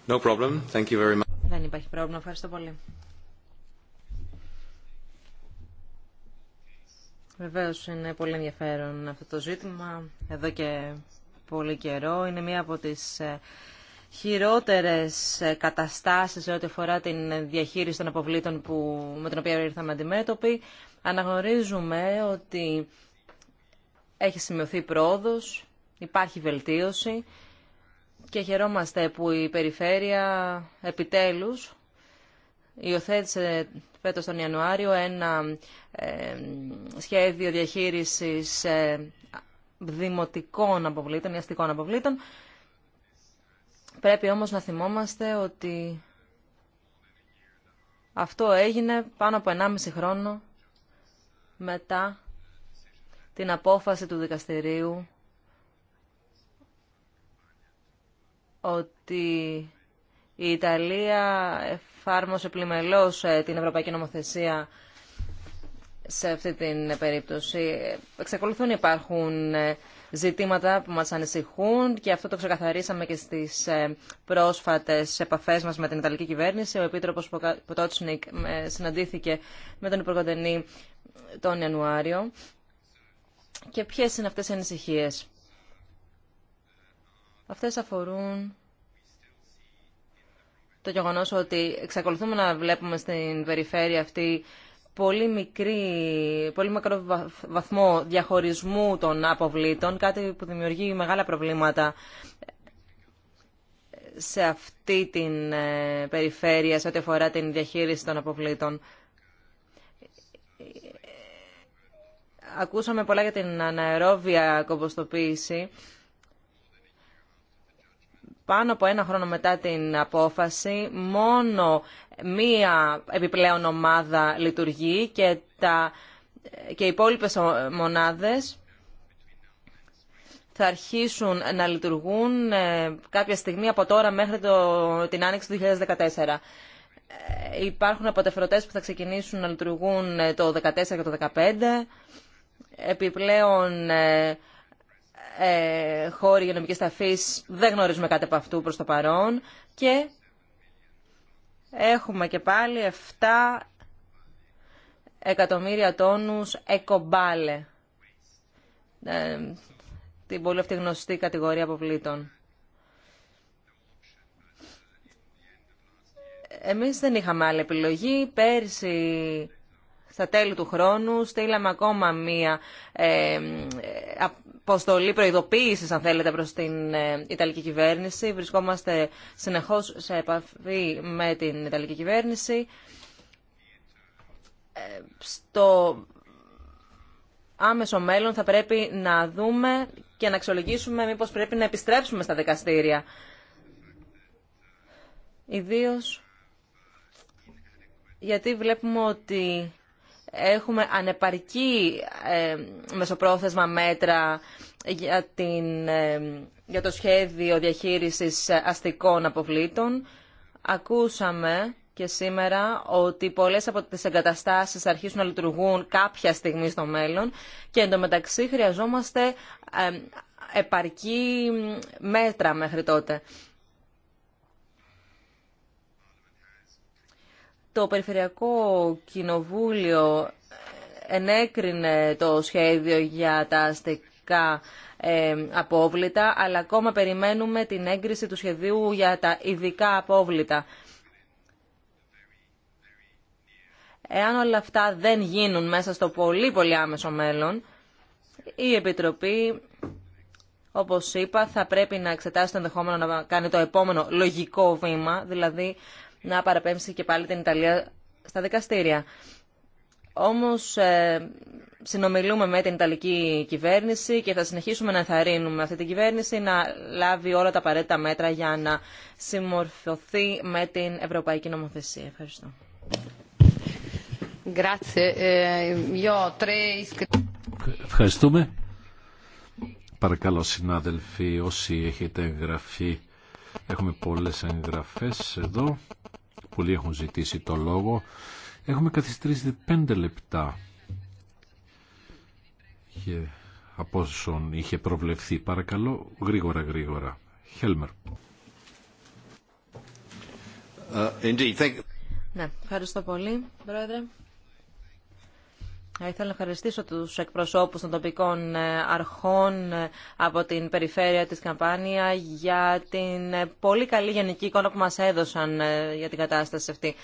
Δεν υπάρχει πρόβλημα. Ευχαριστώ πολύ. Βεβαίως είναι πολύ ενδιαφέρον αυτό το ζήτημα. Εδώ και πολύ καιρό. Είναι μία από τις ε, χειρότερες ε, καταστάσεις ό,τι αφορά την διαχείριση των αποβλήτων που, με την οποία ήρθαμε αντιμέτωποι. Αναγνωρίζουμε ότι έχει σημειωθεί πρόοδος, υπάρχει βελτίωση και χαιρόμαστε που η Περιφέρεια επιτέλους υιοθέτησε φέτος τον Ιανουάριο ένα ε, σχέδιο διαχείρισης ε, δημοτικών αποβλήτων ή αστικών αποβλήτων. Πρέπει όμως να θυμόμαστε ότι αυτό έγινε πάνω από 1,5 χρόνο μετά την απόφαση του δικαστηρίου ότι η Ιταλία εφάρμοσε πλημελώς ε, την Ευρωπαϊκή Νομοθεσία σε αυτή την περίπτωση. Εξακολουθούν να υπάρχουν ε, ζητήματα που μας ανησυχούν και αυτό το ξεκαθαρίσαμε και στις ε, πρόσφατες επαφές μας με την Ιταλική κυβέρνηση. Ο Επίτροπος Ποτότσνικ συναντήθηκε με τον Υπουργοτενή τον Ιανουάριο. Και ποιες είναι αυτές οι ανησυχίες. Αυτές αφορούν το γεγονός ότι εξακολουθούμε να βλέπουμε στην περιφέρεια αυτή πολύ, μικρή, πολύ μικρό βαθμό διαχωρισμού των αποβλήτων, κάτι που δημιουργεί μεγάλα προβλήματα σε αυτή την ε, περιφέρεια, σε ό,τι αφορά την διαχείριση των αποβλήτων. Ακούσαμε πολλά για την αναερόβια κομποστοποίηση πάνω από ένα χρόνο μετά την απόφαση μόνο μία επιπλέον ομάδα λειτουργεί και, τα, και οι υπόλοιπε μονάδες θα αρχίσουν να λειτουργούν ε, κάποια στιγμή από τώρα μέχρι το, την άνοιξη του 2014. Ε, υπάρχουν αποτεφρωτές που θα ξεκινήσουν να λειτουργούν ε, το 2014 και το 2015. Επιπλέον ε, χώροι υγειονομικής ταφής δεν γνωρίζουμε κάτι από αυτού προς το παρόν και έχουμε και πάλι 7 εκατομμύρια τόνους εκομπάλε. Ε, την πολύ αυτή γνωστή κατηγορία αποβλήτων. Εμείς δεν είχαμε άλλη επιλογή. Πέρσι, στα τέλη του χρόνου, στείλαμε ακόμα μία ε, ε αποστολή προειδοποίηση αν θέλετε, προ την ε, Ιταλική κυβέρνηση. Βρισκόμαστε συνεχώ σε επαφή με την Ιταλική κυβέρνηση. Ε, στο άμεσο μέλλον θα πρέπει να δούμε και να αξιολογήσουμε μήπως πρέπει να επιστρέψουμε στα δικαστήρια. Ιδίως γιατί βλέπουμε ότι έχουμε ανεπαρκή ε, μεσοπρόθεσμα μέτρα για, την, ε, για το σχέδιο διαχείρισης αστικών αποβλήτων. Ακούσαμε και σήμερα ότι πολλές από τις εγκαταστάσεις αρχίζουν αρχίσουν να λειτουργούν κάποια στιγμή στο μέλλον και εντωμεταξύ χρειαζόμαστε ε, επαρκή μέτρα μέχρι τότε. το Περιφερειακό Κοινοβούλιο ενέκρινε το σχέδιο για τα αστικά ε, απόβλητα, αλλά ακόμα περιμένουμε την έγκριση του σχεδίου για τα ειδικά απόβλητα. Εάν όλα αυτά δεν γίνουν μέσα στο πολύ πολύ άμεσο μέλλον, η Επιτροπή, όπως είπα, θα πρέπει να εξετάσει το ενδεχόμενο να κάνει το επόμενο λογικό βήμα, δηλαδή να παραπέμψει και πάλι την Ιταλία στα δικαστήρια. Όμως ε, συνομιλούμε με την Ιταλική κυβέρνηση και θα συνεχίσουμε να ενθαρρύνουμε αυτή την κυβέρνηση να λάβει όλα τα απαραίτητα μέτρα για να συμμορφωθεί με την Ευρωπαϊκή Νομοθεσία. Ευχαριστώ. Ε, Ευχαριστούμε. Παρακαλώ συνάδελφοι όσοι έχετε εγγραφεί. Έχουμε πολλές εγγραφές εδώ. Πολλοί έχουν ζητήσει το λόγο. Έχουμε καθυστερήσει πέντε λεπτά και από όσων είχε προβλεφθεί. Παρακαλώ, γρήγορα, γρήγορα. Χέλμερ. Ε, ναι, ευχαριστώ πολύ, Πρόεδρε. Ήθελα να ευχαριστήσω τους εκπροσώπους των τοπικών ε, αρχών ε, από την περιφέρεια της Καμπάνια για την ε, πολύ καλή γενική εικόνα που μας έδωσαν για την κατάσταση αυτή.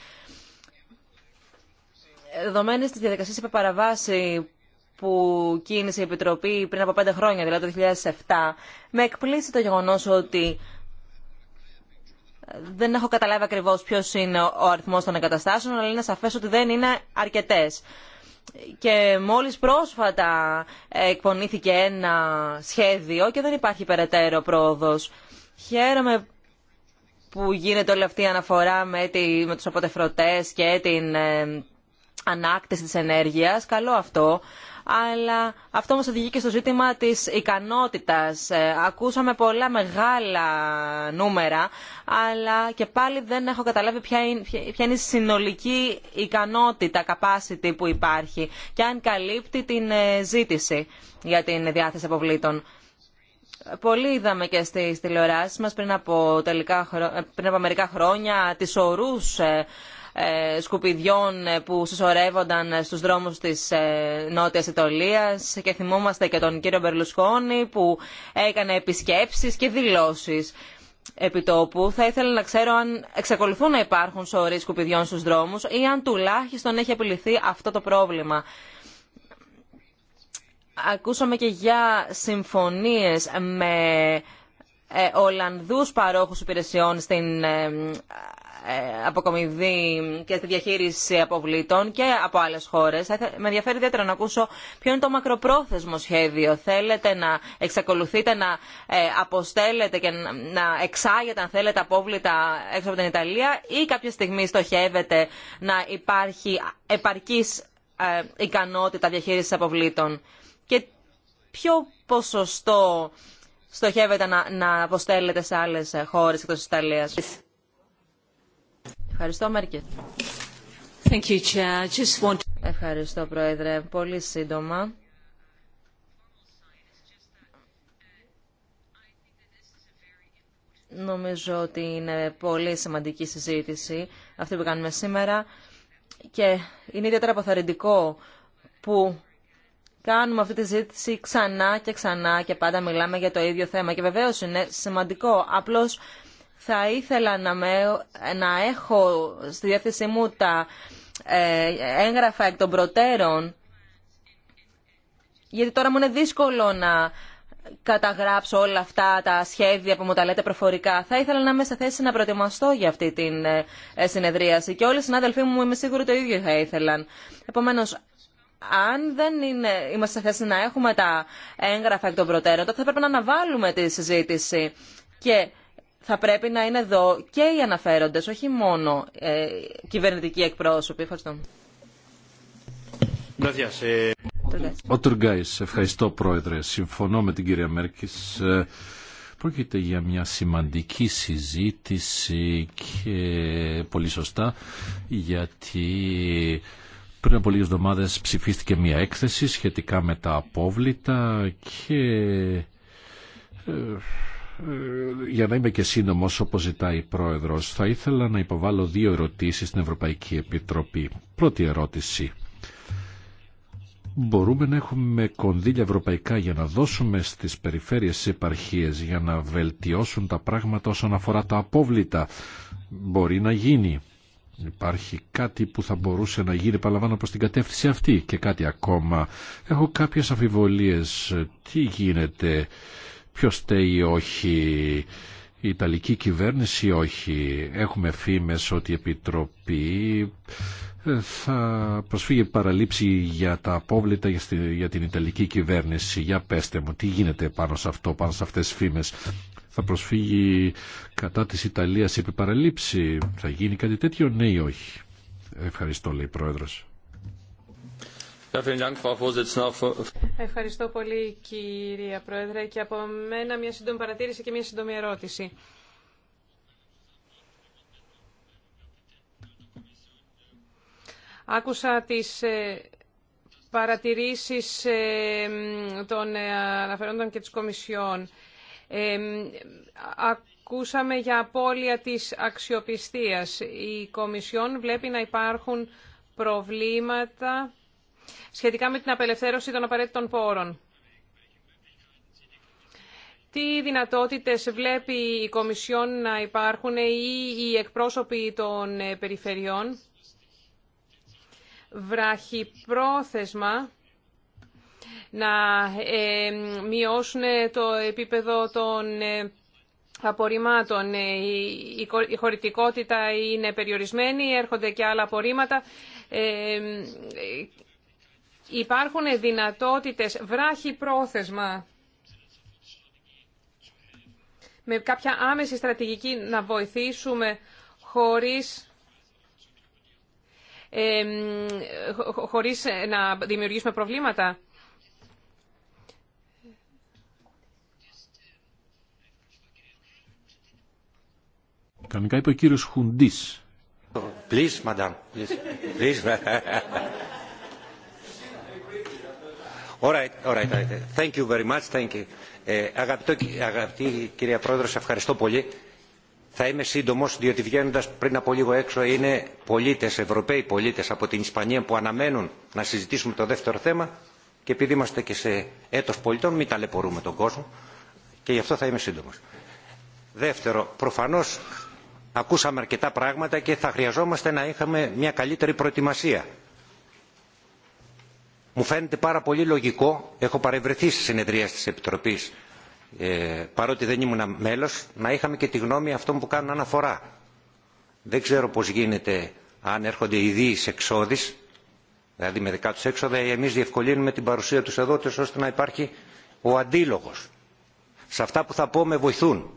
Δεδομένε τη διαδικασία υπεπαραβάση που κίνησε η Επιτροπή πριν από πέντε χρόνια, δηλαδή το 2007, με εκπλήσει το γεγονός ότι δεν έχω καταλάβει ακριβώς ποιος είναι ο αριθμός των εγκαταστάσεων, αλλά είναι σαφές ότι δεν είναι αρκετές και μόλις πρόσφατα εκπονήθηκε ένα σχέδιο και δεν υπάρχει περαιτέρω πρόοδος. Χαίρομαι που γίνεται όλη αυτή η αναφορά με, τη, με τους αποτεφρωτές και την ε, ανάκτηση της ενέργειας. Καλό αυτό αλλά αυτό μας οδηγεί και στο ζήτημα της ικανότητας. Ε, ακούσαμε πολλά μεγάλα νούμερα, αλλά και πάλι δεν έχω καταλάβει ποια είναι, η συνολική ικανότητα, capacity που υπάρχει και αν καλύπτει την ε, ζήτηση για την διάθεση αποβλήτων. Πολύ είδαμε και στις τηλεοράσεις μας πριν από, ε, πριν από μερικά χρόνια τις ορούς ε, σκουπιδιών ε, που συσσωρεύονταν στους δρόμους της ε, Νότιας Ιταλίας και θυμόμαστε και τον κύριο Μπερλουσκόνη που έκανε επισκέψεις και δηλώσεις επιτόπου. Θα ήθελα να ξέρω αν εξακολουθούν να υπάρχουν σωροί σκουπιδιών στους δρόμους ή αν τουλάχιστον έχει επιληθεί αυτό το πρόβλημα. Ακούσαμε και για συμφωνίες με Ολλανδούς παρόχους υπηρεσιών στην ε, αποκομιδή και στη διαχείριση αποβλήτων και από άλλες χώρες. Με ενδιαφέρει ιδιαίτερα να ακούσω ποιο είναι το μακροπρόθεσμο σχέδιο. Θέλετε να εξακολουθείτε να ε, αποστέλλετε και να εξάγετε, αν θέλετε, απόβλητα έξω από την Ιταλία ή κάποια στιγμή στοχεύετε να υπάρχει επαρκής ε, ικανότητα διαχείριση αποβλήτων. Και ποιο ποσοστό στοχεύετε να, να αποστέλλετε σε άλλες χώρες εκτός της Ιταλίας. Ευχαριστώ, Ευχαριστώ, Πρόεδρε. Πολύ σύντομα. Νομίζω ότι είναι πολύ σημαντική συζήτηση αυτή που κάνουμε σήμερα και είναι ιδιαίτερα αποθαρρυντικό που κάνουμε αυτή τη συζήτηση ξανά και ξανά και πάντα μιλάμε για το ίδιο θέμα και βεβαίως είναι σημαντικό. Απλώς θα ήθελα να, με, να έχω στη διάθεσή μου τα ε, έγγραφα εκ των προτέρων, γιατί τώρα μου είναι δύσκολο να καταγράψω όλα αυτά τα σχέδια που μου τα λέτε προφορικά. Θα ήθελα να είμαι σε θέση να προετοιμαστώ για αυτή τη ε, ε, συνεδρίαση και όλοι οι συνάδελφοί μου είμαι ότι το ίδιο θα ήθελαν. Επομένως, αν δεν είναι, είμαστε σε θέση να έχουμε τα έγγραφα εκ των προτέρων, τότε θα πρέπει να αναβάλουμε τη συζήτηση. Και θα πρέπει να είναι εδώ και οι αναφέροντες, όχι μόνο ε, κυβερνητικοί εκπρόσωποι. Ευχαριστώ. Ε. Ο Τουργκάης, ευχαριστώ πρόεδρε. Συμφωνώ με την κυρία Μέρκης. Ε, πρόκειται για μια σημαντική συζήτηση και πολύ σωστά γιατί πριν από λίγες εβδομάδες ψηφίστηκε μια έκθεση σχετικά με τα απόβλητα και ε, ε, για να είμαι και σύντομο όπως ζητάει η Πρόεδρος, θα ήθελα να υποβάλω δύο ερωτήσεις στην Ευρωπαϊκή Επιτροπή. Πρώτη ερώτηση. Μπορούμε να έχουμε κονδύλια ευρωπαϊκά για να δώσουμε στις περιφέρειες στις για να βελτιώσουν τα πράγματα όσον αφορά τα απόβλητα. Μπορεί να γίνει. Υπάρχει κάτι που θα μπορούσε να γίνει, παραλαμβάνω, προς την κατεύθυνση αυτή και κάτι ακόμα. Έχω κάποιες αφιβολίες. Τι γίνεται ποιος στέει ή όχι, η Ιταλική κυβέρνηση ή όχι. Έχουμε φήμες ότι η ιταλικη κυβερνηση οχι εχουμε φημες οτι η επιτροπη ε, θα προσφύγει παραλήψη για τα απόβλητα για την Ιταλική κυβέρνηση. Για πέστε μου, τι γίνεται πάνω σε αυτό, πάνω σε αυτές τις φήμες. Θα προσφύγει κατά της Ιταλίας επί παραλήψη. Θα γίνει κάτι τέτοιο, ναι ή όχι. Ευχαριστώ, λέει η Πρόεδρος. Ευχαριστώ πολύ κυρία Πρόεδρε και από μένα μια σύντομη παρατήρηση και μια σύντομη ερώτηση. Άκουσα τις ε, παρατηρήσεις ε, των ε, αναφερόντων και της Κομισιόν. Ακούσαμε για απώλεια της αξιοπιστίας. Η Κομισιόν βλέπει να υπάρχουν προβλήματα σχετικά με την απελευθέρωση των απαραίτητων πόρων. Τι δυνατότητες βλέπει η Κομισιόν να υπάρχουν ή οι εκπρόσωποι των ε, περιφερειών βραχυπρόθεσμα να ε, μειώσουν ε, το επίπεδο των απορριμμάτων. Η χωρητικότητα είναι περιορισμένη, έρχονται και άλλα απορρίμματα υπάρχουν δυνατότητες βράχη πρόθεσμα με κάποια άμεση στρατηγική να βοηθήσουμε χωρίς χωρίς να δημιουργήσουμε προβλήματα. Κανονικά είπε ο κύριος Please, Please. Ωραία, ε, ωραία. Αγαπητή κυρία Πρόεδρε, σε ευχαριστώ πολύ. Θα είμαι σύντομο, διότι βγαίνοντα πριν από λίγο έξω είναι πολίτε, Ευρωπαίοι πολίτε από την Ισπανία που αναμένουν να συζητήσουμε το δεύτερο θέμα και επειδή είμαστε και σε έτος πολιτών μην ταλαιπωρούμε τον κόσμο και γι' αυτό θα είμαι σύντομο. Δεύτερο, προφανώ ακούσαμε αρκετά πράγματα και θα χρειαζόμαστε να είχαμε μια καλύτερη προετοιμασία μου φαίνεται πάρα πολύ λογικό έχω παρευρεθεί στη συνεδρία της επιτροπής ε, παρότι δεν ήμουν μέλος να είχαμε και τη γνώμη αυτών που κάνουν αναφορά. δεν ξέρω πώς γίνεται αν έρχονται ειδείς εξόδης δηλαδή με δικά τους έξοδα ή εμείς διευκολύνουμε την παρουσία τους εδώ ώστε να υπάρχει ο αντίλογος. σε αυτά που θα πω με βοηθούν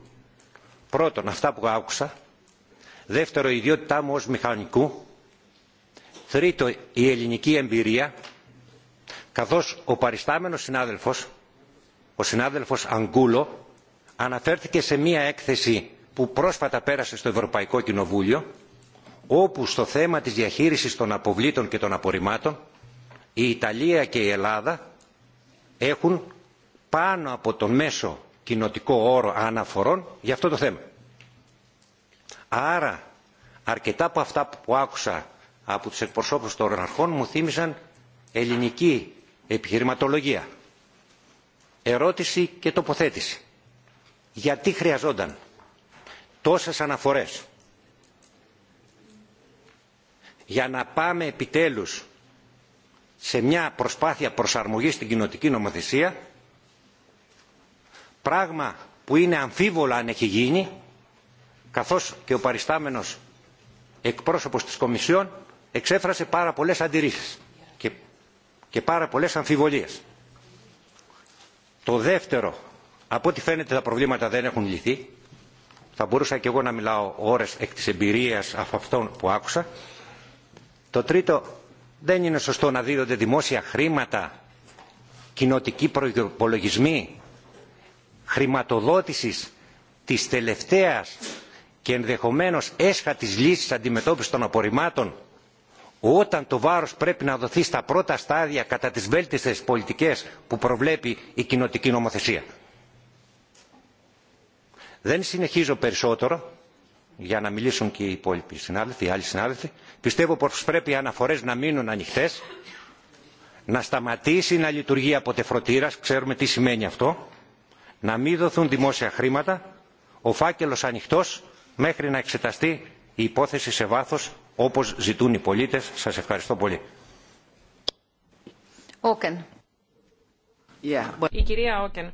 πρώτον αυτά που άκουσα δεύτερο η ιδιότητά μου ως μηχανικού τρίτο η ελληνική εμπειρία καθώς ο παριστάμενος συνάδελφος, ο συνάδελφος Αγκούλο, αναφέρθηκε σε μία έκθεση που πρόσφατα πέρασε στο Ευρωπαϊκό Κοινοβούλιο, όπου στο θέμα της διαχείρισης των αποβλήτων και των απορριμμάτων, η Ιταλία και η Ελλάδα έχουν πάνω από τον μέσο κοινοτικό όρο αναφορών για αυτό το θέμα. Άρα, αρκετά από αυτά που άκουσα από τους εκπροσώπους των αρχών μου θύμισαν ελληνική επιχειρηματολογία, ερώτηση και τοποθέτηση. Γιατί χρειαζόταν τόσες αναφορές για να πάμε επιτέλους σε μια προσπάθεια προσαρμογής στην κοινοτική νομοθεσία, πράγμα που είναι αμφίβολα αν έχει γίνει, καθώς και ο παριστάμενος εκπρόσωπος της Κομισιόν εξέφρασε πάρα πολλές αντιρρήσεις και πάρα πολλές αμφιβολίες. Το δεύτερο, από ό,τι φαίνεται τα προβλήματα δεν έχουν λυθεί. Θα μπορούσα και εγώ να μιλάω ώρες εκ της εμπειρίας από αυτών που άκουσα. Το τρίτο, δεν είναι σωστό να δίδονται δημόσια χρήματα, κοινοτικοί προϋπολογισμοί, χρηματοδότησης της τελευταίας και ενδεχομένως έσχατης λύσης αντιμετώπισης των απορριμμάτων όταν το βάρος πρέπει να δοθεί στα πρώτα στάδια κατά τις βέλτιστες πολιτικές που προβλέπει η κοινοτική νομοθεσία. Δεν συνεχίζω περισσότερο για να μιλήσουν και οι υπόλοιποι συνάδελφοι, οι άλλοι συνάδελφοι. Πιστεύω πως πρέπει οι αναφορές να μείνουν ανοιχτές, να σταματήσει να λειτουργεί από τεφροτήρας, ξέρουμε τι σημαίνει αυτό, να μην δοθούν δημόσια χρήματα, ο φάκελος ανοιχτός μέχρι να εξεταστεί η υπόθεση σε βάθος όπως ζητούν οι πολίτες. Σας ευχαριστώ πολύ. Η κυρία Όκεν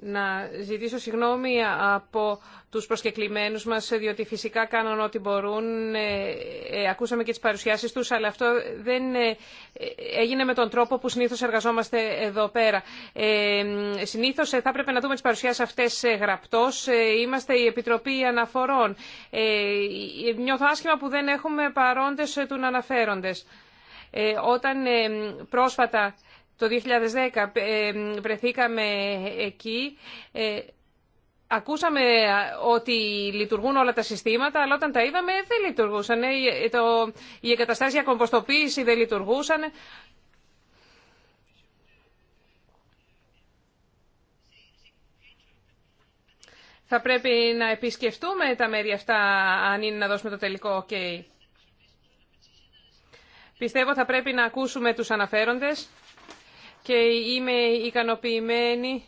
να ζητήσω συγγνώμη από τους προσκεκλημένους μας, διότι φυσικά κάνουν ό,τι μπορούν. Ε, ε, ακούσαμε και τις παρουσιάσεις τους, αλλά αυτό δεν ε, έγινε με τον τρόπο που συνήθως εργαζόμαστε εδώ πέρα. Συνήθως θα έπρεπε να δούμε τις παρουσιάσεις αυτές γραπτός. Είμαστε η Επιτροπή Αναφορών. Νιώθω άσχημα που δεν έχουμε παρόντες του αναφέροντες. Όταν πρόσφατα το 2010 ε, βρεθήκαμε εκεί. Ε, ακούσαμε ότι λειτουργούν όλα τα συστήματα, αλλά όταν τα είδαμε δεν λειτουργούσαν. Ε, η εγκαταστάσεις για κομποστοποίηση δεν λειτουργούσαν. Θα πρέπει να επισκεφτούμε τα μέρη αυτά αν είναι να δώσουμε το τελικό OK. Πιστεύω θα πρέπει να ακούσουμε τους αναφέροντες και είμαι ικανοποιημένη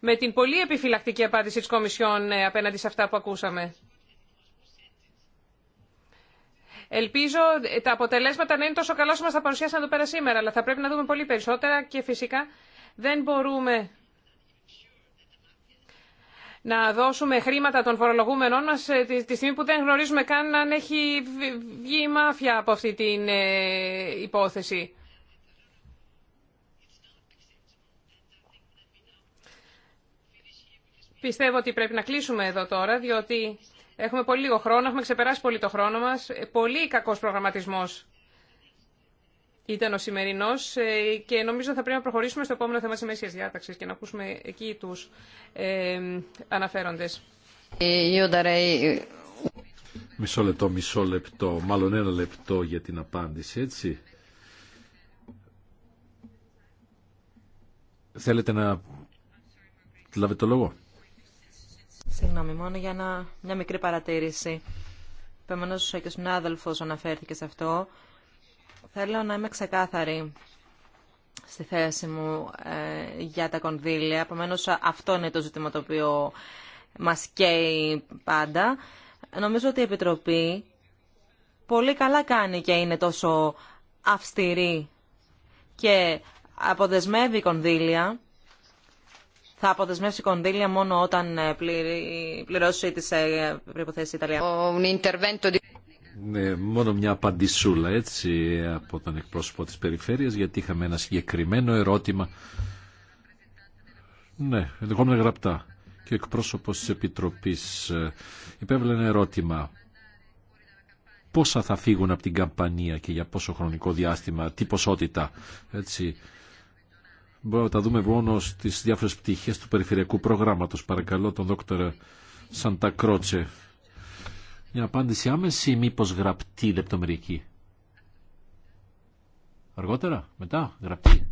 με την πολύ επιφυλακτική απάντηση της Κομισιόν ε, απέναντι σε αυτά που ακούσαμε. Ελπίζω ε, τα αποτελέσματα να είναι τόσο καλά όσο μας τα παρουσιάσαν εδώ πέρα σήμερα, αλλά θα πρέπει να δούμε πολύ περισσότερα και φυσικά δεν μπορούμε να δώσουμε χρήματα των φορολογούμενων μας ε, τη στιγμή που δεν γνωρίζουμε καν αν έχει βγει η μάφια από αυτή την υπόθεση. Πιστεύω ότι πρέπει να κλείσουμε εδώ τώρα, διότι έχουμε πολύ λίγο χρόνο, έχουμε ξεπεράσει πολύ το χρόνο μας. Ε, πολύ κακός προγραμματισμός ήταν ο σημερινό ε, και νομίζω θα πρέπει να προχωρήσουμε στο επόμενο θέμα τη μέσης διάταξη και να ακούσουμε εκεί του ε, αναφέροντε. Ε, μισό λεπτό, μισό λεπτό, μάλλον ένα λεπτό για την απάντηση, έτσι. Θέλετε να λάβετε το λόγο. Συγγνώμη, μόνο για να... μια μικρή παρατήρηση. Επομένω, και ο συνάδελφο αναφέρθηκε σε αυτό. Θέλω να είμαι ξεκάθαρη στη θέση μου ε, για τα κονδύλια. Επομένω, αυτό είναι το ζήτημα το οποίο μα καίει πάντα. Νομίζω ότι η Επιτροπή πολύ καλά κάνει και είναι τόσο αυστηρή και αποδεσμεύει κονδύλια θα αποδεσμεύσει κονδύλια μόνο όταν ε, πληρώσει τις ε, προϋποθέσεις Ιταλία. Ναι, μόνο μια απαντησούλα έτσι από τον εκπρόσωπο της περιφέρειας γιατί είχαμε ένα συγκεκριμένο ερώτημα. Ναι, ενδεχόμενα γραπτά. Και ο εκπρόσωπος της Επιτροπής ε, υπέβαλε ένα ερώτημα. Πόσα θα φύγουν από την καμπανία και για πόσο χρονικό διάστημα, τι ποσότητα. Έτσι μπορούμε να τα δούμε μόνο στι διάφορες πτυχές του περιφερειακού προγράμματο. Παρακαλώ τον δόκτωρα Σαντακρότσε. Μια απάντηση άμεση ή μήπως γραπτή λεπτομερική. Αργότερα, μετά, γραπτή.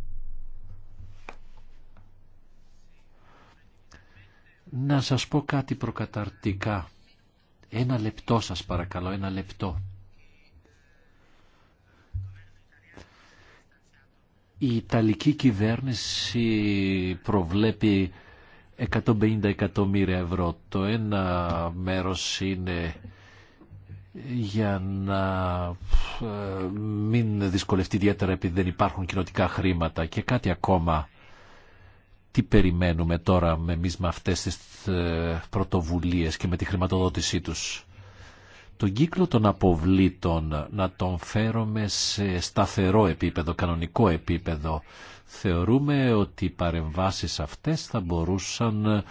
Να σας πω κάτι προκαταρτικά. Ένα λεπτό σας παρακαλώ, ένα λεπτό. Η Ιταλική κυβέρνηση προβλέπει 150 εκατομμύρια ευρώ. Το ένα μέρος είναι για να ε, μην δυσκολευτεί ιδιαίτερα επειδή δεν υπάρχουν κοινοτικά χρήματα και κάτι ακόμα. Τι περιμένουμε τώρα με εμεί με αυτές τις ε, πρωτοβουλίες και με τη χρηματοδότησή τους τον κύκλο των αποβλήτων να τον φέρουμε σε σταθερό επίπεδο, κανονικό επίπεδο. Θεωρούμε ότι οι παρεμβάσεις αυτές θα μπορούσαν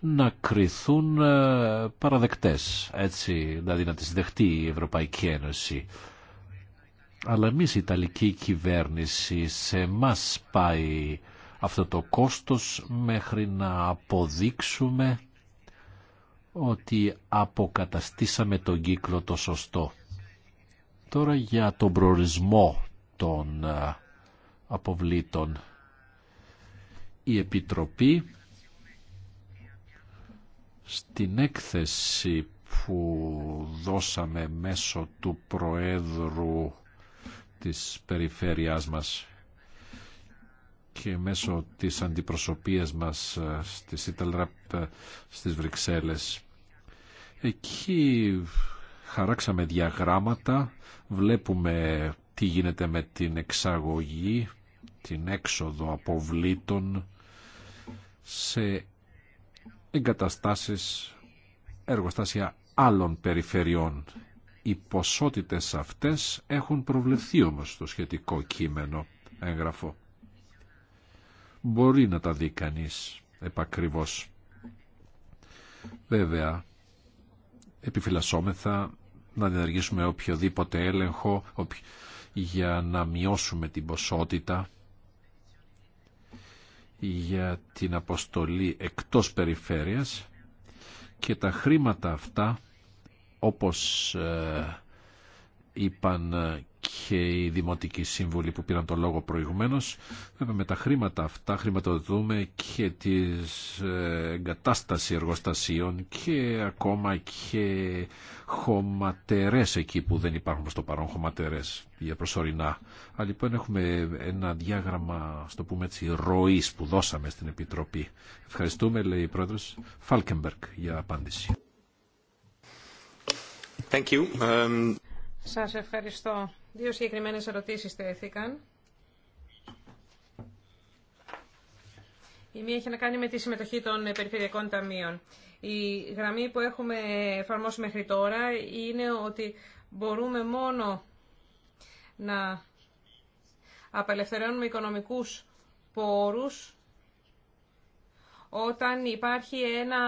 να κριθούν ε, παραδεκτές, έτσι, δηλαδή να τις δεχτεί η Ευρωπαϊκή Ένωση. Αλλά εμείς η Ιταλική κυβέρνηση σε μας πάει αυτό το κόστος μέχρι να αποδείξουμε ότι αποκαταστήσαμε τον κύκλο το σωστό. Τώρα για τον προορισμό των ε, αποβλήτων. Η Επιτροπή στην έκθεση που δώσαμε μέσω του Προέδρου της περιφέρειάς μας και μέσω της αντιπροσωπείας μας ε, στη Σίταλραπ ε, στις Βρυξέλλες Εκεί χαράξαμε διαγράμματα, βλέπουμε τι γίνεται με την εξαγωγή, την έξοδο αποβλήτων σε εγκαταστάσεις, εργοστάσια άλλων περιφερειών. Οι ποσότητες αυτές έχουν προβλεφθεί όμως στο σχετικό κείμενο έγγραφο. Μπορεί να τα δει κανείς επακριβώς. Βέβαια, επιφυλασσόμεθα να διενεργήσουμε οποιοδήποτε έλεγχο για να μειώσουμε την ποσότητα για την αποστολή εκτός περιφέρειας και τα χρήματα αυτά όπως ε, είπαν ε, και οι δημοτικοί σύμβουλοι που πήραν το λόγο προηγουμένως. Βέβαια με τα χρήματα αυτά χρηματοδοτούμε και τις ε, εγκατάσταση εργοστασίων και ακόμα και χωματερές εκεί που δεν υπάρχουν στο παρόν χωματερές για προσωρινά. Αλλά λοιπόν έχουμε ένα διάγραμμα, στο πούμε έτσι, ροής που δώσαμε στην Επιτροπή. Ευχαριστούμε, λέει η Πρόεδρος Φάλκεμπερκ για απάντηση. Thank you. Um, Σας ευχαριστώ. Δύο συγκεκριμένε ερωτήσεις τέθηκαν. Η μία έχει να κάνει με τη συμμετοχή των περιφερειακών ταμείων. Η γραμμή που έχουμε εφαρμόσει μέχρι τώρα είναι ότι μπορούμε μόνο να απελευθερώνουμε οικονομικούς πόρους όταν υπάρχει ένα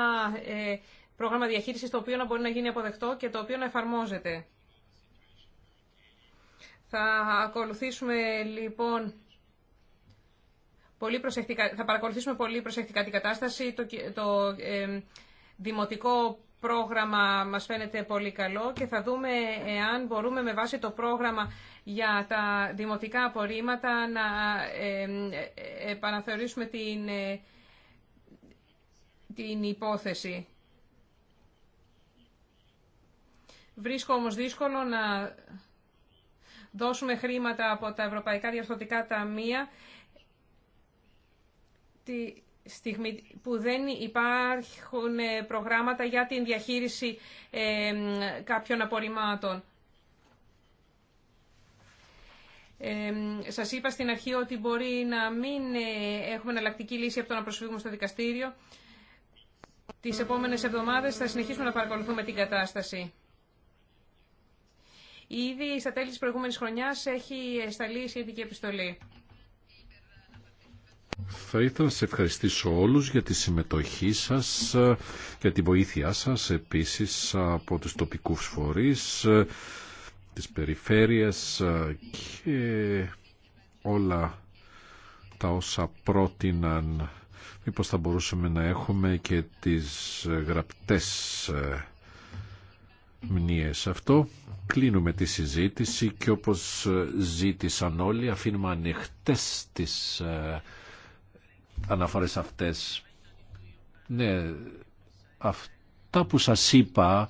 ε, πρόγραμμα διαχείρισης το οποίο να μπορεί να γίνει αποδεκτό και το οποίο να εφαρμόζεται. Θα ακολουθήσουμε λοιπόν πολύ προσεκτικά, θα παρακολουθήσουμε πολύ προσεκτικά την κατάσταση. Το, το δημοτικό πρόγραμμα μας φαίνεται πολύ καλό και θα δούμε εάν μπορούμε με βάση το πρόγραμμα για τα δημοτικά απορρίμματα να ε, επαναθεωρήσουμε την, ε, την υπόθεση. Βρίσκω όμως δύσκολο να δώσουμε χρήματα από τα Ευρωπαϊκά Διαφθορτικά Ταμεία τη στιγμή που δεν υπάρχουν ε, προγράμματα για την διαχείριση ε, κάποιων απορριμμάτων. Ε, σας είπα στην αρχή ότι μπορεί να μην ε, έχουμε εναλλακτική λύση από το να προσφύγουμε στο δικαστήριο. Τις επόμενες εβδομάδες θα συνεχίσουμε να παρακολουθούμε την κατάσταση. Ήδη στα τέλη της προηγούμενης χρονιάς έχει σταλεί η σχετική επιστολή. Θα ήθελα να σε ευχαριστήσω όλους για τη συμμετοχή σας, και τη βοήθειά σας επίσης από τους τοπικούς φορείς, της περιφέρειας και όλα τα όσα πρότειναν. Μήπως θα μπορούσαμε να έχουμε και τις γραπτές μνήες αυτό Κλείνουμε τη συζήτηση και όπως ε, ζήτησαν όλοι αφήνουμε ανοιχτές τις ε, αναφορές αυτές. Ναι, αυτά που σας είπα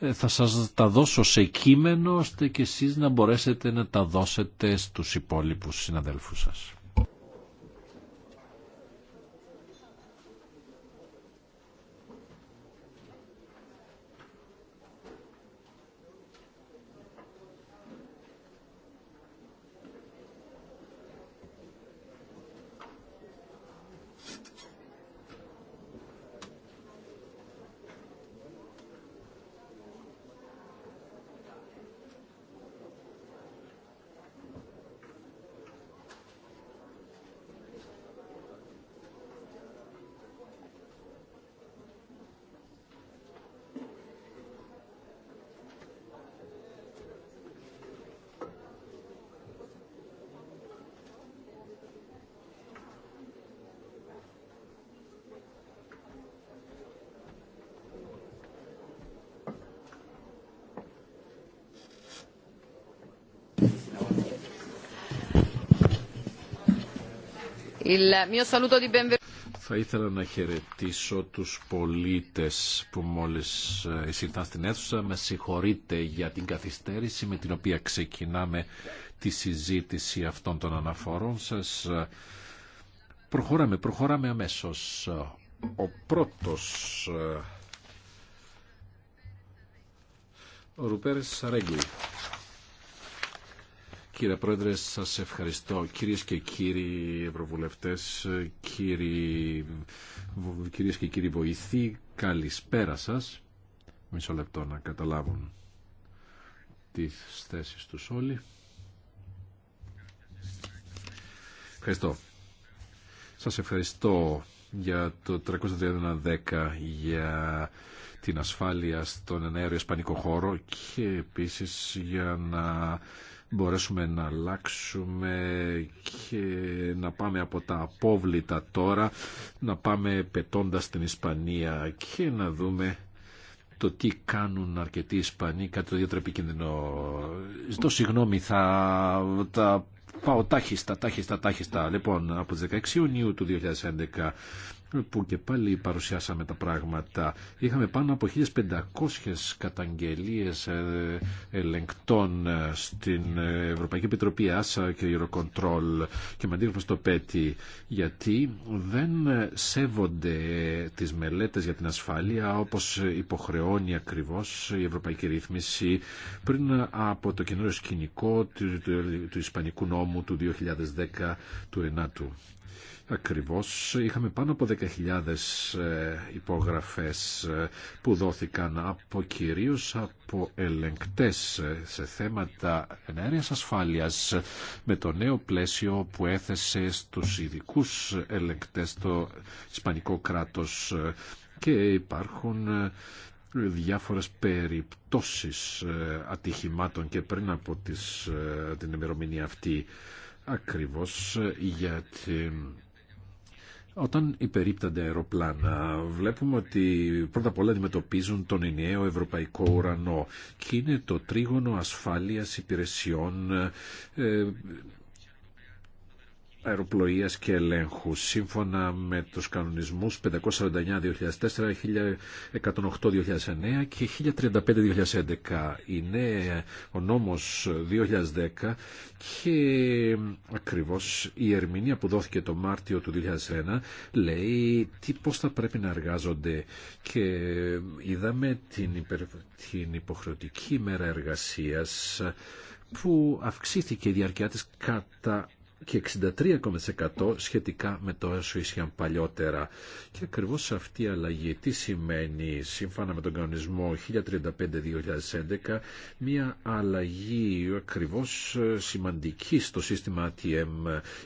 ε, θα σας τα δώσω σε κείμενο ώστε και εσείς να μπορέσετε να τα δώσετε στους υπόλοιπους συναδέλφους σας. Θα ήθελα να χαιρετήσω τους πολίτες που μόλις ε, εισήλθαν στην αίθουσα. Με συγχωρείτε για την καθυστέρηση με την οποία ξεκινάμε τη συζήτηση αυτών των αναφορών σας. Προχωράμε, προχωράμε αμέσως. Ο πρώτος, ε, ο Ρουπέρες Σαρέγκλη. Κύριε Πρόεδρε, σας ευχαριστώ. Κυρίες και κύριοι Ευρωβουλευτές, κύριοι, κυρίες και κύριοι βοηθοί, καλησπέρα σας. Μισό λεπτό να καταλάβουν τις θέσεις τους όλοι. Ευχαριστώ. Σας ευχαριστώ για το 3310 για την ασφάλεια στον ενέργειο ισπανικό χώρο και επίσης για να μπορέσουμε να αλλάξουμε και να πάμε από τα απόβλητα τώρα, να πάμε πετώντας στην Ισπανία και να δούμε το τι κάνουν αρκετοί Ισπανοί, κάτι το ιδιαίτερο επικίνδυνο. Ζητώ συγγνώμη, θα τα πάω τάχιστα, τάχιστα, τάχιστα. Λοιπόν, από τις 16 Ιουνίου του 2011 που και πάλι παρουσιάσαμε τα πράγματα. Είχαμε πάνω από 1.500 καταγγελίες ε, ελεγκτών ε, στην Ευρωπαϊκή Επιτροπή ΆΣΑ και Eurocontrol και με αντίγραφο στο ΠΕΤΗ γιατί δεν σέβονται ε, τις μελέτες για την ασφάλεια όπως υποχρεώνει ακριβώς η Ευρωπαϊκή Ρύθμιση πριν από το καινούριο σκηνικό του Ισπανικού νόμου του 2010 του ΕΝΑΤΟΥ. Ακριβώς είχαμε πάνω από 10.000 ε, υπογραφές ε, που δόθηκαν από κυρίως από ελεγκτές ε, σε θέματα ενέργειας ασφάλειας με το νέο πλαίσιο που έθεσε στους ειδικού ελεγκτές το Ισπανικό κράτος και υπάρχουν διάφορες περιπτώσεις ατυχημάτων και πριν από τις, την ημερομηνία αυτή ακριβώς γιατί όταν υπερίπτανται αεροπλάνα, βλέπουμε ότι πρώτα απ' όλα αντιμετωπίζουν τον ενιαίο ευρωπαϊκό ουρανό και είναι το τρίγωνο ασφάλειας υπηρεσιών ε, αεροπλοείας και ελέγχου. Σύμφωνα με τους κανονισμούς 549-2004, 1108-2009 και 1035-2011. Είναι ο νόμος 2010 και ακριβώς η ερμηνεία που δόθηκε το Μάρτιο του 2001 λέει τι, πώς θα πρέπει να εργάζονται και είδαμε την, υπερ, την υποχρεωτική ημέρα εργασίας που αυξήθηκε η διαρκεία της κατά και 63% σχετικά με το όσο ίσχυαν παλιότερα. Και ακριβώς αυτή η αλλαγή τι σημαίνει σύμφωνα με τον κανονισμό 1035-2011 μια αλλαγή ακριβώς ε, σημαντική στο σύστημα ATM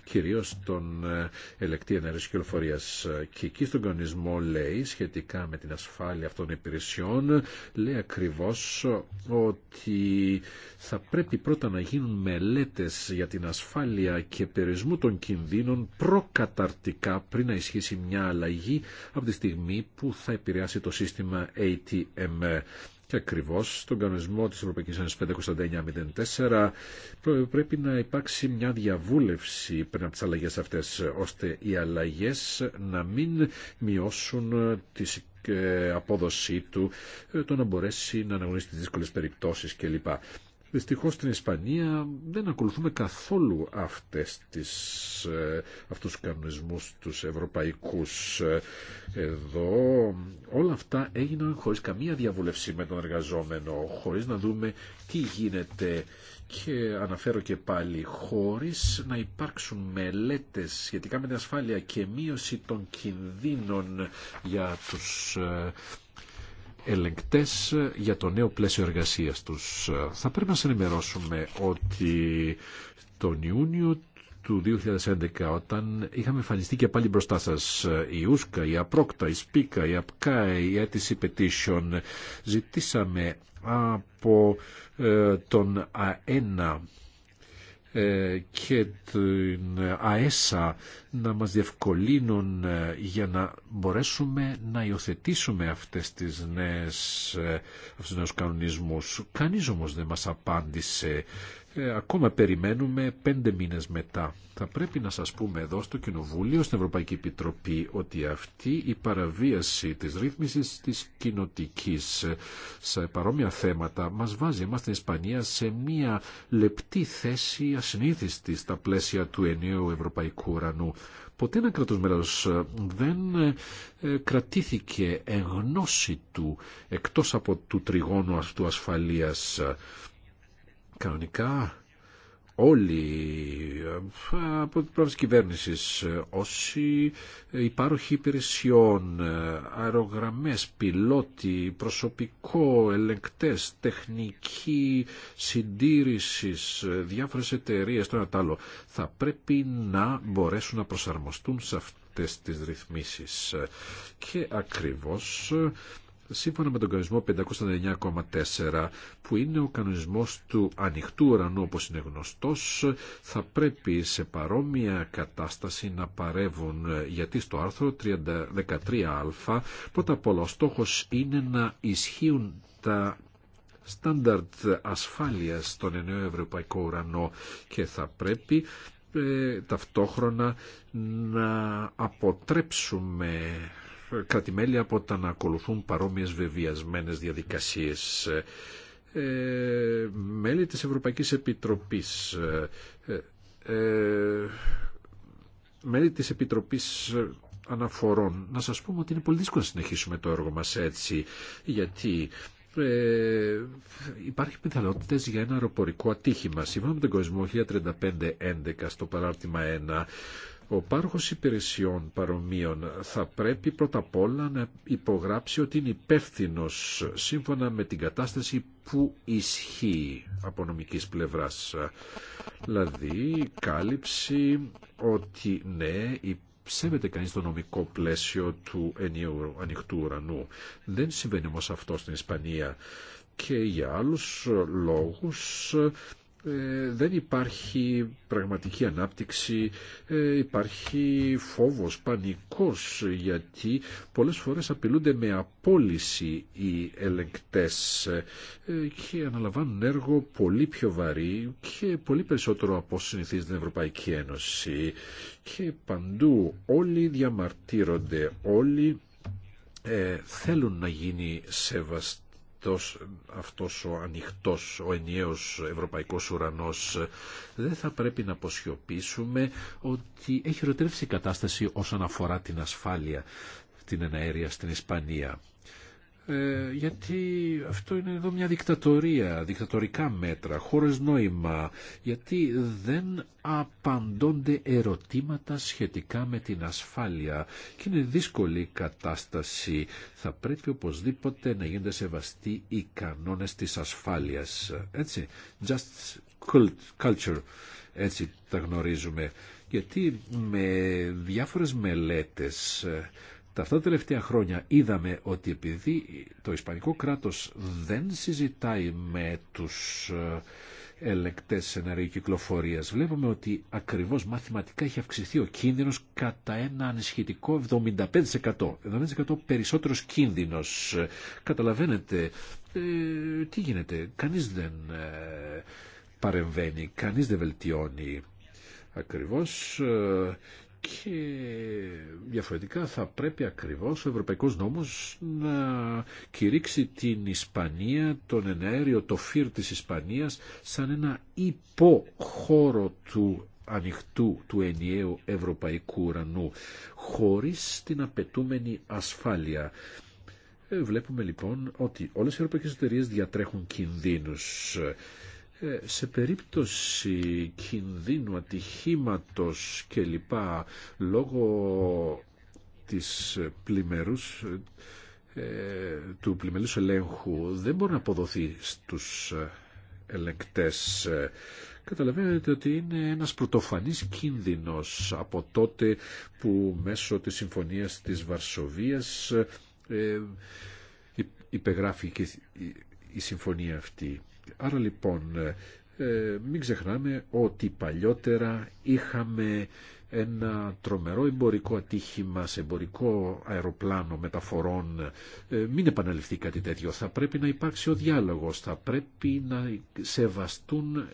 κυρίως των ε, ελεκτή ενέργειας κυκλοφορίας και εκεί στον κανονισμό λέει σχετικά με την ασφάλεια αυτών των υπηρεσιών λέει ακριβώς ότι θα πρέπει πρώτα να γίνουν μελέτες για την ασφάλεια και επιμερισμού των κινδύνων προκαταρτικά πριν να ισχύσει μια αλλαγή από τη στιγμή που θα επηρεάσει το σύστημα ATM. Και ακριβώ στον κανονισμό τη Ευρωπαϊκή πρέπει να υπάρξει μια διαβούλευση πριν από τι αλλαγέ αυτέ, ώστε οι αλλαγέ να μην μειώσουν τη ε, απόδοσή του, ε, το να μπορέσει να αναγνωρίσει τι δύσκολε περιπτώσει κλπ. Δυστυχώς στην Ισπανία δεν ακολουθούμε καθόλου αυτές τις, ε, αυτούς τους κανονισμούς τους ευρωπαϊκούς. Ε, εδώ όλα αυτά έγιναν χωρίς καμία διαβούλευση με τον εργαζόμενο, χωρίς να δούμε τι γίνεται και αναφέρω και πάλι χωρίς να υπάρξουν μελέτες σχετικά με την ασφάλεια και μείωση των κινδύνων για τους ε, ελεγκτές ε, για το νέο πλαίσιο εργασίας τους. Ε, θα πρέπει να σας ενημερώσουμε ότι τον Ιούνιο του 2011 όταν είχαμε εμφανιστεί και πάλι μπροστά σας ε, η Ούσκα, η Απρόκτα, η Σπίκα, η ΑΠΚΑΕ, η Έτηση Petition ζητήσαμε από τον ΑΕΝΑ ε, και την ΑΕΣΑ να μας διευκολύνουν ε, για να μπορέσουμε να υιοθετήσουμε αυτές τις νέες, ε, αυτούς τους κανονισμούς. Κανείς όμως δεν μας απάντησε ε, ακόμα περιμένουμε πέντε μήνες μετά. Θα πρέπει να σας πούμε εδώ στο Κοινοβούλιο, στην Ευρωπαϊκή Επιτροπή, ότι αυτή η παραβίαση της ρύθμισης της κοινοτική ε, σε παρόμοια θέματα μας βάζει εμάς στην Ισπανία σε μία λεπτή θέση ασυνήθιστη στα πλαίσια του ενιαίου ευρωπαϊκού ουρανού. Ποτέ ένα κρατός ε, δεν κρατήθηκε εγνώση του εκτός από του τριγώνου αυτού ασφαλείας κανονικά όλοι ε, από την πλευρά κυβέρνηση, όσοι ε, υπάρχουν υπηρεσιών, ε, αερογραμμές, πιλότοι, προσωπικό, ελεγκτές, τεχνική συντήρησης, διάφορες εταιρείες, το ένα άλλο, θα πρέπει να μπορέσουν να προσαρμοστούν σε αυτές τις ρυθμίσεις. Και ακριβώς σύμφωνα με τον κανονισμό 509,4 που είναι ο κανονισμός του ανοιχτού ουρανού όπως είναι γνωστός θα πρέπει σε παρόμοια κατάσταση να παρεύουν γιατί στο άρθρο 13α πρώτα απ' όλα ο στόχος είναι να ισχύουν τα στάνταρτ ασφάλειας στον εννέο ευρωπαϊκό ουρανό και θα πρέπει ε, ταυτόχρονα να αποτρέψουμε κρατημέλη από τα να ακολουθούν παρόμοιες βεβιασμένες διαδικασίες. Ε, μέλη της Ευρωπαϊκής Επιτροπής, ε, ε, μέλη της Επιτροπής Αναφορών, να σας πούμε ότι είναι πολύ δύσκολο να συνεχίσουμε το έργο μας έτσι, γιατί ε, υπάρχει πιθανότητε για ένα αεροπορικό ατύχημα. Σύμφωνα με τον κοσμό 1035-11 στο παράρτημα 1, ο πάροχος υπηρεσιών παρομοίων θα πρέπει πρώτα απ' όλα να υπογράψει ότι είναι υπεύθυνο σύμφωνα με την κατάσταση που ισχύει από νομικής πλευράς. Δηλαδή, κάλυψη ότι ναι, ψεύεται κανείς το νομικό πλαίσιο του ενιαίου ανοιχτού ουρανού. Δεν συμβαίνει όμως αυτό στην Ισπανία και για άλλους λόγους ε, δεν υπάρχει πραγματική ανάπτυξη, ε, υπάρχει φόβος, πανικός, γιατί πολλές φορές απειλούνται με απόλυση οι ελεγκτές ε, και αναλαμβάνουν έργο πολύ πιο βαρύ και πολύ περισσότερο από συνηθίζει την Ευρωπαϊκή Ένωση. Και παντού όλοι διαμαρτύρονται, όλοι θέλουν να γίνει σεβαστή αυτός, αυτός ο ανοιχτός, ο ενιαίος ευρωπαϊκός ουρανός δεν θα πρέπει να αποσιωπήσουμε ότι έχει ροτερεύσει η κατάσταση όσον αφορά την ασφάλεια την εναέρεια στην Ισπανία. Ε, γιατί αυτό είναι εδώ μια δικτατορία, δικτατορικά μέτρα, χωρίς νόημα, γιατί δεν απαντώνται ερωτήματα σχετικά με την ασφάλεια και είναι δύσκολη η κατάσταση. Θα πρέπει οπωσδήποτε να γίνονται σεβαστοί οι κανόνες της ασφάλειας. Έτσι, just culture, έτσι τα γνωρίζουμε. Γιατί με διάφορες μελέτες τα αυτά τα τελευταία χρόνια είδαμε ότι επειδή το Ισπανικό κράτος δεν συζητάει με τους ε, ελεκτές ενεργή κυκλοφορίας, βλέπουμε ότι ακριβώς μαθηματικά έχει αυξηθεί ο κίνδυνος κατά ένα ανισχυτικό 75%. 75% περισσότερος κίνδυνος. Ε, καταλαβαίνετε ε, τι γίνεται. Κανείς δεν παρεμβαίνει, κανείς δεν βελτιώνει. Ακριβώς και διαφορετικά θα πρέπει ακριβώς ο Ευρωπαϊκός Νόμος να κηρύξει την Ισπανία, τον ενέριο, το φύρ της Ισπανίας σαν ένα υποχώρο του ανοιχτού του ενιαίου ευρωπαϊκού ουρανού χωρίς την απαιτούμενη ασφάλεια. Ε, βλέπουμε λοιπόν ότι όλες οι ευρωπαϊκές εταιρείε διατρέχουν κινδύνους ε, σε περίπτωση κινδύνου, ατυχήματος και λοιπά, λόγω της πλημερούς, ε, του πλημελούς ελέγχου δεν μπορεί να αποδοθεί στους ελεγκτές. Καταλαβαίνετε ότι είναι ένας πρωτοφανής κίνδυνος από τότε που μέσω της Συμφωνίας της Βαρσοβίας ε, υπεγράφηκε η συμφωνία αυτή. Άρα λοιπόν ε, ε, μην ξεχνάμε ότι παλιότερα είχαμε ένα τρομερό εμπορικό ατύχημα σε εμπορικό αεροπλάνο μεταφορών. Ε, μην επαναληφθεί κάτι τέτοιο. Θα πρέπει να υπάρξει ο διάλογος. Θα πρέπει να σεβαστούν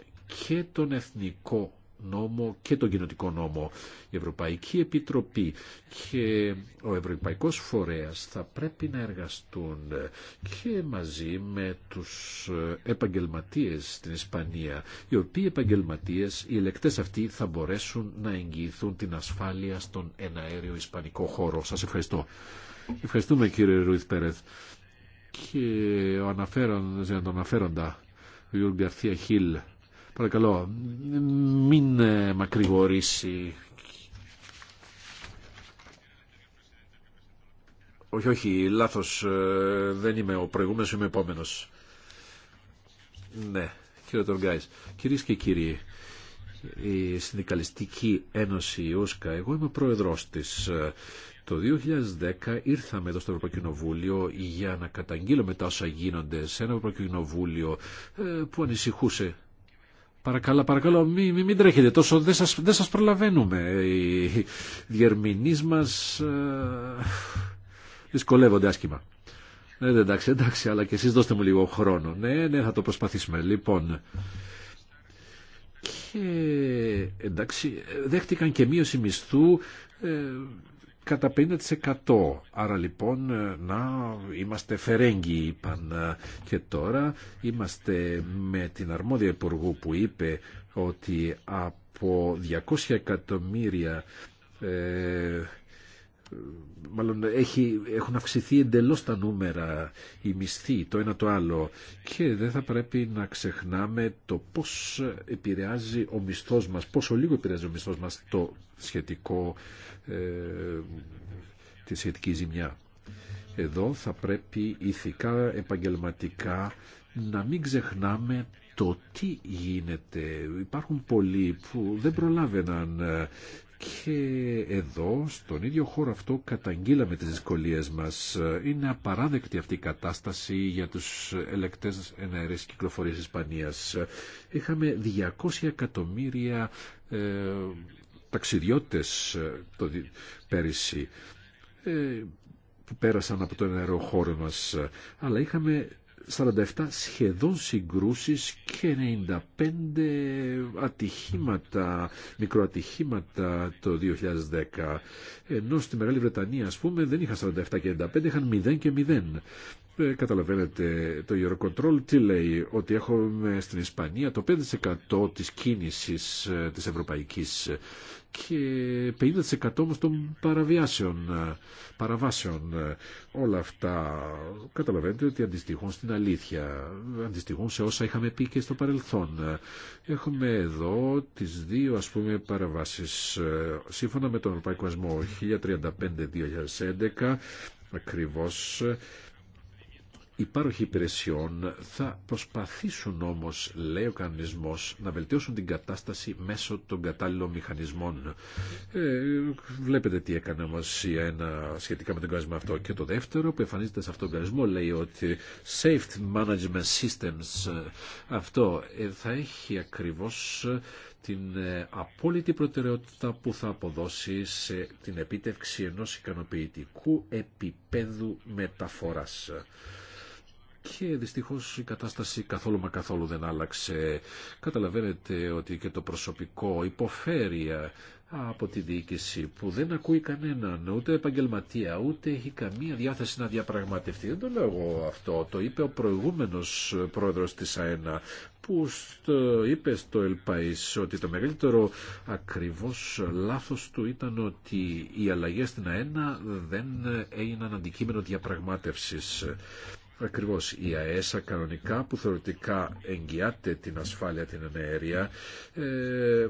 και τον εθνικό νόμο και τον κοινοτικό νόμο. Η Ευρωπαϊκή Επιτροπή και ο Ευρωπαϊκός Φορέας θα πρέπει να εργαστούν και μαζί με τους επαγγελματίες στην Ισπανία, οι οποίοι επαγγελματίες, οι ελεκτές αυτοί θα μπορέσουν να εγγυηθούν την ασφάλεια στον εναέριο ισπανικό χώρο. Σας ευχαριστώ. Ευχαριστούμε κύριε Ρουιθ Πέρεθ και ο αναφέροντα τον αναφέροντα Χίλ Παρακαλώ, μην ε, μακρηγορήσει. Όχι, όχι, λάθος. Ε, δεν είμαι ο προηγούμενος, είμαι επόμενος. Ναι, κύριε Τονγκάης. Κυρίες και κύριοι, η Συνδικαλιστική Ένωση η εγώ είμαι πρόεδρος της. Ε, το 2010 ήρθαμε εδώ στο Ευρωπαϊκό για να καταγγείλουμε τα όσα γίνονται σε ένα Ευρωπαϊκό που ανησυχούσε Παρακαλώ, παρακαλώ, μην, τρέχετε τόσο, δεν σας, δεν σας προλαβαίνουμε. Οι διερμηνείς μας ε, δυσκολεύονται άσχημα. Ναι, εντάξει, εντάξει, αλλά και εσείς δώστε μου λίγο χρόνο. Ναι, ναι, θα το προσπαθήσουμε. Λοιπόν, και εντάξει, δέχτηκαν και μείωση μισθού, ε, κατά 50%. Άρα λοιπόν ε, να είμαστε φερέγγοι είπαν ε, και τώρα είμαστε με την αρμόδια υπουργού που είπε ότι από 200 εκατομμύρια ε, μάλλον έχουν αυξηθεί εντελώς τα νούμερα, η μισθή, το ένα το άλλο και δεν θα πρέπει να ξεχνάμε το πώς επηρεάζει ο μισθός μας, πόσο λίγο επηρεάζει ο μισθός μας το σχετικό, ε, τη σχετική ζημιά. Εδώ θα πρέπει ηθικά, επαγγελματικά να μην ξεχνάμε το τι γίνεται. Υπάρχουν πολλοί που δεν προλάβαιναν ε, και εδώ, στον ίδιο χώρο αυτό, καταγγείλαμε τις δυσκολίες μας. Είναι απαράδεκτη αυτή η κατάσταση για τους ελεκτές εναερές κυκλοφορίας Ισπανίας. Είχαμε 200 εκατομμύρια ε, ταξιδιώτες ε, το, πέρυσι ε, που πέρασαν από τον χώρο μας, αλλά είχαμε 47 σχεδόν συγκρούσεις και 95 ατυχήματα, μικροατυχήματα το 2010. Ενώ στη Μεγάλη Βρετανία, ας πούμε, δεν είχαν 47 και 95, είχαν 0 και 0. Ε, καταλαβαίνετε το Eurocontrol τι λέει, ότι έχουμε στην Ισπανία το 5% της κίνησης της ευρωπαϊκής και 50% των παραβιάσεων, ε, παραβάσεων. Ε, όλα αυτά καταλαβαίνετε ότι αντιστοιχούν στην αλήθεια, αντιστοιχούν σε όσα είχαμε πει και στο παρελθόν. Ε, έχουμε εδώ τις δύο ας πούμε παραβάσεις σύμφωνα με τον Ευρωπαϊκό 1035-2011 ακριβώς οι πάροχοι υπηρεσιών θα προσπαθήσουν όμως, λέει ο κανονισμός, να βελτιώσουν την κατάσταση μέσω των κατάλληλων μηχανισμών. Ε, βλέπετε τι έκανε όμως η ένα σχετικά με τον κανονισμό αυτό. Και το δεύτερο που εμφανίζεται σε αυτόν τον κανονισμό λέει ότι Safe Management Systems ε, αυτό ε, θα έχει ακριβώς ε, την απόλυτη προτεραιότητα που θα αποδώσει σε την επίτευξη ενός ικανοποιητικού επίπεδου μεταφοράς και δυστυχώς η κατάσταση καθόλου μα καθόλου δεν άλλαξε. Καταλαβαίνετε ότι και το προσωπικό υποφέρει από τη διοίκηση που δεν ακούει κανέναν, ούτε επαγγελματία, ούτε έχει καμία διάθεση να διαπραγματευτεί. Δεν το λέω εγώ αυτό, το είπε ο προηγούμενος πρόεδρος της ΑΕΝΑ που είπε στο ΕΛΠΑΙΣ ότι το μεγαλύτερο ακριβώς λάθος του ήταν ότι οι αλλαγές στην ΑΕΝΑ δεν έγιναν αντικείμενο διαπραγμάτευσης. Ακριβώς η ΑΕΣΑ κανονικά που θεωρητικά εγγυάται την ασφάλεια την ενέργεια, ε,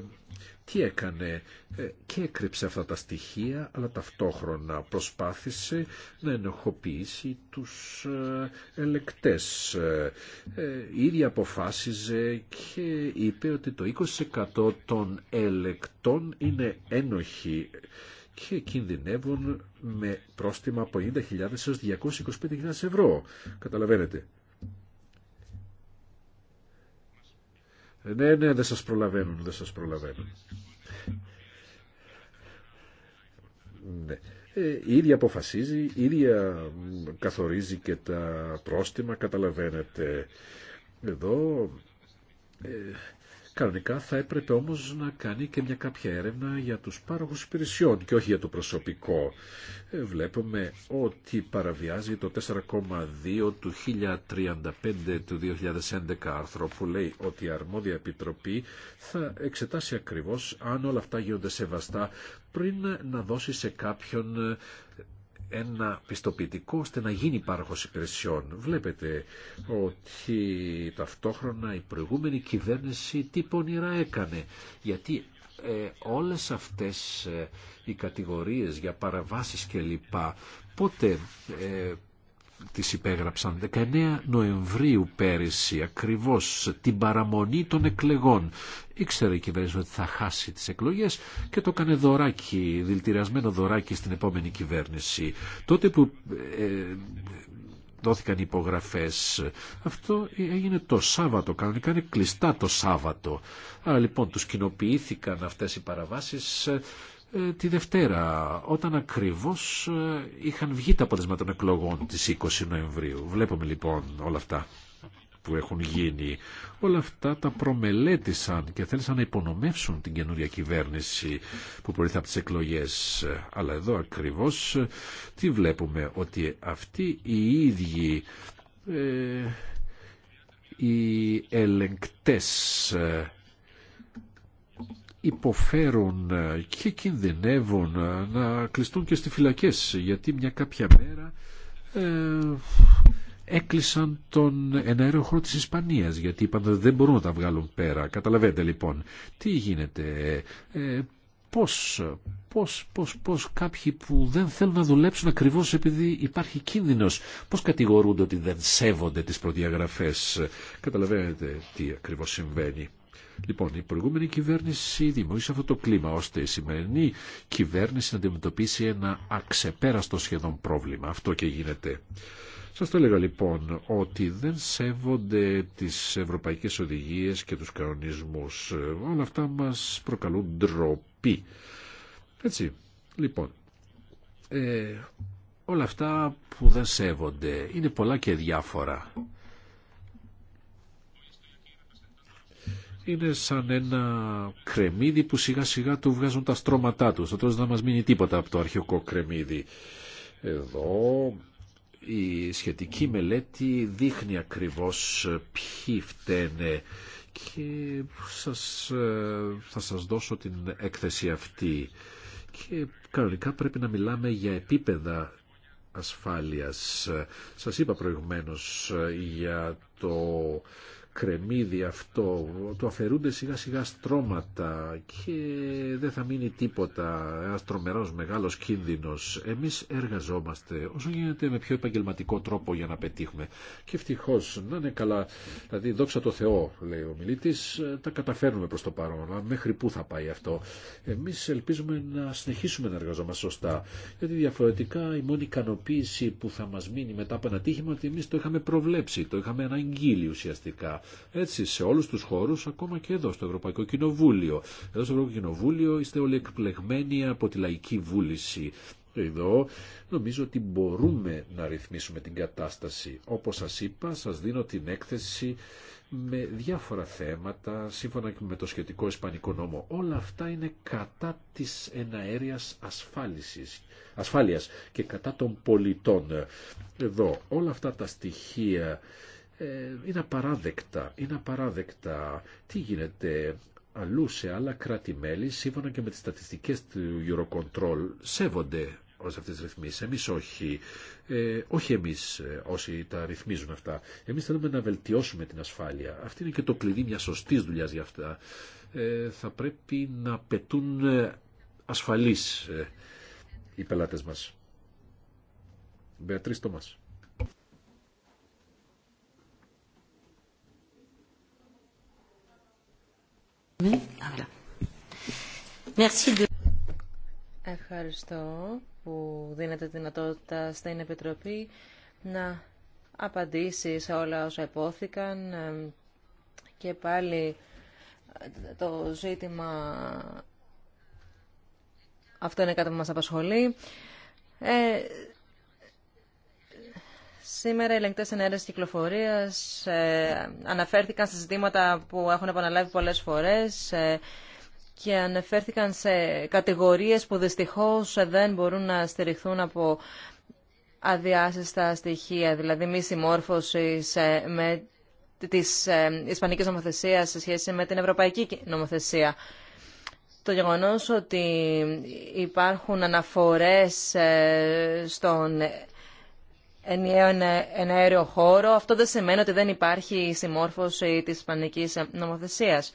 τι έκανε ε, και έκρυψε αυτά τα στοιχεία αλλά ταυτόχρονα προσπάθησε να ενοχοποιήσει τους ε, ελεκτές. ίδια ε, αποφάσιζε και είπε ότι το 20% των ελεκτών είναι ένοχοι και κινδυνεύουν με πρόστιμα από 90.000 έως 225.000 ευρώ. Καταλαβαίνετε. Ναι, ναι, δεν σας προλαβαίνουν, δεν σας προλαβαίνουν. Ναι. Ε, η ίδια αποφασίζει, η ίδια καθορίζει και τα πρόστιμα, καταλαβαίνετε. Εδώ ε, Κανονικά θα έπρεπε όμως να κάνει και μια κάποια έρευνα για τους πάροχους υπηρεσιών και όχι για το προσωπικό. Ε, βλέπουμε ότι παραβιάζει το 4,2 του 1035 του 2011 άρθρο που λέει ότι η αρμόδια επιτροπή θα εξετάσει ακριβώς αν όλα αυτά γίνονται σεβαστά πριν να δώσει σε κάποιον ένα πιστοποιητικό ώστε να γίνει υπάρχος υπηρεσιών. Βλέπετε ότι ταυτόχρονα η προηγούμενη κυβέρνηση τι πονηρά έκανε. Γιατί ε, όλες αυτές ε, οι κατηγορίες για παραβάσεις κλπ. πότε τις υπέγραψαν 19 Νοεμβρίου πέρυσι ακριβώς την παραμονή των εκλεγών ήξερε η κυβέρνηση ότι θα χάσει τις εκλογές και το έκανε δωράκι δηλητηριασμένο δωράκι στην επόμενη κυβέρνηση τότε που ε, δόθηκαν υπογραφές αυτό έγινε το Σάββατο κανονικά είναι κλειστά το Σάββατο Άρα λοιπόν τους κοινοποιήθηκαν αυτές οι παραβάσεις ε, τη Δευτέρα, όταν ακριβώς ε, είχαν βγει τα αποτελέσματα των εκλογών της 20 Νοεμβρίου. Βλέπουμε λοιπόν όλα αυτά που έχουν γίνει. Όλα αυτά τα προμελέτησαν και θέλησαν να υπονομεύσουν την καινούρια κυβέρνηση που προήλθε από τις εκλογές. Αλλά εδώ ακριβώς ε, τι βλέπουμε, ότι αυτοί οι ίδιοι οι ελεγκτές υποφέρουν ε, και κινδυνεύουν ε, να κλειστούν και στις φυλακές γιατί μια κάποια μέρα ε, έκλεισαν τον εναέριο χώρο της Ισπανίας γιατί είπαν δεν μπορούν να τα βγάλουν πέρα. Καταλαβαίνετε λοιπόν τι γίνεται, ε, πώς, πώς, πώς, πώς κάποιοι που δεν θέλουν να δουλέψουν ακριβώς επειδή υπάρχει κίνδυνος, πώς κατηγορούνται ότι δεν σέβονται τις προδιαγραφές. Καταλαβαίνετε τι ακριβώς συμβαίνει. Λοιπόν, η προηγούμενη κυβέρνηση δημιούργησε αυτό το κλίμα, ώστε η σημερινή κυβέρνηση να αντιμετωπίσει ένα αξεπέραστο σχεδόν πρόβλημα. Αυτό και γίνεται. Σας το έλεγα λοιπόν ότι δεν σέβονται τις ευρωπαϊκές οδηγίες και τους κανονισμούς. Όλα αυτά μας προκαλούν ντροπή. Έτσι, λοιπόν, ε, όλα αυτά που δεν σέβονται είναι πολλά και διάφορα. είναι σαν ένα κρεμμύδι που σιγά σιγά του βγάζουν τα στρώματά του. Στο τέλος δεν μας μείνει τίποτα από το αρχικό κρεμμύδι. Εδώ η σχετική μελέτη δείχνει ακριβώς ποιοι φταίνε και σας, ε, θα σας δώσω την έκθεση αυτή. Και κανονικά πρέπει να μιλάμε για επίπεδα ασφάλειας. Σας είπα προηγουμένως ε, για το κρεμμύδι αυτό, του αφαιρούνται σιγά σιγά στρώματα και δεν θα μείνει τίποτα, ένας τρομερός μεγάλος κίνδυνος. Εμείς εργαζόμαστε όσο γίνεται με πιο επαγγελματικό τρόπο για να πετύχουμε. Και ευτυχώ να είναι καλά, δηλαδή δόξα τω Θεώ λέει ο μιλήτης, τα καταφέρνουμε προς το παρόν, αλλά μέχρι πού θα πάει αυτό. Εμείς ελπίζουμε να συνεχίσουμε να εργαζόμαστε σωστά, γιατί διαφορετικά η μόνη ικανοποίηση που θα μας μείνει μετά από ένα τύχημα ότι εμείς το είχαμε προβλέψει, το είχαμε αναγγείλει ουσιαστικά. Έτσι, σε όλου του χώρου, ακόμα και εδώ στο Ευρωπαϊκό Κοινοβούλιο. Εδώ στο Ευρωπαϊκό Κοινοβούλιο είστε όλοι εκπλεγμένοι από τη λαϊκή βούληση. Εδώ νομίζω ότι μπορούμε να ρυθμίσουμε την κατάσταση. Όπως σας είπα, σας δίνω την έκθεση με διάφορα θέματα, σύμφωνα και με το σχετικό ισπανικό νόμο. Όλα αυτά είναι κατά της εναέριας ασφάλισης, ασφάλειας και κατά των πολιτών. Εδώ όλα αυτά τα στοιχεία ε, είναι απαράδεκτα, είναι απαράδεκτα. Τι γίνεται αλλού σε άλλα κράτη-μέλη, σύμφωνα και με τις στατιστικές του Eurocontrol, σέβονται ως αυτές τις ρυθμίσεις. Εμείς όχι. Ε, όχι εμείς ε, όσοι τα ρυθμίζουν αυτά. Εμείς θέλουμε να βελτιώσουμε την ασφάλεια. Αυτή είναι και το κλειδί μιας σωστής δουλειάς για αυτά. Ε, θα πρέπει να πετούν ε, ασφαλείς οι πελάτες μας. Μπεατρίστο Τόμας. Ευχαριστώ που δίνετε τη δυνατότητα στην Επιτροπή να απαντήσει σε όλα όσα επόθηκαν και πάλι ε, το ζήτημα αυτό είναι κάτι που μας απασχολεί. Ε, σήμερα οι ελεγκτές ενέργειας κυκλοφορίας ε, αναφέρθηκαν σε ζητήματα που έχουν επαναλάβει πολλές φορές. Ε, και αναφέρθηκαν σε κατηγορίες που δυστυχώς δεν μπορούν να στηριχθούν από αδιάσυστα στοιχεία, δηλαδή μη συμμόρφωση με της ε, Ισπανικής νομοθεσίας σε σχέση με την Ευρωπαϊκή νομοθεσία. Το γεγονός ότι υπάρχουν αναφορές ε, στον ενιαίο εναέριο χώρο, αυτό δεν σημαίνει ότι δεν υπάρχει συμμόρφωση της Ισπανικής νομοθεσίας.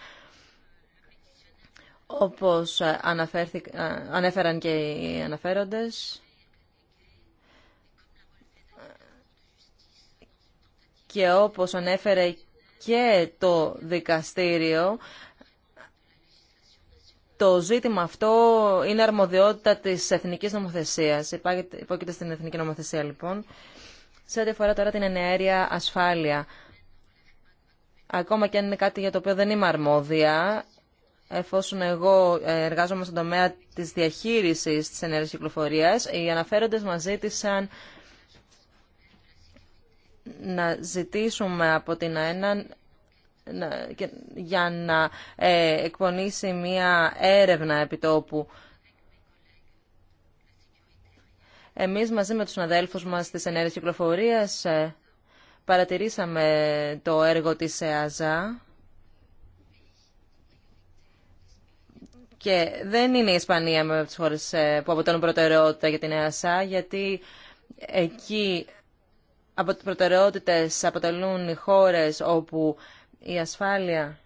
Όπως ε, ε, ανέφεραν και οι αναφέροντες, και όπως ανέφερε και το δικαστήριο, το ζήτημα αυτό είναι αρμοδιότητα της εθνικής νομοθεσίας. Υπόκειται στην εθνική νομοθεσία λοιπόν. Σε ό,τι αφορά τώρα την ενέργεια ασφάλεια. Ακόμα και αν είναι κάτι για το οποίο δεν είμαι αρμόδια, εφόσον εγώ ε, εργάζομαι στον τομέα της διαχείρισης της ενέργειας κυκλοφορίας, οι αναφέροντες μας ζήτησαν να ζητήσουμε από την ΑΕΝΑ για να ε, εκπονήσει μία έρευνα επιτόπου. Εμείς μαζί με τους αδέλφους μας της ενέργειας κυκλοφορίας ε, παρατηρήσαμε το έργο της ΕΑΖΑ Και δεν είναι η Ισπανία με τις χώρες ε, που αποτελούν προτεραιότητα για την ΕΑΣΑ, γιατί εκεί από τις προτεραιότητες αποτελούν οι χώρες όπου η ασφάλεια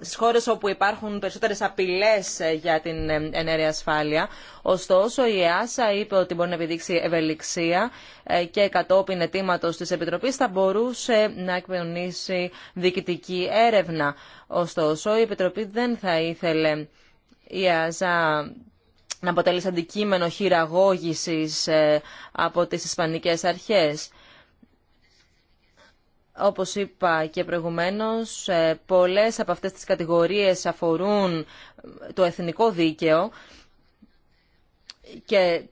στις χώρες όπου υπάρχουν περισσότερες απειλές ε, για την ε, ενέργεια ασφάλεια. Ωστόσο, η ΕΑΣΑ είπε ότι μπορεί να επιδείξει ευελιξία ε, και κατόπιν αιτήματο της Επιτροπής θα μπορούσε να εκπαιδεύσει διοικητική έρευνα. Ωστόσο, η Επιτροπή δεν θα ήθελε η ΕΑΣΑ να αποτελεί αντικείμενο χειραγώγησης από τις Ισπανικές αρχές. Όπως είπα και προηγουμένως, ε, πολλές από αυτές τις κατηγορίες αφορούν ε, το εθνικό δίκαιο και ε,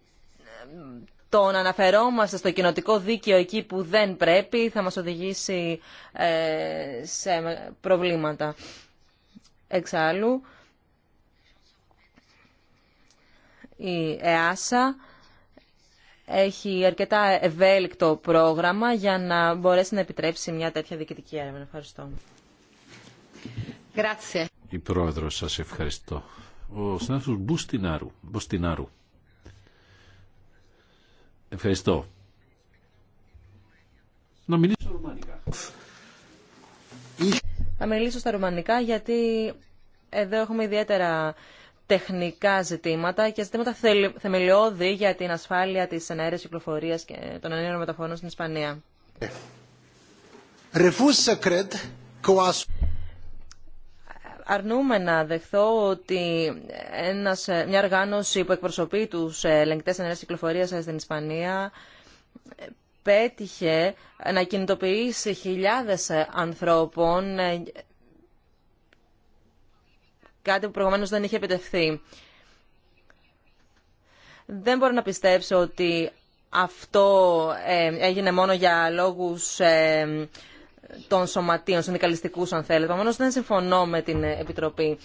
το να αναφερόμαστε στο κοινοτικό δίκαιο εκεί που δεν πρέπει θα μας οδηγήσει σε προβλήματα. Εξάλλου, η ΕΑΣΑ έχει αρκετά ευέλικτο πρόγραμμα για να μπορέσει να επιτρέψει μια τέτοια διοικητική έρευνα. Ευχαριστώ. Η πρόεδρο σας ευχαριστώ. Ο συνάδελφος Μπουστινάρου. Μπουστινάρου. Ευχαριστώ. Να μιλήσω ρουμανικά. Θα μιλήσω στα ρουμανικά γιατί εδώ έχουμε ιδιαίτερα τεχνικά ζητήματα και ζητήματα θεμελιώδη για την ασφάλεια της ενέργειας κυκλοφορίας και των ενέργειων μεταφορών στην Ισπανία. Αρνούμε να δεχθώ ότι ένας, μια οργάνωση που εκπροσωπεί τους ελεγκτές ενέργειας κυκλοφορίας στην Ισπανία πέτυχε να κινητοποιήσει χιλιάδες ανθρώπων κάτι που προηγουμένω δεν είχε επιτευχθεί. Δεν μπορώ να πιστέψω ότι αυτό ε, έγινε μόνο για λόγους ε, των σωματείων, συνδικαλιστικού αν θέλετε. Όμως δεν συμφωνώ με την Επιτροπή.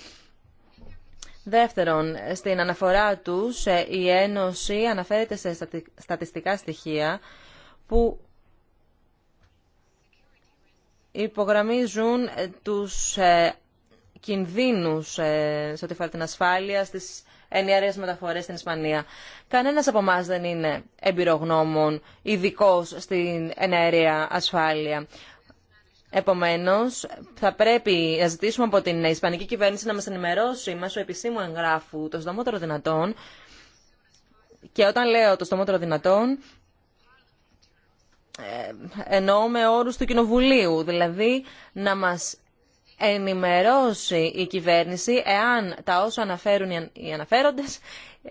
Δεύτερον, στην αναφορά τους ε, η Ένωση αναφέρεται σε στατιστικά στοιχεία που υπογραμμίζουν τους κινδύνους ε, σε ό,τι αφορά την ασφάλεια στις ενιαίε μεταφορές στην Ισπανία. Κανένας από εμά δεν είναι εμπειρογνώμων ειδικό στην ενιαία ασφάλεια. Επομένως, θα πρέπει να ζητήσουμε από την Ισπανική κυβέρνηση να μας ενημερώσει μέσω επισήμου εγγράφου το στομότερο δυνατόν και όταν λέω το στομότερο δυνατόν, ε, εννοώ με όρου του Κοινοβουλίου, δηλαδή να μας ενημερώσει η κυβέρνηση εάν τα όσα αναφέρουν οι αναφέροντες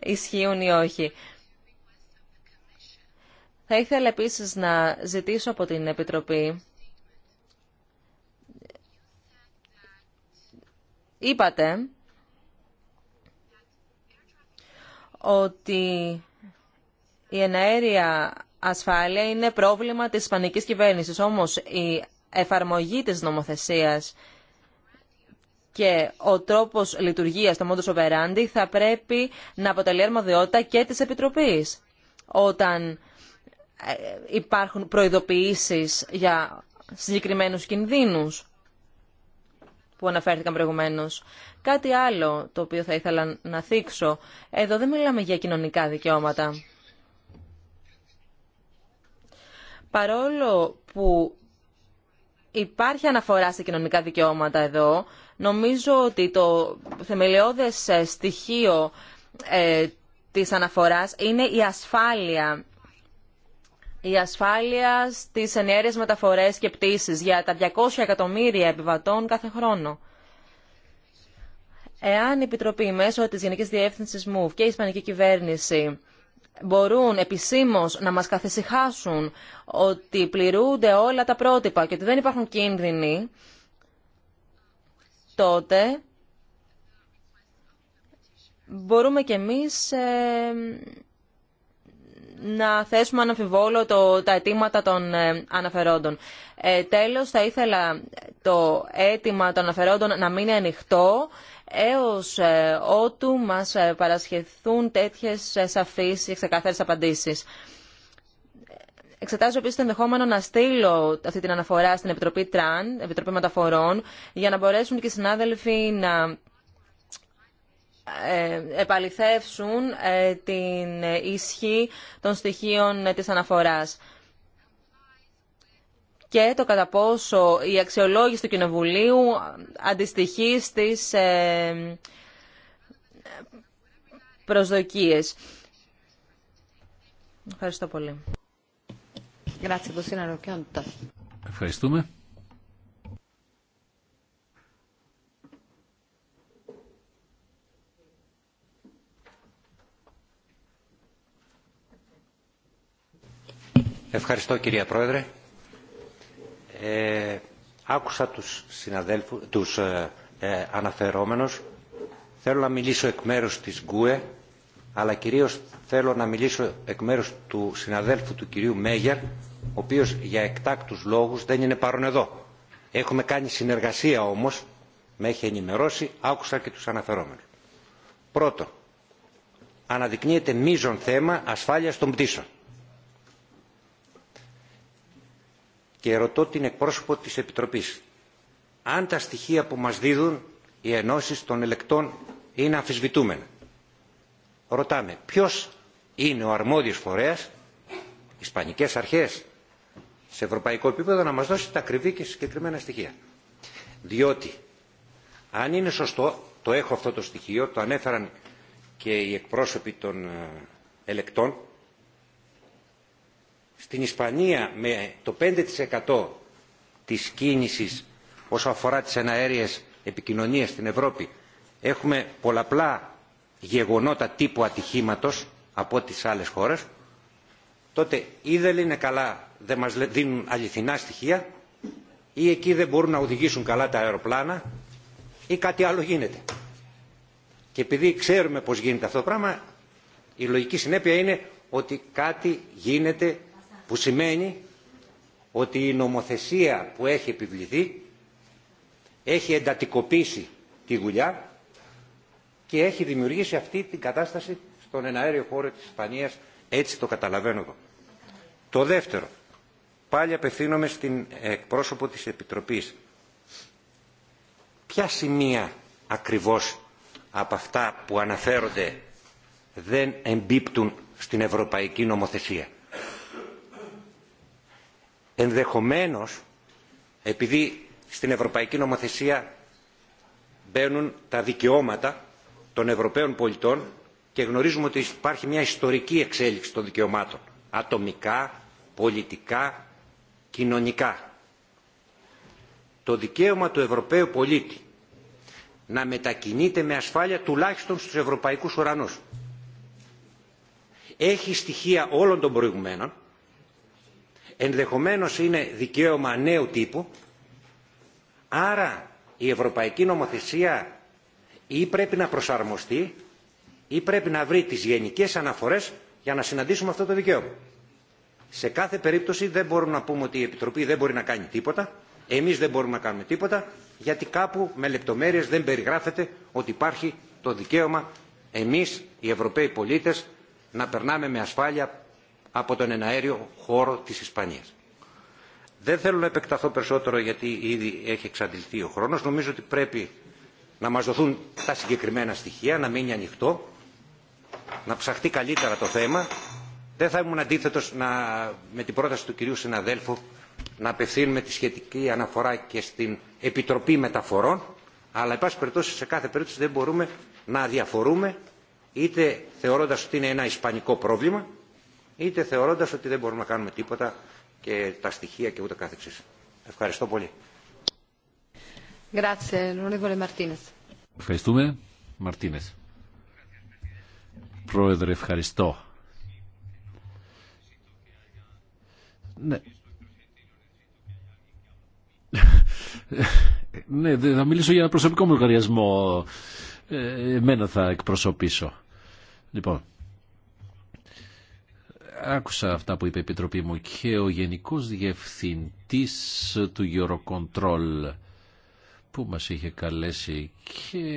ισχύουν ή όχι. Θα ήθελα επίσης να ζητήσω από την Επιτροπή Είπατε ότι η εναέρια ασφάλεια είναι πρόβλημα της ισπανικής κυβέρνησης, όμως η ενεργεια ασφαλεια ειναι προβλημα της νομοθεσίας και ο τρόπος λειτουργίας, το modus operandi, θα πρέπει να αποτελεί αρμοδιότητα και τη επιτροπή, όταν ε, υπάρχουν προειδοποιήσεις για συγκεκριμένους κινδύνους που αναφέρθηκαν προηγουμένως. Κάτι άλλο το οποίο θα ήθελα να θίξω. Εδώ δεν μιλάμε για κοινωνικά δικαιώματα. Παρόλο που υπάρχει αναφορά σε κοινωνικά δικαιώματα εδώ, Νομίζω ότι το θεμελιώδες ε, στοιχείο ε, της αναφοράς είναι η ασφάλεια. Η ασφάλεια στις ενέργειες μεταφορές και πτήσεις για τα 200 εκατομμύρια επιβατών κάθε χρόνο. Εάν η Επιτροπή μέσω της Γενικής Διεύθυνσης ΜΟΥΒ και η Ισπανική Κυβέρνηση μπορούν επισήμως να μας καθησυχάσουν ότι πληρούνται όλα τα πρότυπα και ότι δεν υπάρχουν κίνδυνοι, τότε μπορούμε και εμείς ε, να θέσουμε αναμφιβόλο το, τα αιτήματα των ε, αναφερόντων. Ε, τέλος, θα ήθελα το αίτημα των αναφερόντων να μείνει ανοιχτό έως ε, ότου μας ε, παρασχεθούν τέτοιες σαφείς και ξεκαθαρές απαντήσεις. Εξετάζω επίση το ενδεχόμενο να στείλω αυτή την αναφορά στην Επιτροπή Τραν, Επιτροπή Μεταφορών, για να μπορέσουν και οι συνάδελφοι να ε, επαληθεύσουν ε, την ισχύ των στοιχείων ε, της αναφοράς και το κατά πόσο η αξιολόγηση του Κοινοβουλίου αντιστοιχεί στις προσδοκίες. Ευχαριστώ πολύ. Ευχαριστούμε. Ευχαριστώ κυρία Πρόεδρε. Ε, άκουσα τους, συναδέλφους, τους ε, ε, αναφερόμενους. Θέλω να μιλήσω εκ μέρους της ΓΚΟΕ, αλλά κυρίως θέλω να μιλήσω εκ μέρους του συναδέλφου του κυρίου Μέγερ, ο οποίος για εκτάκτους λόγους δεν είναι παρόν εδώ. Έχουμε κάνει συνεργασία όμως, με έχει ενημερώσει, άκουσα και τους αναφερόμενους. Πρώτο, αναδεικνύεται μείζον θέμα ασφάλειας των πτήσεων. Και ρωτώ την εκπρόσωπο της Επιτροπής, αν τα στοιχεία που μας δίδουν οι ενώσεις των ελεκτών είναι αμφισβητούμενα. Ρωτάμε, ποιος είναι ο αρμόδιος φορέας, ισπανικές αρχές, σε ευρωπαϊκό επίπεδο να μας δώσει τα ακριβή και συγκεκριμένα στοιχεία. Διότι, αν είναι σωστό, το έχω αυτό το στοιχείο, το ανέφεραν και οι εκπρόσωποι των ε, ελεκτών, στην Ισπανία με το 5% της κίνησης όσο αφορά τις εναέριες επικοινωνίες στην Ευρώπη έχουμε πολλαπλά γεγονότα τύπου ατυχήματος από τις άλλες χώρες τότε ή δεν είναι καλά, δεν μας δίνουν αληθινά στοιχεία, ή εκεί δεν μπορούν να οδηγήσουν καλά τα αεροπλάνα, ή κάτι άλλο γίνεται. Και επειδή ξέρουμε πώς γίνεται αυτό το πράγμα, η λογική συνέπεια είναι ότι κάτι γίνεται που σημαίνει ότι η νομοθεσία που έχει επιβληθεί έχει εντατικοποίησει τη δουλειά και έχει δημιουργήσει αυτή την κατάσταση στον εναέριο χώρο της Ισπανίας έτσι το καταλαβαίνω εγώ. Το δεύτερο, πάλι απευθύνομαι στην εκπρόσωπο της Επιτροπής. Ποια σημεία ακριβώς από αυτά που αναφέρονται δεν εμπίπτουν στην ευρωπαϊκή νομοθεσία. Ενδεχομένως, επειδή στην ευρωπαϊκή νομοθεσία μπαίνουν τα δικαιώματα των Ευρωπαίων πολιτών και γνωρίζουμε ότι υπάρχει μια ιστορική εξέλιξη των δικαιωμάτων ατομικά, πολιτικά, κοινωνικά. Το δικαίωμα του Ευρωπαίου πολίτη να μετακινείται με ασφάλεια τουλάχιστον στους ευρωπαϊκούς ουρανούς. Έχει στοιχεία όλων των προηγουμένων, ενδεχομένως είναι δικαίωμα νέου τύπου, άρα η ευρωπαϊκή νομοθεσία ή πρέπει να προσαρμοστεί ή πρέπει να βρει τις γενικές αναφορές για να συναντήσουμε αυτό το δικαίωμα. Σε κάθε περίπτωση δεν μπορούμε να πούμε ότι η Επιτροπή δεν μπορεί να κάνει τίποτα, εμείς δεν μπορούμε να κάνουμε τίποτα, γιατί κάπου με λεπτομέρειες δεν περιγράφεται ότι υπάρχει το δικαίωμα εμείς οι Ευρωπαίοι πολίτες να περνάμε με ασφάλεια από τον εναέριο χώρο της Ισπανίας. Δεν θέλω να επεκταθώ περισσότερο γιατί ήδη έχει εξαντληθεί ο χρόνος. Νομίζω ότι πρέπει να μας δοθούν τα συγκεκριμένα στοιχεία, να μείνει ανοιχτό να ψαχτεί καλύτερα το θέμα. Δεν θα ήμουν αντίθετο με την πρόταση του κυρίου συναδέλφου να απευθύνουμε τη σχετική αναφορά και στην Επιτροπή Μεταφορών, αλλά, εν πάση περιπτώσει, σε κάθε περίπτωση δεν μπορούμε να διαφορούμε είτε θεωρώντας ότι είναι ένα ισπανικό πρόβλημα, είτε θεωρώντας ότι δεν μπορούμε να κάνουμε τίποτα και τα στοιχεία και ούτε καθεξής. Ευχαριστώ πολύ. Ευχαριστούμε. Μαρτίνες. Πρόεδρε, ευχαριστώ. Ναι. ναι, θα μιλήσω για ένα προσωπικό μου λογαριασμό. Ε, εμένα θα εκπροσωπήσω. Λοιπόν, άκουσα αυτά που είπε η Επιτροπή μου και ο Γενικός Διευθυντής του Eurocontrol που μας είχε καλέσει και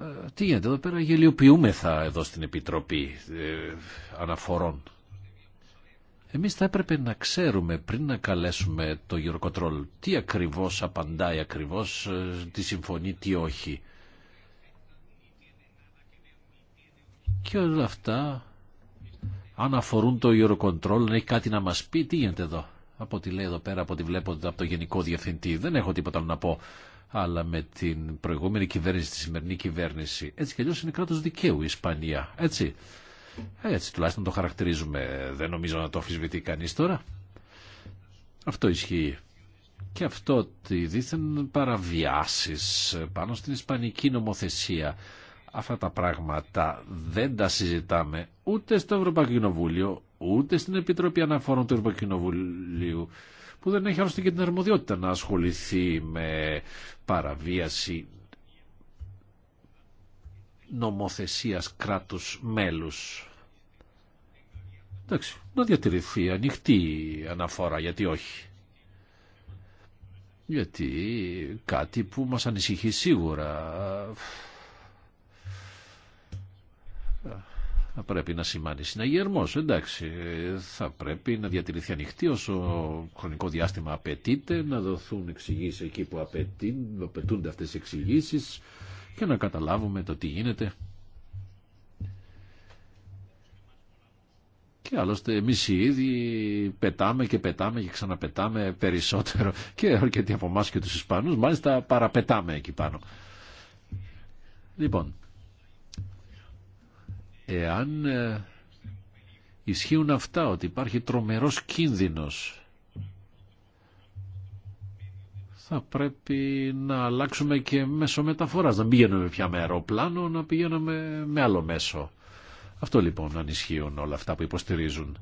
ε, τι γίνεται εδώ πέρα, γελιοποιούμεθα εδώ στην Επιτροπή ε, Αναφορών. Εμείς θα έπρεπε να ξέρουμε πριν να καλέσουμε το Eurocontrol τι ακριβώς απαντάει ακριβώς, ε, τι συμφωνεί, τι όχι. Και όλα αυτά, αν αφορούν το Eurocontrol, να έχει κάτι να μας πει, τι γίνεται εδώ. Από ό,τι λέει εδώ πέρα, από ό,τι βλέπω από το Γενικό Διευθυντή, δεν έχω τίποτα να πω αλλά με την προηγούμενη κυβέρνηση, τη σημερινή κυβέρνηση. Έτσι κι αλλιώ είναι κράτο δικαίου η Ισπανία, έτσι. Έτσι τουλάχιστον το χαρακτηρίζουμε. Δεν νομίζω να το αφισβητεί κανεί τώρα. Αυτό ισχύει. Και αυτό ότι δίθεν παραβιάσει πάνω στην ισπανική νομοθεσία. Αυτά τα πράγματα δεν τα συζητάμε ούτε στο Ευρωπαϊκό Κοινοβούλιο, ούτε στην Επιτροπή Αναφόρων του Ευρωπαϊκού Κοινοβουλίου που δεν έχει άλλωστε και την αρμοδιότητα να ασχοληθεί με παραβίαση νομοθεσίας κράτους μέλους. Εντάξει, να διατηρηθεί ανοιχτή αναφορά, γιατί όχι. Γιατί κάτι που μας ανησυχεί σίγουρα θα πρέπει να σημάνει συναγερμό. εντάξει, θα πρέπει να διατηρηθεί ανοιχτή όσο χρονικό διάστημα απαιτείται, να δοθούν εξηγήσει εκεί που απαιτούνται αυτές οι εξηγήσει και να καταλάβουμε το τι γίνεται. Και άλλωστε εμεί οι ίδιοι πετάμε και πετάμε και ξαναπετάμε περισσότερο [LAUGHS] και αρκετοί από εμά και του Ισπανου. μάλιστα παραπετάμε εκεί πάνω. Λοιπόν, εάν ε, ισχύουν αυτά ότι υπάρχει τρομερός κίνδυνος θα πρέπει να αλλάξουμε και μέσο μεταφοράς. Να πηγαίνουμε πια με αεροπλάνο, να πηγαίνουμε με άλλο μέσο. Αυτό λοιπόν ισχύουν όλα αυτά που υποστηρίζουν.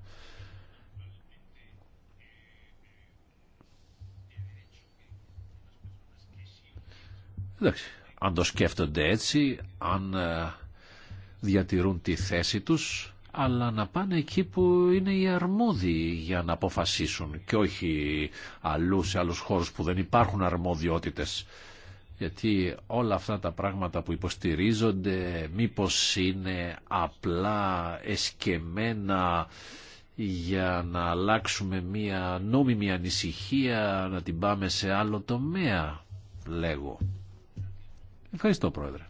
Εντάξει, αν το σκέφτονται έτσι, αν ε, διατηρούν τη θέση τους, αλλά να πάνε εκεί που είναι οι αρμόδιοι για να αποφασίσουν και όχι αλλού σε άλλους χώρους που δεν υπάρχουν αρμόδιότητες. Γιατί όλα αυτά τα πράγματα που υποστηρίζονται μήπως είναι απλά εσκεμένα για να αλλάξουμε μία νόμιμη ανησυχία, να την πάμε σε άλλο τομέα, λέγω. Ευχαριστώ, Πρόεδρε.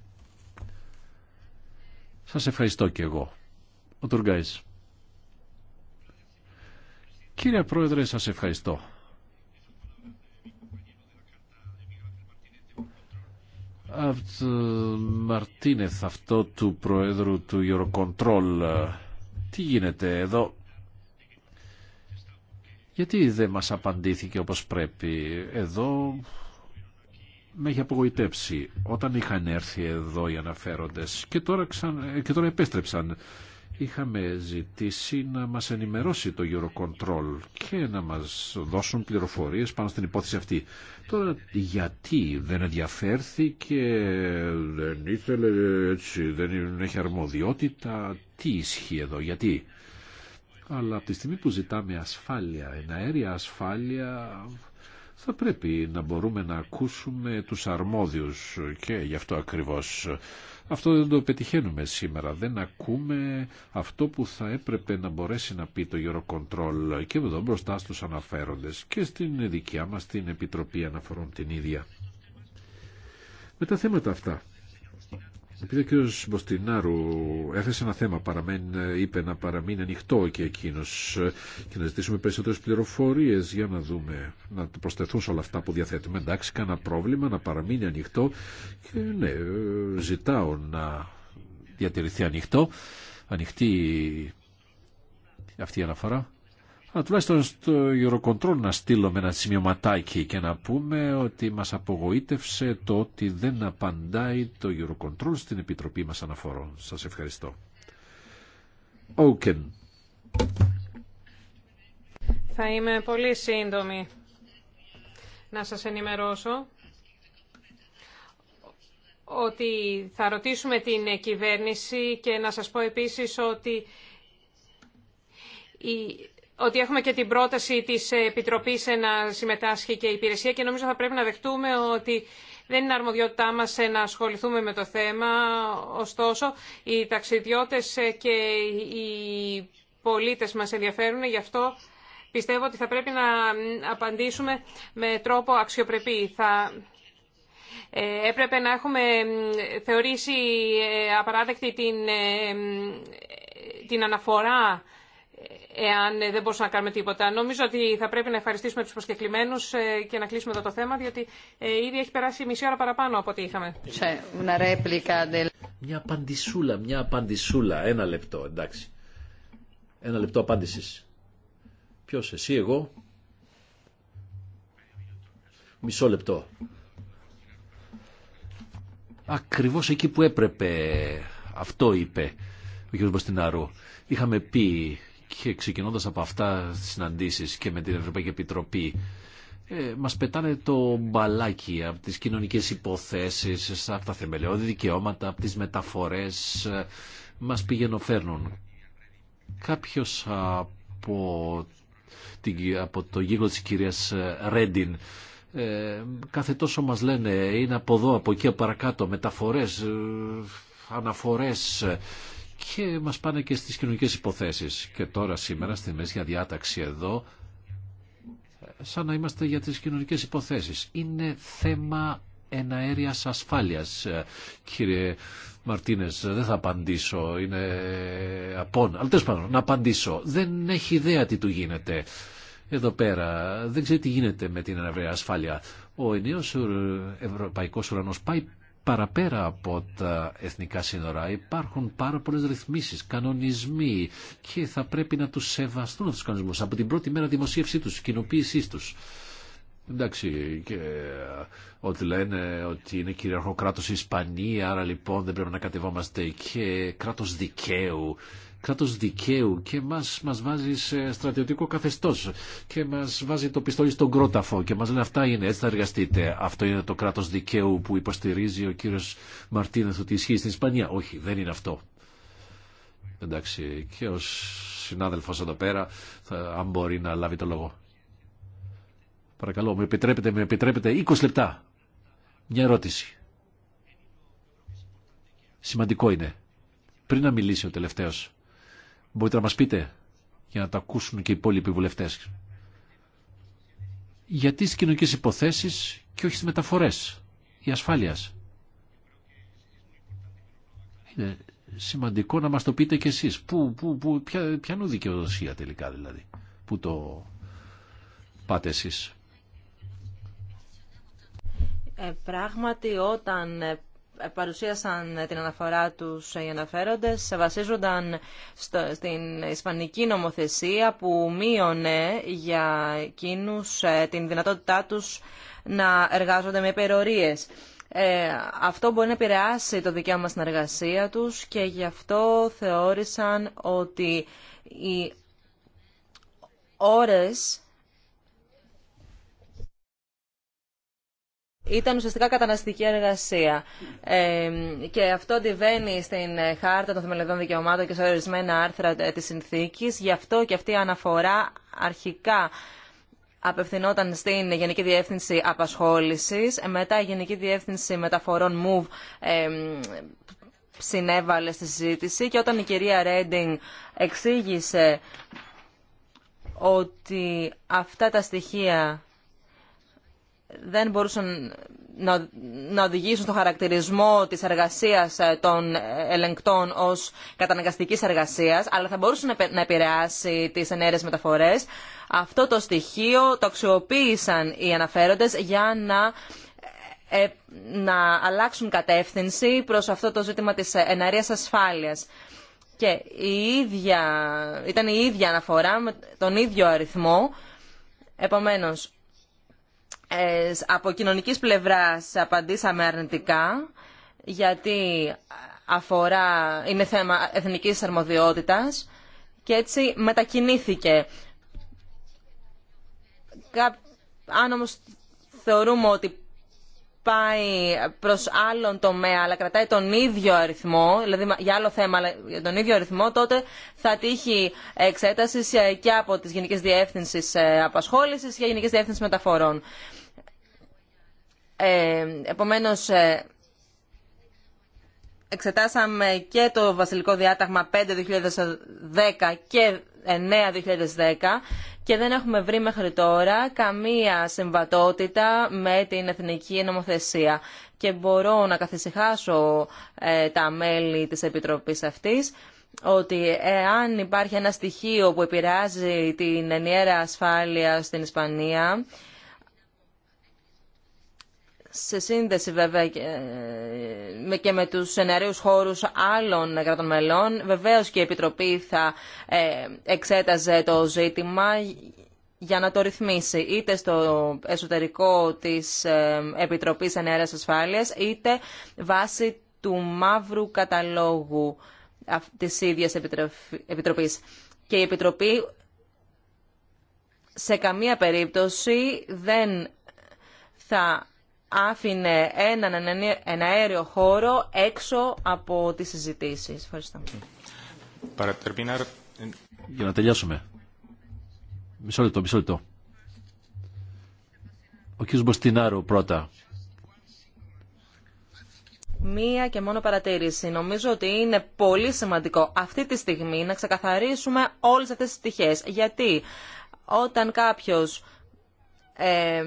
Σας ευχαριστώ και εγώ. Ο Τουργκάης. Κύριε Πρόεδρε, σας ευχαριστώ. Από Μαρτίνεθ αυτό του Προέδρου του Eurocontrol. Τι γίνεται εδώ. Γιατί δεν μας απαντήθηκε όπως πρέπει. Εδώ με έχει απογοητεύσει όταν είχαν έρθει εδώ οι αναφέροντες και τώρα, ξαν... Ε, και τώρα επέστρεψαν. Είχαμε ζητήσει να μας ενημερώσει το Eurocontrol και να μας δώσουν πληροφορίες πάνω στην υπόθεση αυτή. Τώρα γιατί δεν ενδιαφέρθηκε, δεν ήθελε έτσι, δεν έχει αρμοδιότητα, τι ισχύει εδώ, γιατί. Αλλά από τη στιγμή που ζητάμε ασφάλεια, εναέρια ασφάλεια, θα πρέπει να μπορούμε να ακούσουμε τους αρμόδιους και γι' αυτό ακριβώς. Αυτό δεν το πετυχαίνουμε σήμερα. Δεν ακούμε αυτό που θα έπρεπε να μπορέσει να πει το Eurocontrol και εδώ μπροστά στους αναφέροντες και στην δικιά μας την Επιτροπή Αναφορών την ίδια. Με τα θέματα αυτά επειδή ο κύριο Μποστινάρου έθεσε ένα θέμα, παραμένει είπε να παραμείνει ανοιχτό και εκείνο και να ζητήσουμε περισσότερε πληροφορίε για να δούμε, να προσθεθούν σε όλα αυτά που διαθέτουμε. Εντάξει, κανένα πρόβλημα να παραμείνει ανοιχτό και ναι, ζητάω να διατηρηθεί ανοιχτό, ανοιχτή αυτή η αναφορά. Α τουλάχιστον στο Eurocontrol να στείλουμε ένα σημειωματάκι και να πούμε ότι μας απογοήτευσε το ότι δεν απαντάει το Eurocontrol στην Επιτροπή μας Αναφορών. Σας ευχαριστώ. ΟΚΕΝ Θα είμαι πολύ σύντομη. Να σας ενημερώσω ότι θα ρωτήσουμε την κυβέρνηση και να σας πω επίσης ότι η ότι έχουμε και την πρόταση της Επιτροπής να συμμετάσχει και η υπηρεσία και νομίζω θα πρέπει να δεχτούμε ότι δεν είναι αρμοδιότητά μας να ασχοληθούμε με το θέμα. Ωστόσο, οι ταξιδιώτες και οι πολίτες μας ενδιαφέρουν, γι' αυτό πιστεύω ότι θα πρέπει να απαντήσουμε με τρόπο αξιοπρεπή. Θα ε, έπρεπε να έχουμε θεωρήσει ε, απαράδεκτη την, ε, την αναφορά εάν ε, δεν μπορούσαμε να κάνουμε τίποτα. Νομίζω ότι θα πρέπει να ευχαριστήσουμε του προσκεκλημένου ε, και να κλείσουμε εδώ το θέμα, διότι ε, ήδη έχει περάσει μισή ώρα παραπάνω από ό,τι είχαμε. Μια απαντησούλα, μια απαντησούλα. Ένα λεπτό, εντάξει. Ένα λεπτό απάντηση. Ποιο εσύ, εγώ. Μισό λεπτό. Ακριβώς εκεί που έπρεπε. Αυτό είπε ο κ. Μποστινάρου. Είχαμε πει και ξεκινώντα από αυτά συναντήσεις και με την Ευρωπαϊκή Επιτροπή ε, μας πετάνε το μπαλάκι από τι κοινωνικές υποθέσεις, από τα θεμελιώδη δικαιώματα, από τις μεταφορές, ε, μας πηγαίνουν φέρνουν. Κάποιος από, από το γίγο της κυρίας ε, Ρέντιν ε, κάθε τόσο μας λένε είναι από εδώ, από εκεί, από παρακάτω, μεταφορές, αναφορές και μας πάνε και στις κοινωνικέ υποθέσεις. Και τώρα σήμερα στη μέση για διάταξη εδώ, σαν να είμαστε για τις κοινωνικέ υποθέσεις. Είναι θέμα εναέριας ασφάλειας. Κύριε Μαρτίνες, δεν θα απαντήσω, είναι απόν, αλλά τέλος πάντων, να απαντήσω. Δεν έχει ιδέα τι του γίνεται. Εδώ πέρα δεν ξέρει τι γίνεται με την εναέρια ασφάλεια. Ο ενίος ευρωπαϊκός ουρανός πάει παραπέρα από τα εθνικά σύνορα. Υπάρχουν πάρα πολλέ ρυθμίσει, κανονισμοί και θα πρέπει να του σεβαστούν αυτού του κανονισμού από την πρώτη μέρα δημοσίευσή του, κοινοποίησή του. Εντάξει, και ότι λένε ότι είναι κυριαρχό κράτο η Ισπανία, άρα λοιπόν δεν πρέπει να κατεβόμαστε και κράτο δικαίου. Κράτο δικαίου και μα μας βάζει σε στρατιωτικό καθεστώ και μα βάζει το πιστόλι στον κρόταφο και μα λέει αυτά είναι, έτσι θα εργαστείτε. Αυτό είναι το κράτο δικαίου που υποστηρίζει ο κύριο Μαρτίνεθ ότι ισχύει στην Ισπανία. Όχι, δεν είναι αυτό. Εντάξει, και ο συνάδελφος εδώ πέρα, θα, αν μπορεί να λάβει το λόγο. Παρακαλώ, με επιτρέπετε, με επιτρέπετε 20 λεπτά. Μια ερώτηση. Σημαντικό είναι. Πριν να μιλήσει ο τελευταίος. Μπορείτε να μας πείτε για να τα ακούσουν και οι υπόλοιποι βουλευτέ. Γιατί στις κοινωνικές υποθέσεις και όχι στις μεταφορές ή ασφάλειας. Είναι σημαντικό να μας το πείτε κι εσείς. Πού, πού, πού, ποια, ποιανού δικαιοδοσία τελικά δηλαδή. Πού το πάτε εσείς. Ε, πράγματι όταν παρουσίασαν την αναφορά τους οι αναφέροντες βασίζονταν στο, στην ισπανική νομοθεσία που μείωνε για εκείνους ε, την δυνατότητά τους να εργάζονται με υπερορίες. Ε, αυτό μπορεί να επηρεάσει το δικαίωμα στην εργασία τους και γι' αυτό θεώρησαν ότι οι ώρες ήταν ουσιαστικά καταναστική εργασία. Ε, και αυτό αντιβαίνει στην Χάρτα των Θεμελιωδών Δικαιωμάτων και σε ορισμένα άρθρα ε, της συνθήκης. Γι' αυτό και αυτή η αναφορά αρχικά απευθυνόταν στην Γενική Διεύθυνση Απασχόλησης, μετά η Γενική Διεύθυνση Μεταφορών MOVE ε, συνέβαλε στη συζήτηση και όταν η κυρία Ρέντινγκ εξήγησε ότι αυτά τα στοιχεία δεν μπορούσαν να οδηγήσουν στο χαρακτηρισμό της εργασίας ε, των ελεγκτών ως καταναγκαστικής εργασίας, αλλά θα μπορούσαν να επηρεάσει τις ενέργειες μεταφορές. Αυτό το στοιχείο το αξιοποίησαν οι αναφέροντες για να, ε, ε, να αλλάξουν κατεύθυνση προς αυτό το ζήτημα της εναρίας ασφάλειας. Και η ήταν η ίδια αναφορά με τον ίδιο αριθμό. Επομένως, ε, από κοινωνικής πλευράς απαντήσαμε αρνητικά γιατί αφορά, είναι θέμα εθνικής αρμοδιότητας και έτσι μετακινήθηκε. Αν όμως θεωρούμε ότι πάει προς άλλον τομέα αλλά κρατάει τον ίδιο αριθμό, δηλαδή για άλλο θέμα αλλά για τον ίδιο αριθμό, τότε θα τύχει εξέταση ε, και από τις Γενικές Διεύθυνσεις ε, Απασχόλησης και Γενικές Διεύθυνσεις Μεταφορών. Ε, επομένως, ε, εξετάσαμε και το Βασιλικό Διάταγμα 5-2010 και 9-2010 και δεν έχουμε βρει μέχρι τώρα καμία συμβατότητα με την Εθνική Νομοθεσία. Και μπορώ να καθησυχάσω ε, τα μέλη της Επιτροπής αυτής ότι εάν υπάρχει ένα στοιχείο που επηρεάζει την ενιαία ασφάλεια στην Ισπανία σε σύνδεση βέβαια και ε, με τους σενάριους χώρους άλλων κρατών μελών. Βεβαίως και η Επιτροπή θα ε, εξέταζε το ζήτημα για να το ρυθμίσει είτε στο εσωτερικό της ε, Επιτροπής Ενέρας Ασφάλειας είτε βάσει του μαύρου καταλόγου της ίδιας Επιτροπής. Και η Επιτροπή σε καμία περίπτωση δεν θα άφηνε έναν αέριο χώρο έξω από τις συζητήσεις. Ευχαριστώ. Ε, Για να τελειώσουμε. Μισό λεπτό, μισό λεπτό. Ο κ. Μποστινάρου πρώτα. Μία και μόνο παρατήρηση. Νομίζω ότι είναι πολύ σημαντικό αυτή τη στιγμή να ξεκαθαρίσουμε όλες αυτές τις στοιχές. Γιατί όταν κάποιος ε,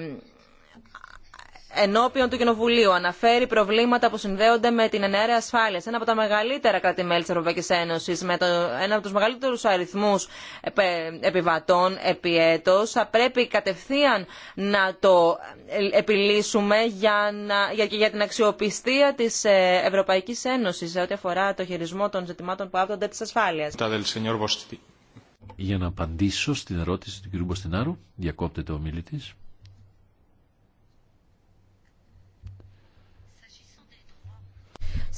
ενώπιον του Κοινοβουλίου αναφέρει προβλήματα που συνδέονται με την ενέργεια ασφάλεια. Ένα από τα μεγαλύτερα κράτη-μέλη τη Ευρωπαϊκή Ένωση, με το, ένα από του μεγαλύτερου αριθμού επιβατών επί έτος, θα πρέπει κατευθείαν να το ε, επιλύσουμε για, να, για, και για την αξιοπιστία τη ε, Ευρωπαϊκή Ένωση σε ό,τι αφορά το χειρισμό των ζητημάτων που άπτονται τη ασφάλεια. Για να απαντήσω στην ερώτηση του κ. Μποστινάρου, διακόπτεται ο μιλητής.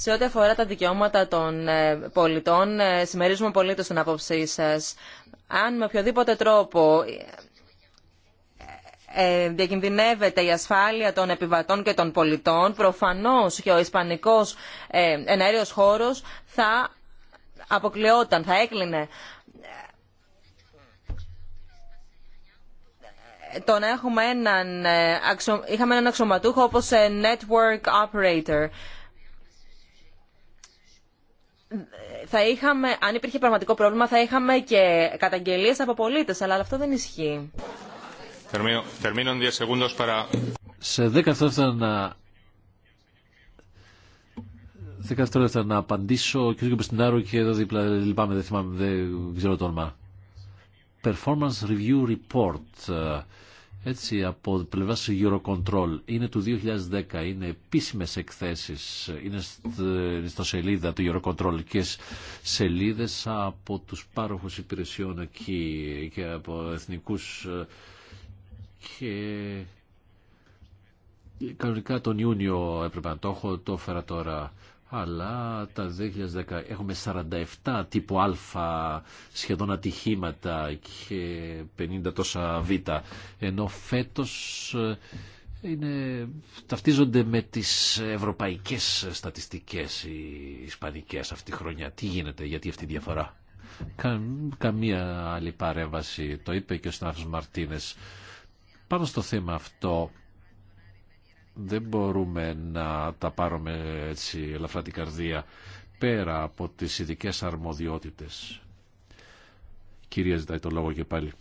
Σε ό,τι αφορά τα δικαιώματα των ε, πολιτών, ε, συμμερίζουμε πολύ το στην άποψή σας. Αν με οποιοδήποτε τρόπο ε, διακινδυνεύεται η ασφάλεια των επιβατών και των πολιτών, προφανώς και ο ισπανικός εναέριος χώρος θα αποκλειόταν, θα έκλεινε. το έχουμε έναν, είχαμε έναν αξιωματούχο όπως network operator θα είχαμε, αν υπήρχε πραγματικό πρόβλημα, θα είχαμε και καταγγελίες από πολίτες, αλλά αυτό δεν ισχύει. Σε 10 δευτερόλεπτα να... δέκα δευτερόλεπτα να απαντήσω ο κ. Κοπεστινάρου και εδώ δίπλα λυπάμαι, δεν θυμάμαι, δεν ξέρω το όνομα. Performance Review Report έτσι από πλευρά Eurocontrol είναι του 2010, είναι επίσημες εκθέσεις, είναι στο σελίδα του Eurocontrol και σελίδες από τους πάροχους υπηρεσιών εκεί και από εθνικούς ε, και κανονικά τον Ιούνιο έπρεπε να το έχω, το έφερα τώρα αλλά τα 2010 έχουμε 47 τύπου α σχεδόν ατυχήματα και 50 τόσα β. Ενώ φέτος ε, είναι, ταυτίζονται με τις ευρωπαϊκές στατιστικές οι ισπανικές αυτή τη χρονιά. Τι γίνεται, γιατί αυτή η διαφορά. καμία άλλη παρέμβαση, το είπε και ο Στάφος Μαρτίνες. Πάνω στο θέμα αυτό δεν μπορούμε να τα πάρουμε έτσι ελαφρά την καρδία πέρα από τις ειδικέ αρμοδιότητες. Κυρία ζητάει το λόγο και πάλι.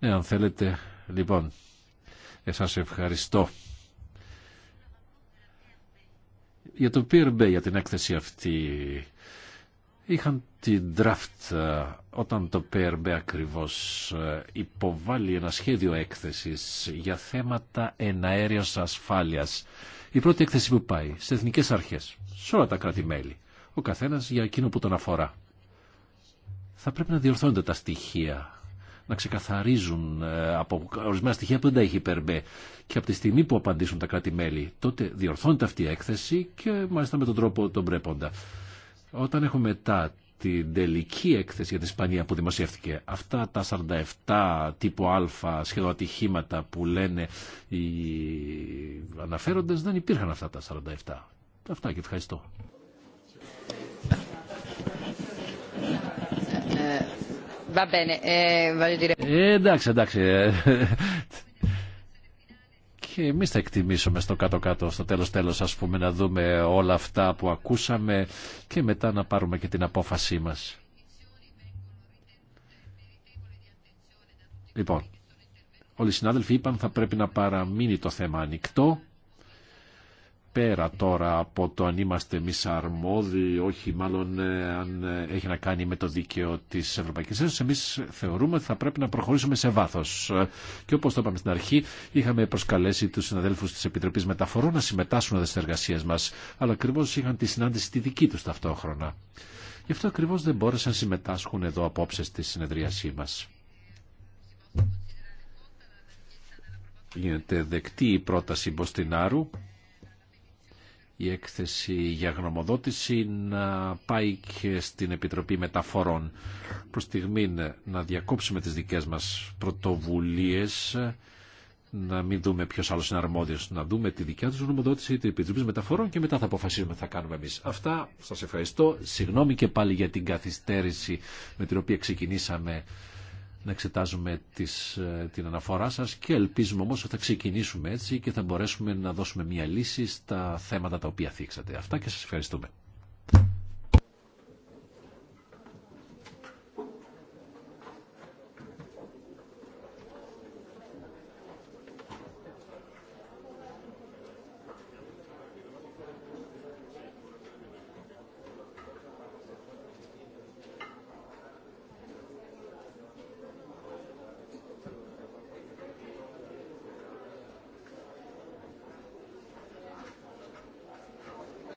Ναι, αν θέλετε, λοιπόν, εσάς ευχαριστώ. Για το PRB, για την έκθεση αυτή, είχαν την draft ε, όταν το PRB ακριβώς ε, υποβάλλει ένα σχέδιο έκθεσης για θέματα εναέριας ασφάλειας. Η πρώτη έκθεση που πάει σε εθνικές αρχές, σε όλα τα κράτη-μέλη, ο καθένας για εκείνο που τον αφορά. Θα πρέπει να διορθώνονται τα στοιχεία, να ξεκαθαρίζουν ε, από ορισμένα στοιχεία που δεν τα έχει υπερμπέ. Και από τη στιγμή που απαντήσουν τα κράτη-μέλη, τότε διορθώνεται αυτή η έκθεση και μάλιστα με τον τρόπο τον πρέποντα. Όταν έχουμε μετά την τελική έκθεση για την Ισπανία που δημοσιεύτηκε, αυτά τα 47 τύπο α σχεδόν ατυχήματα που λένε οι αναφέροντες, δεν υπήρχαν αυτά τα 47. Αυτά και ευχαριστώ. Ε, ε, ε, εντάξει, εντάξει και εμείς θα εκτιμήσουμε στο κάτω-κάτω, στο τέλος-τέλος ας πούμε να δούμε όλα αυτά που ακούσαμε και μετά να πάρουμε και την απόφασή μας. Λοιπόν, όλοι οι συνάδελφοι είπαν θα πρέπει να παραμείνει το θέμα ανοιχτό πέρα τώρα από το αν είμαστε εμεί αρμόδιοι, όχι μάλλον ε, αν ε, έχει να κάνει με το δίκαιο τη Ευρωπαϊκή Ένωση. Εμεί θεωρούμε ότι θα πρέπει να προχωρήσουμε σε βάθο. Ε, και όπω το είπαμε στην αρχή, είχαμε προσκαλέσει του συναδέλφου τη Επιτροπή Μεταφορών να συμμετάσχουν στι εργασίε μα, αλλά ακριβώ είχαν τη συνάντηση τη δική του ταυτόχρονα. Γι' αυτό ακριβώ δεν μπόρεσαν να συμμετάσχουν εδώ απόψε στη συνεδρίασή μα. Γίνεται δεκτή η πρόταση Μποστινάρου η έκθεση για γνωμοδότηση να πάει και στην Επιτροπή Μεταφορών. Προς στιγμή να διακόψουμε τις δικές μας πρωτοβουλίες, να μην δούμε ποιος άλλος είναι αρμόδιος, να δούμε τη δικιά τους γνωμοδότηση της επιτροπή Μεταφορών και μετά θα αποφασίσουμε τι θα κάνουμε εμείς. Αυτά, σας ευχαριστώ. Συγγνώμη και πάλι για την καθυστέρηση με την οποία ξεκινήσαμε να εξετάζουμε τις, ε, την αναφορά σας και ελπίζουμε όμως ότι θα ξεκινήσουμε έτσι και θα μπορέσουμε να δώσουμε μια λύση στα θέματα τα οποία θίξατε. Αυτά και σας ευχαριστούμε.